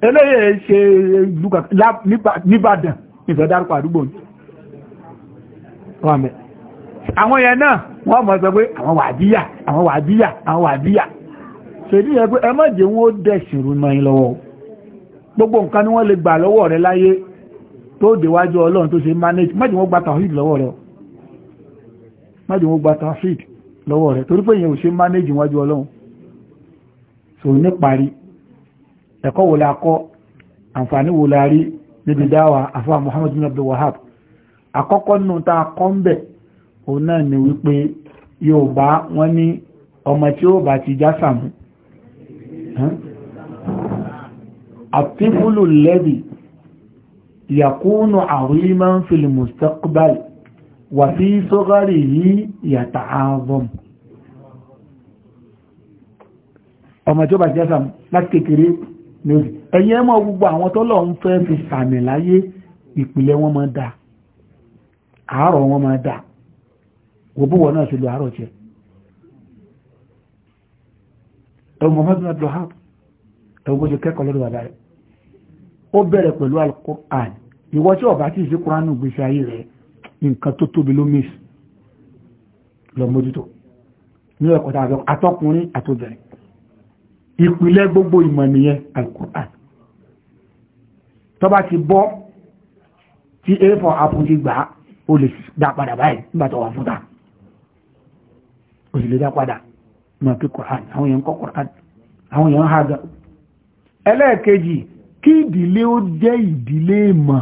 eléyè ṣe níbàdàn ìfẹ́ dárúkọ àdúgbò yìí àwọn yẹn náà wọ́n mọ̀ sọ pé àwọn wàdíyà àwọn wàdíyà àwọn wàdíyà ṣèdí yẹn pé ẹ má jẹ́ wọn ó dẹ̀sìn rú mọ́ yín lọ́wọ́ gbogbo nǹkan ni wọ́n lè gbà lọ́wọ́ rẹ láyé tó déwájú ọlọ́run tó ṣe manage má jẹ́ wọn gba tawhid lọ́wọ́ rẹ má jẹ́ wọn gba tawhid lọ́wọ́ rẹ torí pé èèyàn ò ṣe manage wájú ọlọ́run Muhammad bin Abdul Wahab àkọ́kọ́ nù tá a kọ́ ń bẹ̀ òun náà ni wípé Yorùbá wọ́n ní ọmọ tí ó bá ti já sàmú àtífúlù lẹ́bì yàkúnù àríman fil mustaqbal wà sí sọ́gárì yìí yàtà ààbọ̀m ọmọ tí ó bá ti já sàmú láti kékeré lórí ẹ̀yìn ẹmọ gbogbo àwọn tọ́lọ̀ ń fẹ́ fi sàmì láyé ìpìlẹ̀ wọn máa dà àárọ̀ wọn máa dà wò búwọ̀ náà ṣe lọ àárọ̀ jẹ́ ẹwọ Muhammad bin Abdulhab ẹwọ bó ṣe kẹ́kọ̀ọ́ lọ́dọ̀ bàbá rẹ̀ ó bẹ̀rẹ̀ pẹ̀lú al-Qur'an ìwọ tí ọba tí ìṣe Qur'an gbèsè ayé rẹ̀ nǹkan tó tóbi ló mìs lọ mójútó ní ẹ̀kọ́ ìpìlẹ̀ gbogbo ìmọ̀ nìyẹn al-Qur'an tọ́ba ti bọ́ tí a for apple ti gbà ó lè dá padà báyìí nígbà fún ta. kò sì padà mọ̀ pé àwọn èèyàn kọ́ Quran àwọn èèyàn kí ìdílé ó jẹ́ ìdílé ìmọ̀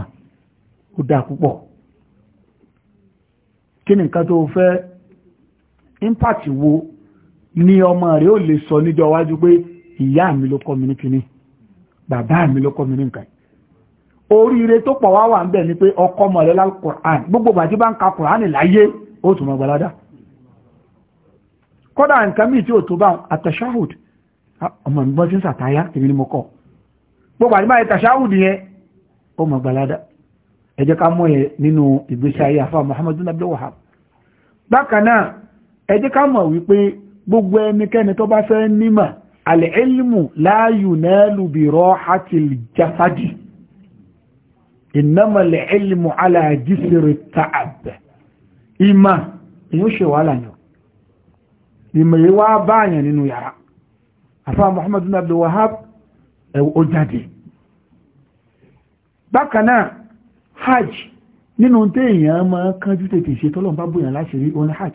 ó dá púpọ̀ kí ni nǹkan tó fẹ́ wo ni ọmọ rẹ̀ ó lè sọ níjọ wájú pé ìyá mi ló mi ní bàbá mi ló kọ́ mi ní nǹkan wà ń bẹ̀ ọkọ gbogbo bá ń ka kódà nǹkan míì tí ò tó bá àtàṣáhùd ah, ọmọ mi gbọ́n tí ń sàtáyá èmi ni mo kọ́ gbogbo àti báyìí tàṣáhùd yẹn ó mọ̀ gbalada ẹ jẹ́ ká mọ̀ yẹn nínú ìgbésí ayé àfa Muhammadu nabi Wahab bákan náà ẹ jẹ́ ká mọ̀ wípé gbogbo ẹnikẹ́ni tó bá fẹ́ nímọ̀ alẹ́ẹ̀lìmù láàyù náà lùbìrọ̀ àti jáfájì ìnámọ̀lẹ̀ ẹ̀lìmù aláàjísìrì tààbẹ̀ ìmọ̀ èyí ó ṣe wàhálà yàn ìmọ̀ yìí wá báyàn nínú yàrá àfáà muhammadu bin wahab ó jáde bákan náà hajj nínú téèyàn máa kánjú tètè ṣe tọ́lọ́n bá bóyàn láṣìírí òun hajj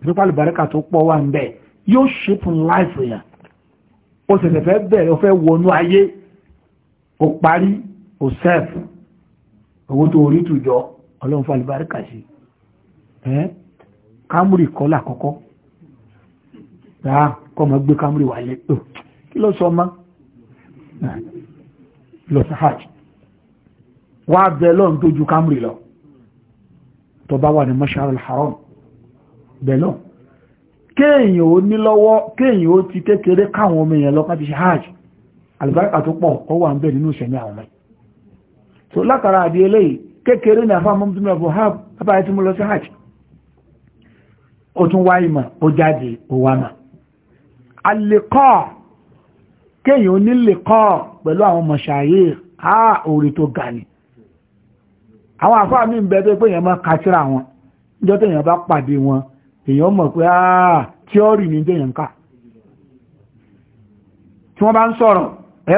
ìfipá àlùbáríkà tó pọ̀ wà ń bẹ̀ yóò ṣépù láìfò yàn ó ṣẹ̀ṣẹ̀ fẹ́ bẹ̀rẹ̀ ó fẹ́ wọnú ayé ó parí ó sẹ́ẹ̀fù owó tó orí tùjọ ọlọ́run fún sí ẹ́ kámúrì kọ́lá kọ́kọ́ ráà kọ́ ma kamri kámúrì wálé ò oh, kí ló sọ ma lọ sí hajj wá bẹ lọ́n tó ju kámúrì lọ tó bá wà ní mashar al-haram bẹ lọ kéèyàn ó ní lọ́wọ́ kéèyàn ó ti kékeré káwọn ọmọ èèyàn lọ́kàn ti ṣe hajj àlùbáríkà tó pọ̀ ó wà ń bẹ nínú ìṣẹ̀mí àwọn ọmọ so látara àdí eléyìí kékeré ní àfáà mọ́mú tó mẹ́rin fún hajj abáyé tí mo lọ sí wáyé mà ó jáde ó wá mà alẹ́kọ́ kéèyàn onílẹ̀kọ́ pẹ̀lú àwọn mọ̀ṣàyè á orí tó ga ni àwọn àfáà mi ń bẹ tó pé èèyàn máa kàtírà wọn níjọ́ téèyàn bá pàdé wọn èèyàn mọ̀ pé áà tíọ́rì ní téèyàn ká tí wọ́n bá ń sọ̀rọ̀ ẹ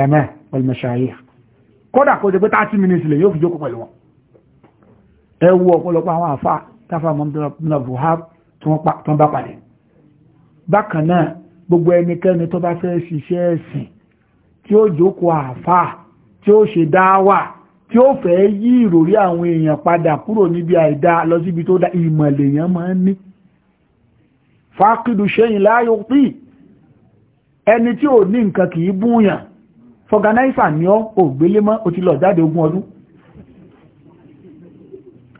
mọ̀ kódà kó jẹ́ pé 30 minutes lè yóò fi jókòó pẹ̀lú wọn ẹ wo ọ̀pọ̀lọpọ̀ àwọn àfá táfà mọ́mọ́dúnlá buhab tí wọ́n bá pàdé bákan náà gbogbo ẹnikẹ́ni tó bá fẹ́ ṣiṣẹ́ ẹ̀sìn tí ó jókòó àfá tí ó ṣe dáwà tí ó fẹ́ yí ìròrí àwọn èèyàn padà kúrò níbi àìdá lọ síbi tó dá ìmọ̀lẹ̀ èèyàn máa ń ní fákìdù ṣẹ́yìn láyò pí ẹni tí ò ní nǹkan kì í búyàn fọganáísà ní ọ́ ògbélé mọ́ o ti lọ jáde ogún ọdún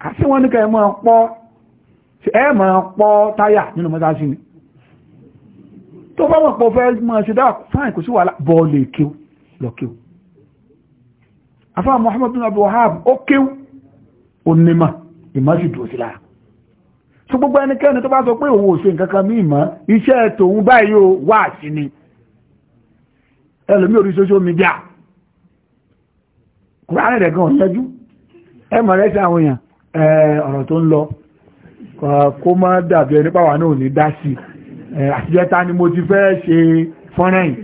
àti wọ́n ní kẹ́ mọ́ pọ́ ẹ mọ́ pọ́ táyà nínú mọ́sáṣí ni tó bá mọ̀ pọ̀ fẹ́ mọ́ ṣe dáa fáìn kò sí wà bọ́ọ̀lù èkéw lọ́kéw afá Muhammad bin Abdul Wahab ó kéw ó nímọ̀ ìmọ̀sí dùn sí lára so gbogbo ẹnikẹ́ni tó bá sọ pé òun ò nǹkan kan mí ìmọ̀ iṣẹ́ tòun báyìí ó wà sí ni ẹlòmí orí social media kùránì rẹ̀ gan ọ̀yẹ́jú ẹ mọ̀ rẹ̀ sí àwọn èèyàn ọ̀rọ̀ tó ń lọ kó mọ́ dàbí ẹni pàwà náà ní dá sí àtijẹ́ta ni mo ti fẹ́ ṣe fọ́nrán yìí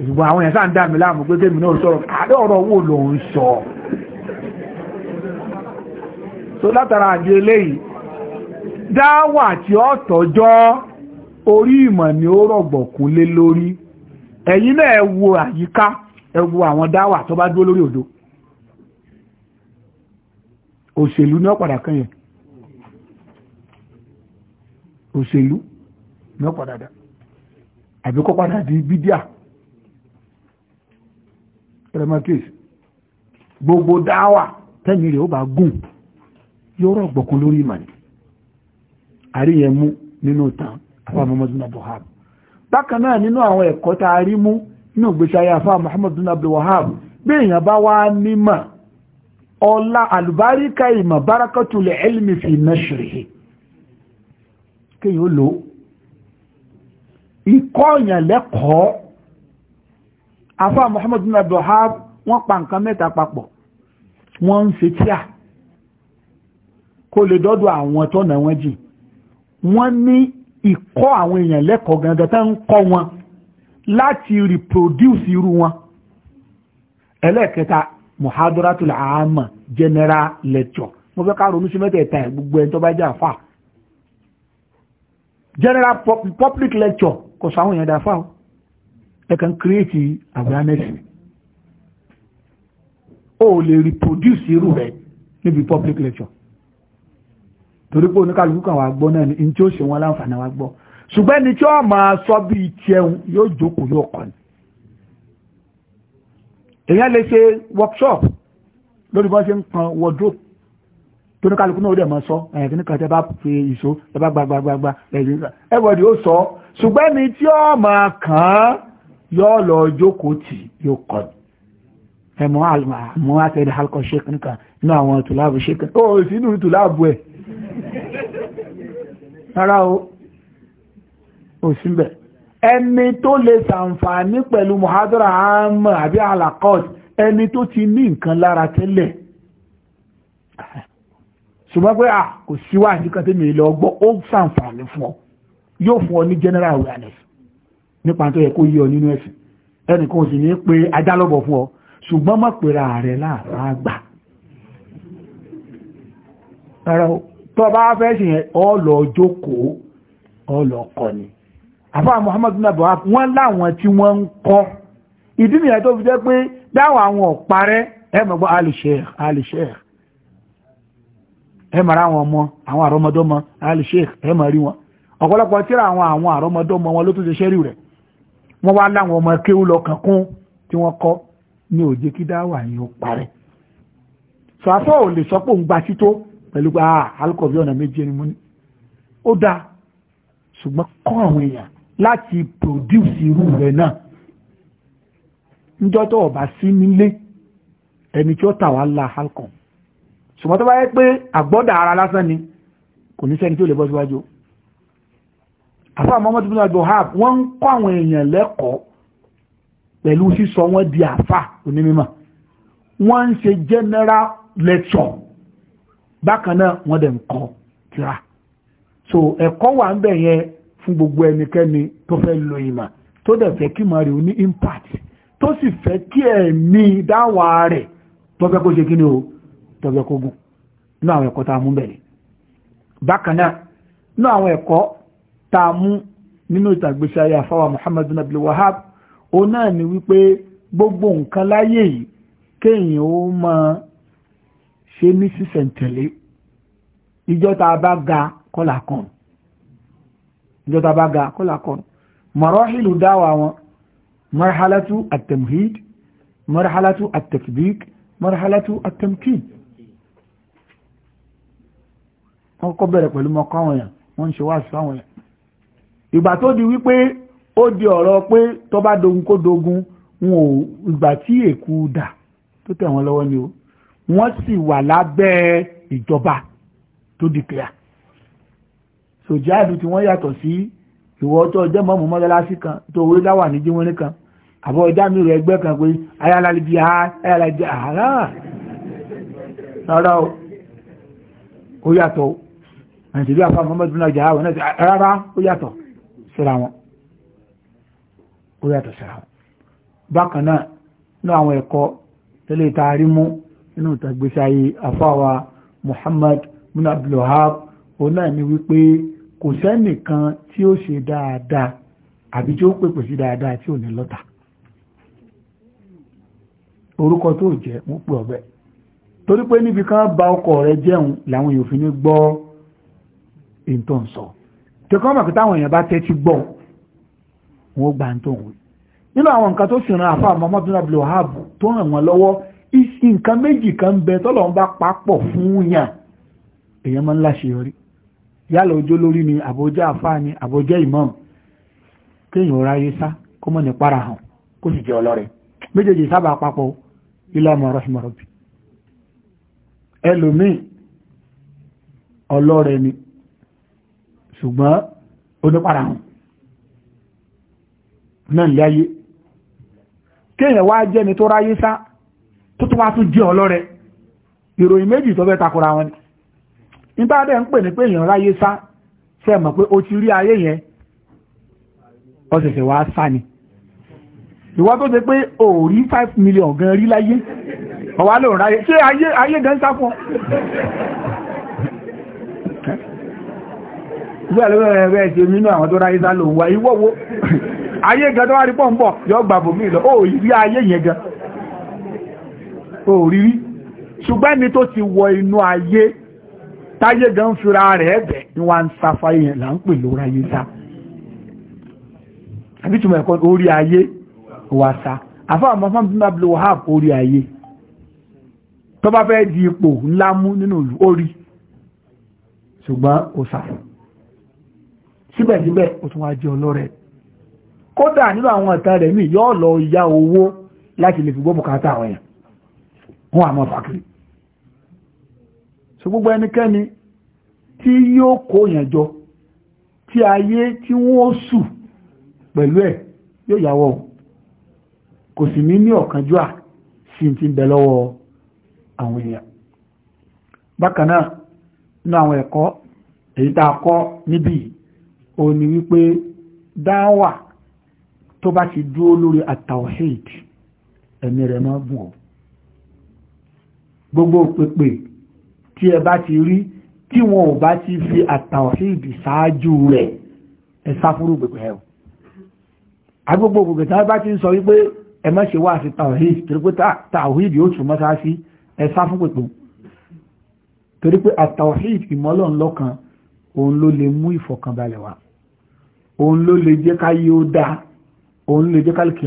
ìṣùgbọ́n àwọn èèyàn sáà ń dà mí láàmú pé kémi náà sọ̀rọ̀ àdé ọ̀rọ̀ wò ló ń sọ so látara àjẹ eléyìí dáwà tí ó orí ìmọ̀ ni ó rọ̀gbọ̀kún lé lórí ẹ̀yin náà ẹ wo àyíká ẹ wo àwọn dáwà tó bá dúró lórí òdo òṣèlú ní ọ̀padà kan yẹn òṣèlú ní ọ̀padà dá àbí padà di bídíà telemarkis gbogbo dáwà tẹ́mi rẹ̀ ó bá gùn yóò rọ̀ gbọ̀kún lórí ìmọ̀ ni àríyẹmú nínú ìtàn àwọn ọmọdún náà bákan náà nínú àwọn ẹ̀kọ́ tá a rí mú nínú ìgbésí ayé àfáà Muhammad bin Abdul Wahab bí èèyàn bá wá nímọ̀ ọlá àlùbáríkà ìmọ̀ barakatul ilmi fi nashrihi kéyìn ó lò ó ìkọ́ọ̀yàn lẹ́kọ̀ọ́ àfáà Muhammad bin Abdul Wahab wọ́n pa nǹkan mẹ́ta papọ̀ wọ́n ń ṣe tíà kó lè dọ́dọ̀ àwọn tọ́nà wọn jì wọ́n ní ìkọ́ àwọn èèyàn lẹ́kọ̀ọ́ gangan tó ń kọ́ wọn láti reproduce irú wọn ẹlẹ́ẹ̀kẹta muhadaratul aama general lecture mo fẹ́ ká ronú sí mẹ́tẹ̀ẹ̀ta ẹ̀ gbogbo ẹ̀ tó bá jẹ́ àfà general public lecture kò sáwọn èèyàn dáfà ó ẹ kàn create awareness ó lè reproduce irú rẹ̀ níbi public lecture torí pé oníkàlùkù kan wà gbọ́ náà ni ní tí ó ṣe wọn láǹfààní wà gbọ́ ṣùgbọ́n ẹni tí ó máa sọ bíi tiẹun yóò jókòó yóò kọ́ ni èèyàn lè ṣe workshop lórí bọ́n ṣe ń kan wardrobe tó ní kálukú náà ó dẹ̀ mọ́ sọ ẹ̀yìn kìíní kan tẹ́ bá fi ìṣó tẹ́ bá gbagbagbagba ẹ̀yìn everybody ó sọ ṣùgbọ́n ni tí ó máa kàn án yóò lọ jókòó tì yóò kọ́ ni ẹ̀mọ́ àtẹ̀dẹ̀ alkọ̀ rárá o ẹni tó lè sàǹfààní pẹ̀lú muhadara àmọ́ àbí alakọ́t ẹni tó ti ní nǹkan lára tẹ́lẹ̀ ṣùgbọ́n pé à kò síwájú kan tẹ́mi ilẹ̀ ọgbọ́ ó sàǹfààní fún ọ yóò fún ọ ní general awareness nípa tó yẹ kó ọ nínú ẹ̀sìn sì ní pé ajálọ́bọ̀ fún ọ ṣùgbọ́n mọ̀ pé ra rẹ̀ tó bá fẹ́ ṣe yẹn ọlọ jókòó ọlọ kọ ni àfáà Muhammad bin abu haf wọ́n láwọn tí wọ́n ń kọ́ ìdí nìyẹn tó fi jẹ́ pé dáwọn àwọn ọ̀parẹ́ ẹ mọ̀ gbọ́ alìṣẹ́ẹ̀ alìṣẹ́ẹ̀ ẹ mọ̀ra àwọn ọmọ àwọn àrọmọdọ́mọ alìṣẹ́ẹ̀ ẹ mọ̀ rí wọn ọ̀pọ̀lọpọ̀ tíra àwọn àwọn àrọmọdọ́mọ wọn ló tó ṣe pẹ̀lú pé ah, alukọ̀bí ọ̀nà méjì ni mo ní ó dáa ṣùgbọ́n kọ́ àwọn èèyàn láti produce irú rẹ̀ náà níjọ́ tó ọ̀bá sí nílé ẹni tí ó tà wá la alukọ̀ ṣùgbọ́n tó bá yẹ pé àgbọ́dà ara lásán ni kò ní sẹ́ni tí ó lè bọ́ síwájú àfáà Muhammad bin Abdulhab wọ́n ń kọ́ àwọn èèyàn lẹ́kọ̀ọ́ pẹ̀lú sísọ wọn di àfáà onímọ̀ wọ́n ń ṣe general lecture bákan náà wọ́n dẹ̀ ń kọ́ so ẹ̀kọ́ wà ń bẹ̀ yẹn gbogbo ẹnikẹ́ni tó fẹ́ lo ìmọ̀ tó dẹ̀ fẹ́ kí màrí o ní impact tó sì fẹ́ kí ẹ̀mí ni o tó fẹ́ kó gùn àwọn ẹ̀kọ́ tá a mú bẹ̀rẹ̀ bákan náà àwọn ẹ̀kọ́ tá a mú nínú ayé àfáwà Wahab o náà ni wípé gbogbo nǹkan láyé yìí kéèyàn ó ṣe ní sísẹ̀ntẹ̀lé ìjọ tá a bá ga kọ́là kan ìjọ tá a bá ga kọ́là kan marahilu dáwà wọn marhalatu at-tamhid marhalatu at-tasbiq marhalatu at-tamkin wọ́n kọ́ bẹ̀rẹ̀ pẹ̀lú mọ́kọ́ àwọn èèyàn wọ́n ń ṣe wá dogun kó dogun wọn ò ìgbà tí èkú wọ́n sì wà lábẹ́ ìjọba tó di clear sòjáàdù tí wọ́n yàtọ̀ sí ìwọ ọjọ́ ọjọ́ mọ́mú mọ́lẹ́lásí kan tó orí láwà ní jíwọ́n kan àbọ̀ ọjá mi rẹ̀ ẹgbẹ́ kan pé ayálàlìbí ayálàlìbí àárá rárá ó yàtọ̀ nàìjíríà fún mọ́mọ́dún náà jà àwọn rárá ó yàtọ̀ síra wọn ó yàtọ̀ síra wọn bákan náà náà àwọn ẹ̀kọ́ tẹ́lẹ̀ ìtaari mú nínú ìtàgbésáyé àfáwà Muhammad bin Abdulwahab òun náà ni wípé kò sẹ́nìkan tí ó ṣe dáadáa àbí tí ó pèpè sí dáadáa tí ò ní lọ́tà orúkọ tó jẹ́ mú pé ọbẹ̀ torí pé níbi kan bá ọkọ̀ rẹ jẹun làwọn èèyàn fi ní gbọ́ ìtàn sọ tẹkọ́ mọ̀ pé táwọn èèyàn bá tẹ́tí gbọ́ wọn ó gba ìtàn wí nínú àwọn nǹkan tó sì ran àfa Muhammad bin Abdulwahab tó ràn wọ́n lọ́wọ́ nǹkan méjì kan bẹ tọ́lọ̀ ń bá papọ̀ fún yàn èèyàn máa ń láṣeyọrí yálà ọjọ́ lórí ni àbójá àfáà ni àbójá imam kéèyàn ọ̀rá yé sá kó mọ̀ ní para hàn kó sì jẹ́ ọlọ́rẹ̀ méjèèjì sábà papọ̀ ilá ọmọ ọ̀rọ̀ ìmọ̀ràn bì ẹlòmíì ọlọ́rẹ̀ ni ṣùgbọ́n onípara hàn náà láyé kéèyàn wá jẹ́ni tó ráyé sá tó tó wá tún jẹ́ ọlọ́rẹ ìròyìn méjì tó takora wọn ni nígbà bẹ́ẹ̀ ń pè ní pé èèyàn ráyé sá ṣe mọ̀ pé o ti rí ayé yẹn ọ̀sẹ̀sẹ̀ wá sá ni ìwọ́n tó ṣe pé o rí five million gan rí láyé ọ̀wá ló ráyé ṣé ayé gan sá fún ṣe nínú àwọn tó ráyé sá lòun wá ìwọ́wọ́ òrírí ṣùgbọ́n ni tó ti wọ inú ayé táyé gan fira rẹ̀ ẹ̀bẹ̀ ni wọ́n ń sáfá yẹn là ń pè lóra yé sá àbítùmọ̀ ẹ̀kọ́ orí ayé wà sá àfáà mọ́ fún bímọ abúlé wahab orí ayé tó bá fẹ́ di ipò ńlá mú nínú orí ṣùgbọ́n ó sá síbẹ̀síbẹ̀ ó tún wá jẹ́ ọlọ́rẹ̀ kódà nínú àwọn ọ̀tá rẹ̀ míì yóò lọ ya owó láti lè fi gbọ́ bùkátà àwọn èèyàn wọ́n àmọ́ fàkiri so gbogbo ẹnikẹ́ni tí yóò kó yẹn jọ tí ayé tí wọ́n sù pẹ̀lú ẹ̀ yóò yàwọ́ kò sì ní ní ọ̀kánjúà sí ti bẹ lọ́wọ́ àwọn èèyàn bákan náà àwọn ẹ̀kọ́ èyí tá kọ́ níbi ó ní wípé dáwà tó bá ti dúró lórí àtàwọ̀ ẹ̀mí rẹ̀ máa gùn ọ́ gbogbo pèpè tí ẹ bá ti rí tí wọn ò bá ti fi àtàwọ̀síìdì ṣáájú rẹ̀ ẹ sáfúrú pèpè ẹ̀ agbogbo pèpè tí wọ́n bá ti ń sọ wípé ẹ má ṣe wá sí tàwọ̀hídì torí pé tàwọ̀hídì ó tún mọ́sáàsí ẹ sá fún torí pé àtàwọ̀hídì ìmọ́lọ́n òun ló lè mú ìfọ̀kànbalẹ̀ wá òun ló lè jẹ́ káyé ó dá òun lè jẹ́ kálíkì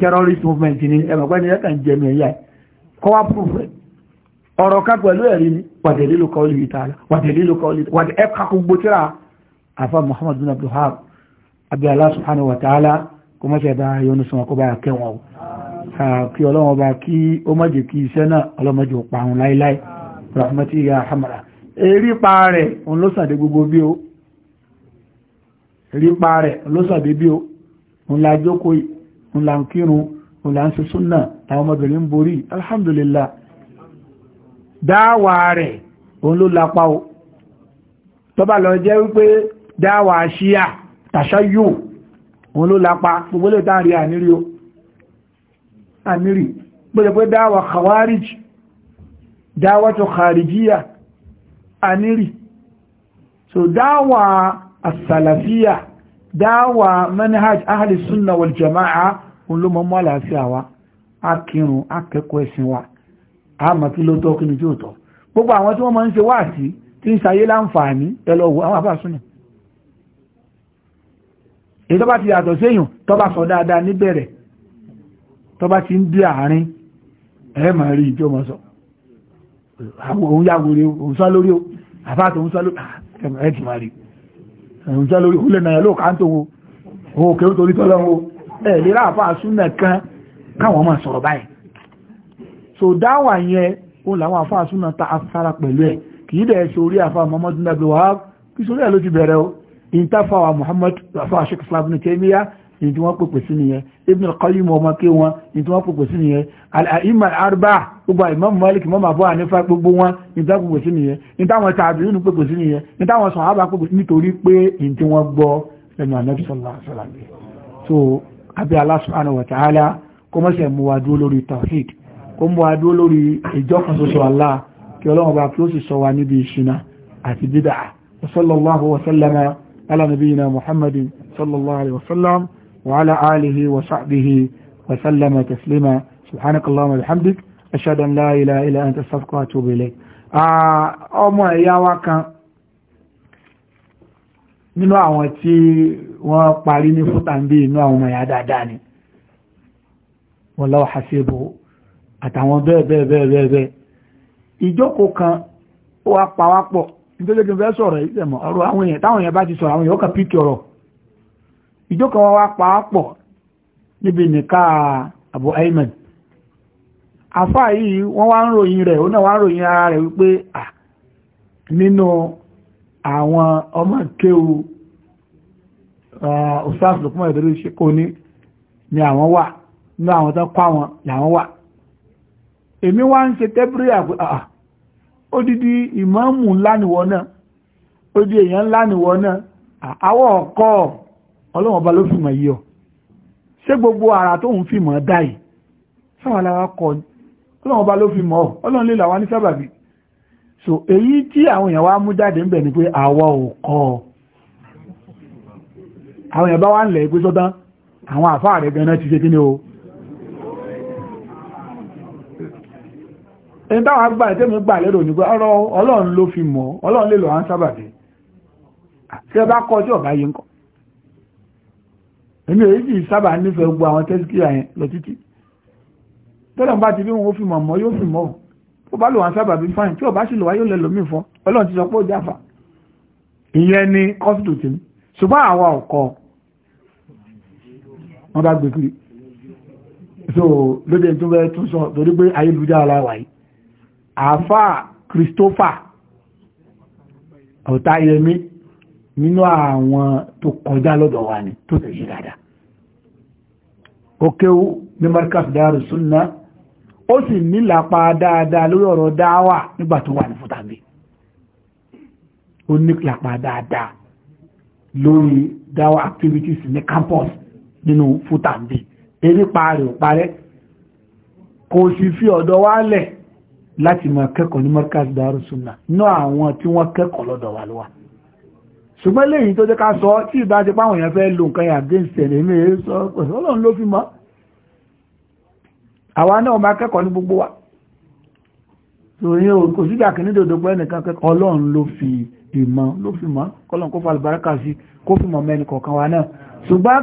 terrorist movement ni ẹ̀mọ̀pẹ́ ni ẹ̀kàn jẹmi ẹ̀yà kọwa proof rẹ̀ ọ̀rọ̀ ká pẹ̀lú ẹ̀rí ni wàtẹ̀lé ló kọ́ olùyí tààlà wàtẹ̀lé ló kọ́ olùyí tààlà wàtẹ̀ ẹ̀kà kò gbótíra àfà Muhammad bin Abdul Wahhab abi Allah subhanahu wa ta'ala kó mọ́ sẹ́ bá yọnu sọ kó bá kẹ́ wọn kí ọlọ́wọ́n bá kí ó má jẹ́ kí iṣẹ́ rahmati ya hamara èrí pa rẹ̀ òun ló sàdé gbogbo bí o èrí ńlá jókòó ńlá ń kírun ńlá ń ṣe súnà àwọn ọmọbìnrin ń borí alhamdulillah dáwà rẹ̀ òun ló lapa o tọ́bà lọ jẹ́ wípé dáwà ṣíà tàṣáyò òun ló lapa gbogbo lè tá àrí ànírí o ànírí gbogbo pé dáwà khawarij dáwà tó kharijiya ànírí so dáwà asàlàfíà dáwà manhaj ahli sunna wal jama'a olómọmọ àlàáfíà wa akírun akẹ́kọ̀ọ́ ẹ̀sìn wa a mọ̀ kí ló tọ́ kí ni tí ó tọ́ gbogbo àwọn tí wọ́n máa ń ṣe wáàsí tí ń ṣayé láǹfààní ẹlọ wo àwọn àbá súnà èyí tó bá ti yàtọ̀ séyìn tó bá sọ dáadáa níbẹ̀rẹ̀ tó bá ti ẹ̀rùn jẹ́ lórí kúlẹ̀ náà ló káńtò wo ohun kèrò torí tọ́lọ́ wo ẹ̀ lérà àfáà súnà kan káwọn máa sọ̀rọ̀ báyìí so dáwà yẹn ó làwọn àfáà súnà ta afára pẹ̀lú ẹ̀ kì í dẹ̀ sórí àfáà Muhammadu nabi wahab kí sórí ẹ̀ ló ti bẹ̀rẹ̀ o ìntàfàwà Muhammad àfáà Sheikh Islam ní ní tí wọ́n pèpè sí nìyẹn Ibn al-Qayyim ọmọ kí wọn ní tí wọ́n pèpè sí nìyẹn al-a'imma al-arba'a gbogbo Imam Malik Imam Abu Hanifa gbogbo wọn ní tí wọ́n pèpè sí nìyẹn ní táwọn tàbíyìn pèpè sí nìyẹn ní táwọn sàhábà pèpè nítorí pé ní tí wọ́n gbọ́ ẹnu Ànábì sallallahu alaihi wasallam so abi Allah subhanahu wa ta'ala kó mọ́ sẹ́ mú wa dúró lórí tawhid kó mú wa dúró lórí ìjọkan ṣoṣo Allah kí ọlọ́run bá kí ó sì sọ wa níbi ìṣìnà àti bídà وعلى آله وصحبه وسلم تسليما سبحانك اللهم وبحمدك أشهد أن لا إله إلا أنت أستغفرك وأتوب إليك ọmọ ẹ̀yà wa kan nínú àwọn tí wọ́n parí ní fútàndé inú àwọn ọmọ ẹ̀yà dáadáa ni wọ́n lọ́wọ́ hasebo àtàwọn bẹ́ẹ̀ bẹ́ẹ̀ bẹ́ẹ̀ bẹ́ẹ̀ bẹ́ẹ̀ ìjókòó kan ó wá pawápọ̀ nítorí kí n fẹ́ sọ̀rọ̀ ìtẹ̀mọ̀ ọ̀rọ̀ àwọn èèyàn táwọn èèyàn bá ti sọ̀rọ̀ àwọn èèyàn kan píkì ọ̀rọ̀ ìjókòó wa pàápọ̀ níbi nìka Abu Ayman àfáà yìí wọ́n wá ń ròyìn rẹ̀ ó náà wá ń ròyìn ara rẹ̀ wípé à nínú àwọn ọmọ kéwu Ustaz Lukman Idris Shekoni ni àwọn wà ní àwọn tó kọ́ àwọn làwọn wà èmi wá ń ṣe tẹ́bírí àpò àà odidi ìmáàmù ńlá nìwọ náà odidi èèyàn ńlá nìwọ náà àwọn ọ̀kọ́ ọlọ́run ọba ló fìmọ̀ yí ọ ṣé gbogbo ara tó ń fìmọ̀ dá yìí sáwọn làwa kọ ni ọlọ́run ló fìmọ̀ ọ ọlọ́run lè làwa ní sábàbí so èyí tí àwọn èèyàn wa mú jáde ń bẹ̀ ni pé àwa ò kọ́ ọ àwọn èèyàn bá wà ń lẹ̀ pé sọ́tán àwọn àfáà rẹ̀ gan ti ṣe kí ni o ẹni táwọn agbá ẹ̀ tẹ́mi gbà lérò ní pé ọ̀rọ̀ ọlọ́run ló fi mọ̀ ọlọ́run lè lọ sábàbí tí ẹ bá kọ́ tí ọ̀gá yìí ń kọ́ èmi ò yìí sábà nífẹ̀ẹ́ gbogbo àwọn tẹ́síkìá yẹn lọ títí tọ́lọ̀ bá ti bí wọn ó fi mọ̀ mọ́ yóò fi mọ́ ó bá lò wọn sábà bí fáìn tí ọba sì lò wá yóò lẹ lómi fún ọlọ́run ti sọ pé ó jáfa ìyẹn ni kọ́sìtò tèmi ṣùgbọ́n àwa ọ̀kọ́ wọn bá gbé so lóde tó bẹ tún sọ torí pé ayélujára wà yìí àáfà Christopher ọ̀tá yẹmi nínú àwọn tó kọjá lọ́dọ̀ wa ni tó sì ṣe dáadáa ó kéwú ní markas dáàrù súnná ó sì nílàpá dáadáa lórí ọ̀rọ̀ dáwà nígbà tó wà ní fútàbí ó nílàpá dáadáa lórí dáwà activities ní campus nínú fútàbí eré parí ò parẹ́ kò sì fi ọ̀dọ̀ wálẹ̀ láti máa kẹ́kọ̀ọ́ ní markas dáàrù súnná náà àwọn tí wọ́n kẹ́kọ̀ọ́ lọ́dọ̀ wà lọ́wọ́ ṣùgbọ́n léyìn tó jẹ́ ká sọ tí ìbá ti páwọn èèyàn fẹ́ lò nǹkan against ẹ̀mí sọ pẹ̀lú ọlọ́run ló fi mọ́ àwa náà máa kẹ́kọ̀ọ́ ní gbogbo wa tòyìn kò sígbà kìíní dòdò pé ẹnìkan kẹ́kọ̀ọ́ ọlọ́run ló fi ìmọ̀ ló fi mọ́ kọ́lọ́n kó fa àlùbáríkà sí kó fi mọ̀ mẹ́ni kọ̀ọ̀kan wa náà ṣùgbọ́n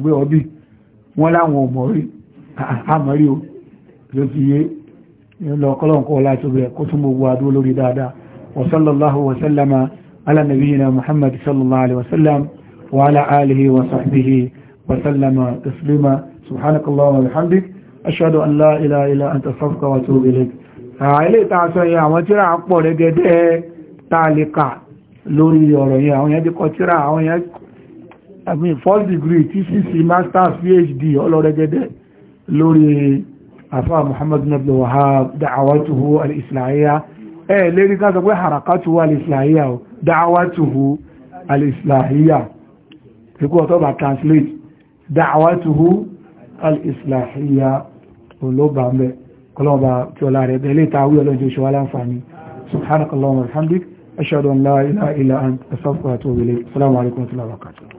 ìyọ wọ́n láwọn òmòrí àmọ́rí ah, o ló fi yé lọ́kọ́lọ́kọ́ láti rẹ̀ kó tún gbogbo adó lórí dáadáa wasallallahu wasallama ala nabiyyina muhammad sallallahu alaihi wasallam wa ala alihi wa sahbihi wasallama taslima subhanakallahu wa bihamdik ashhadu an la ilaha illa anta astaghfiruka wa atubu ilayk ah, ilé ìtaṣọ yẹn àwọn tíra pọ̀ rẹ̀ gẹ́gẹ́ tá lórí ọ̀rọ̀ yẹn àwọn yẹn I mean first degree TCC masters PhD ọlọ́rẹ́gẹ́dẹ́ lórí afa Muhammad ibn Abdul Wahhab da'awatuhu al-islamiya ẹ lérí ká sọ pé harakatuhu al-islamiya o da'awatuhu al-islamiya ọ̀tọ́ bá translate da'awatuhu al-islamiya olóba mẹ́ kọlọ́ba tí ọlá rẹ̀ bẹ̀lẹ́ ìtawí ọlọ́jọ́ ṣe wá láǹfààní subhanakallahumma wa bihamdik ashhadu an la ilaha illa anta astaghfiruka wa atubu ilayk alaikum wa rahmatullahi wa barakatuh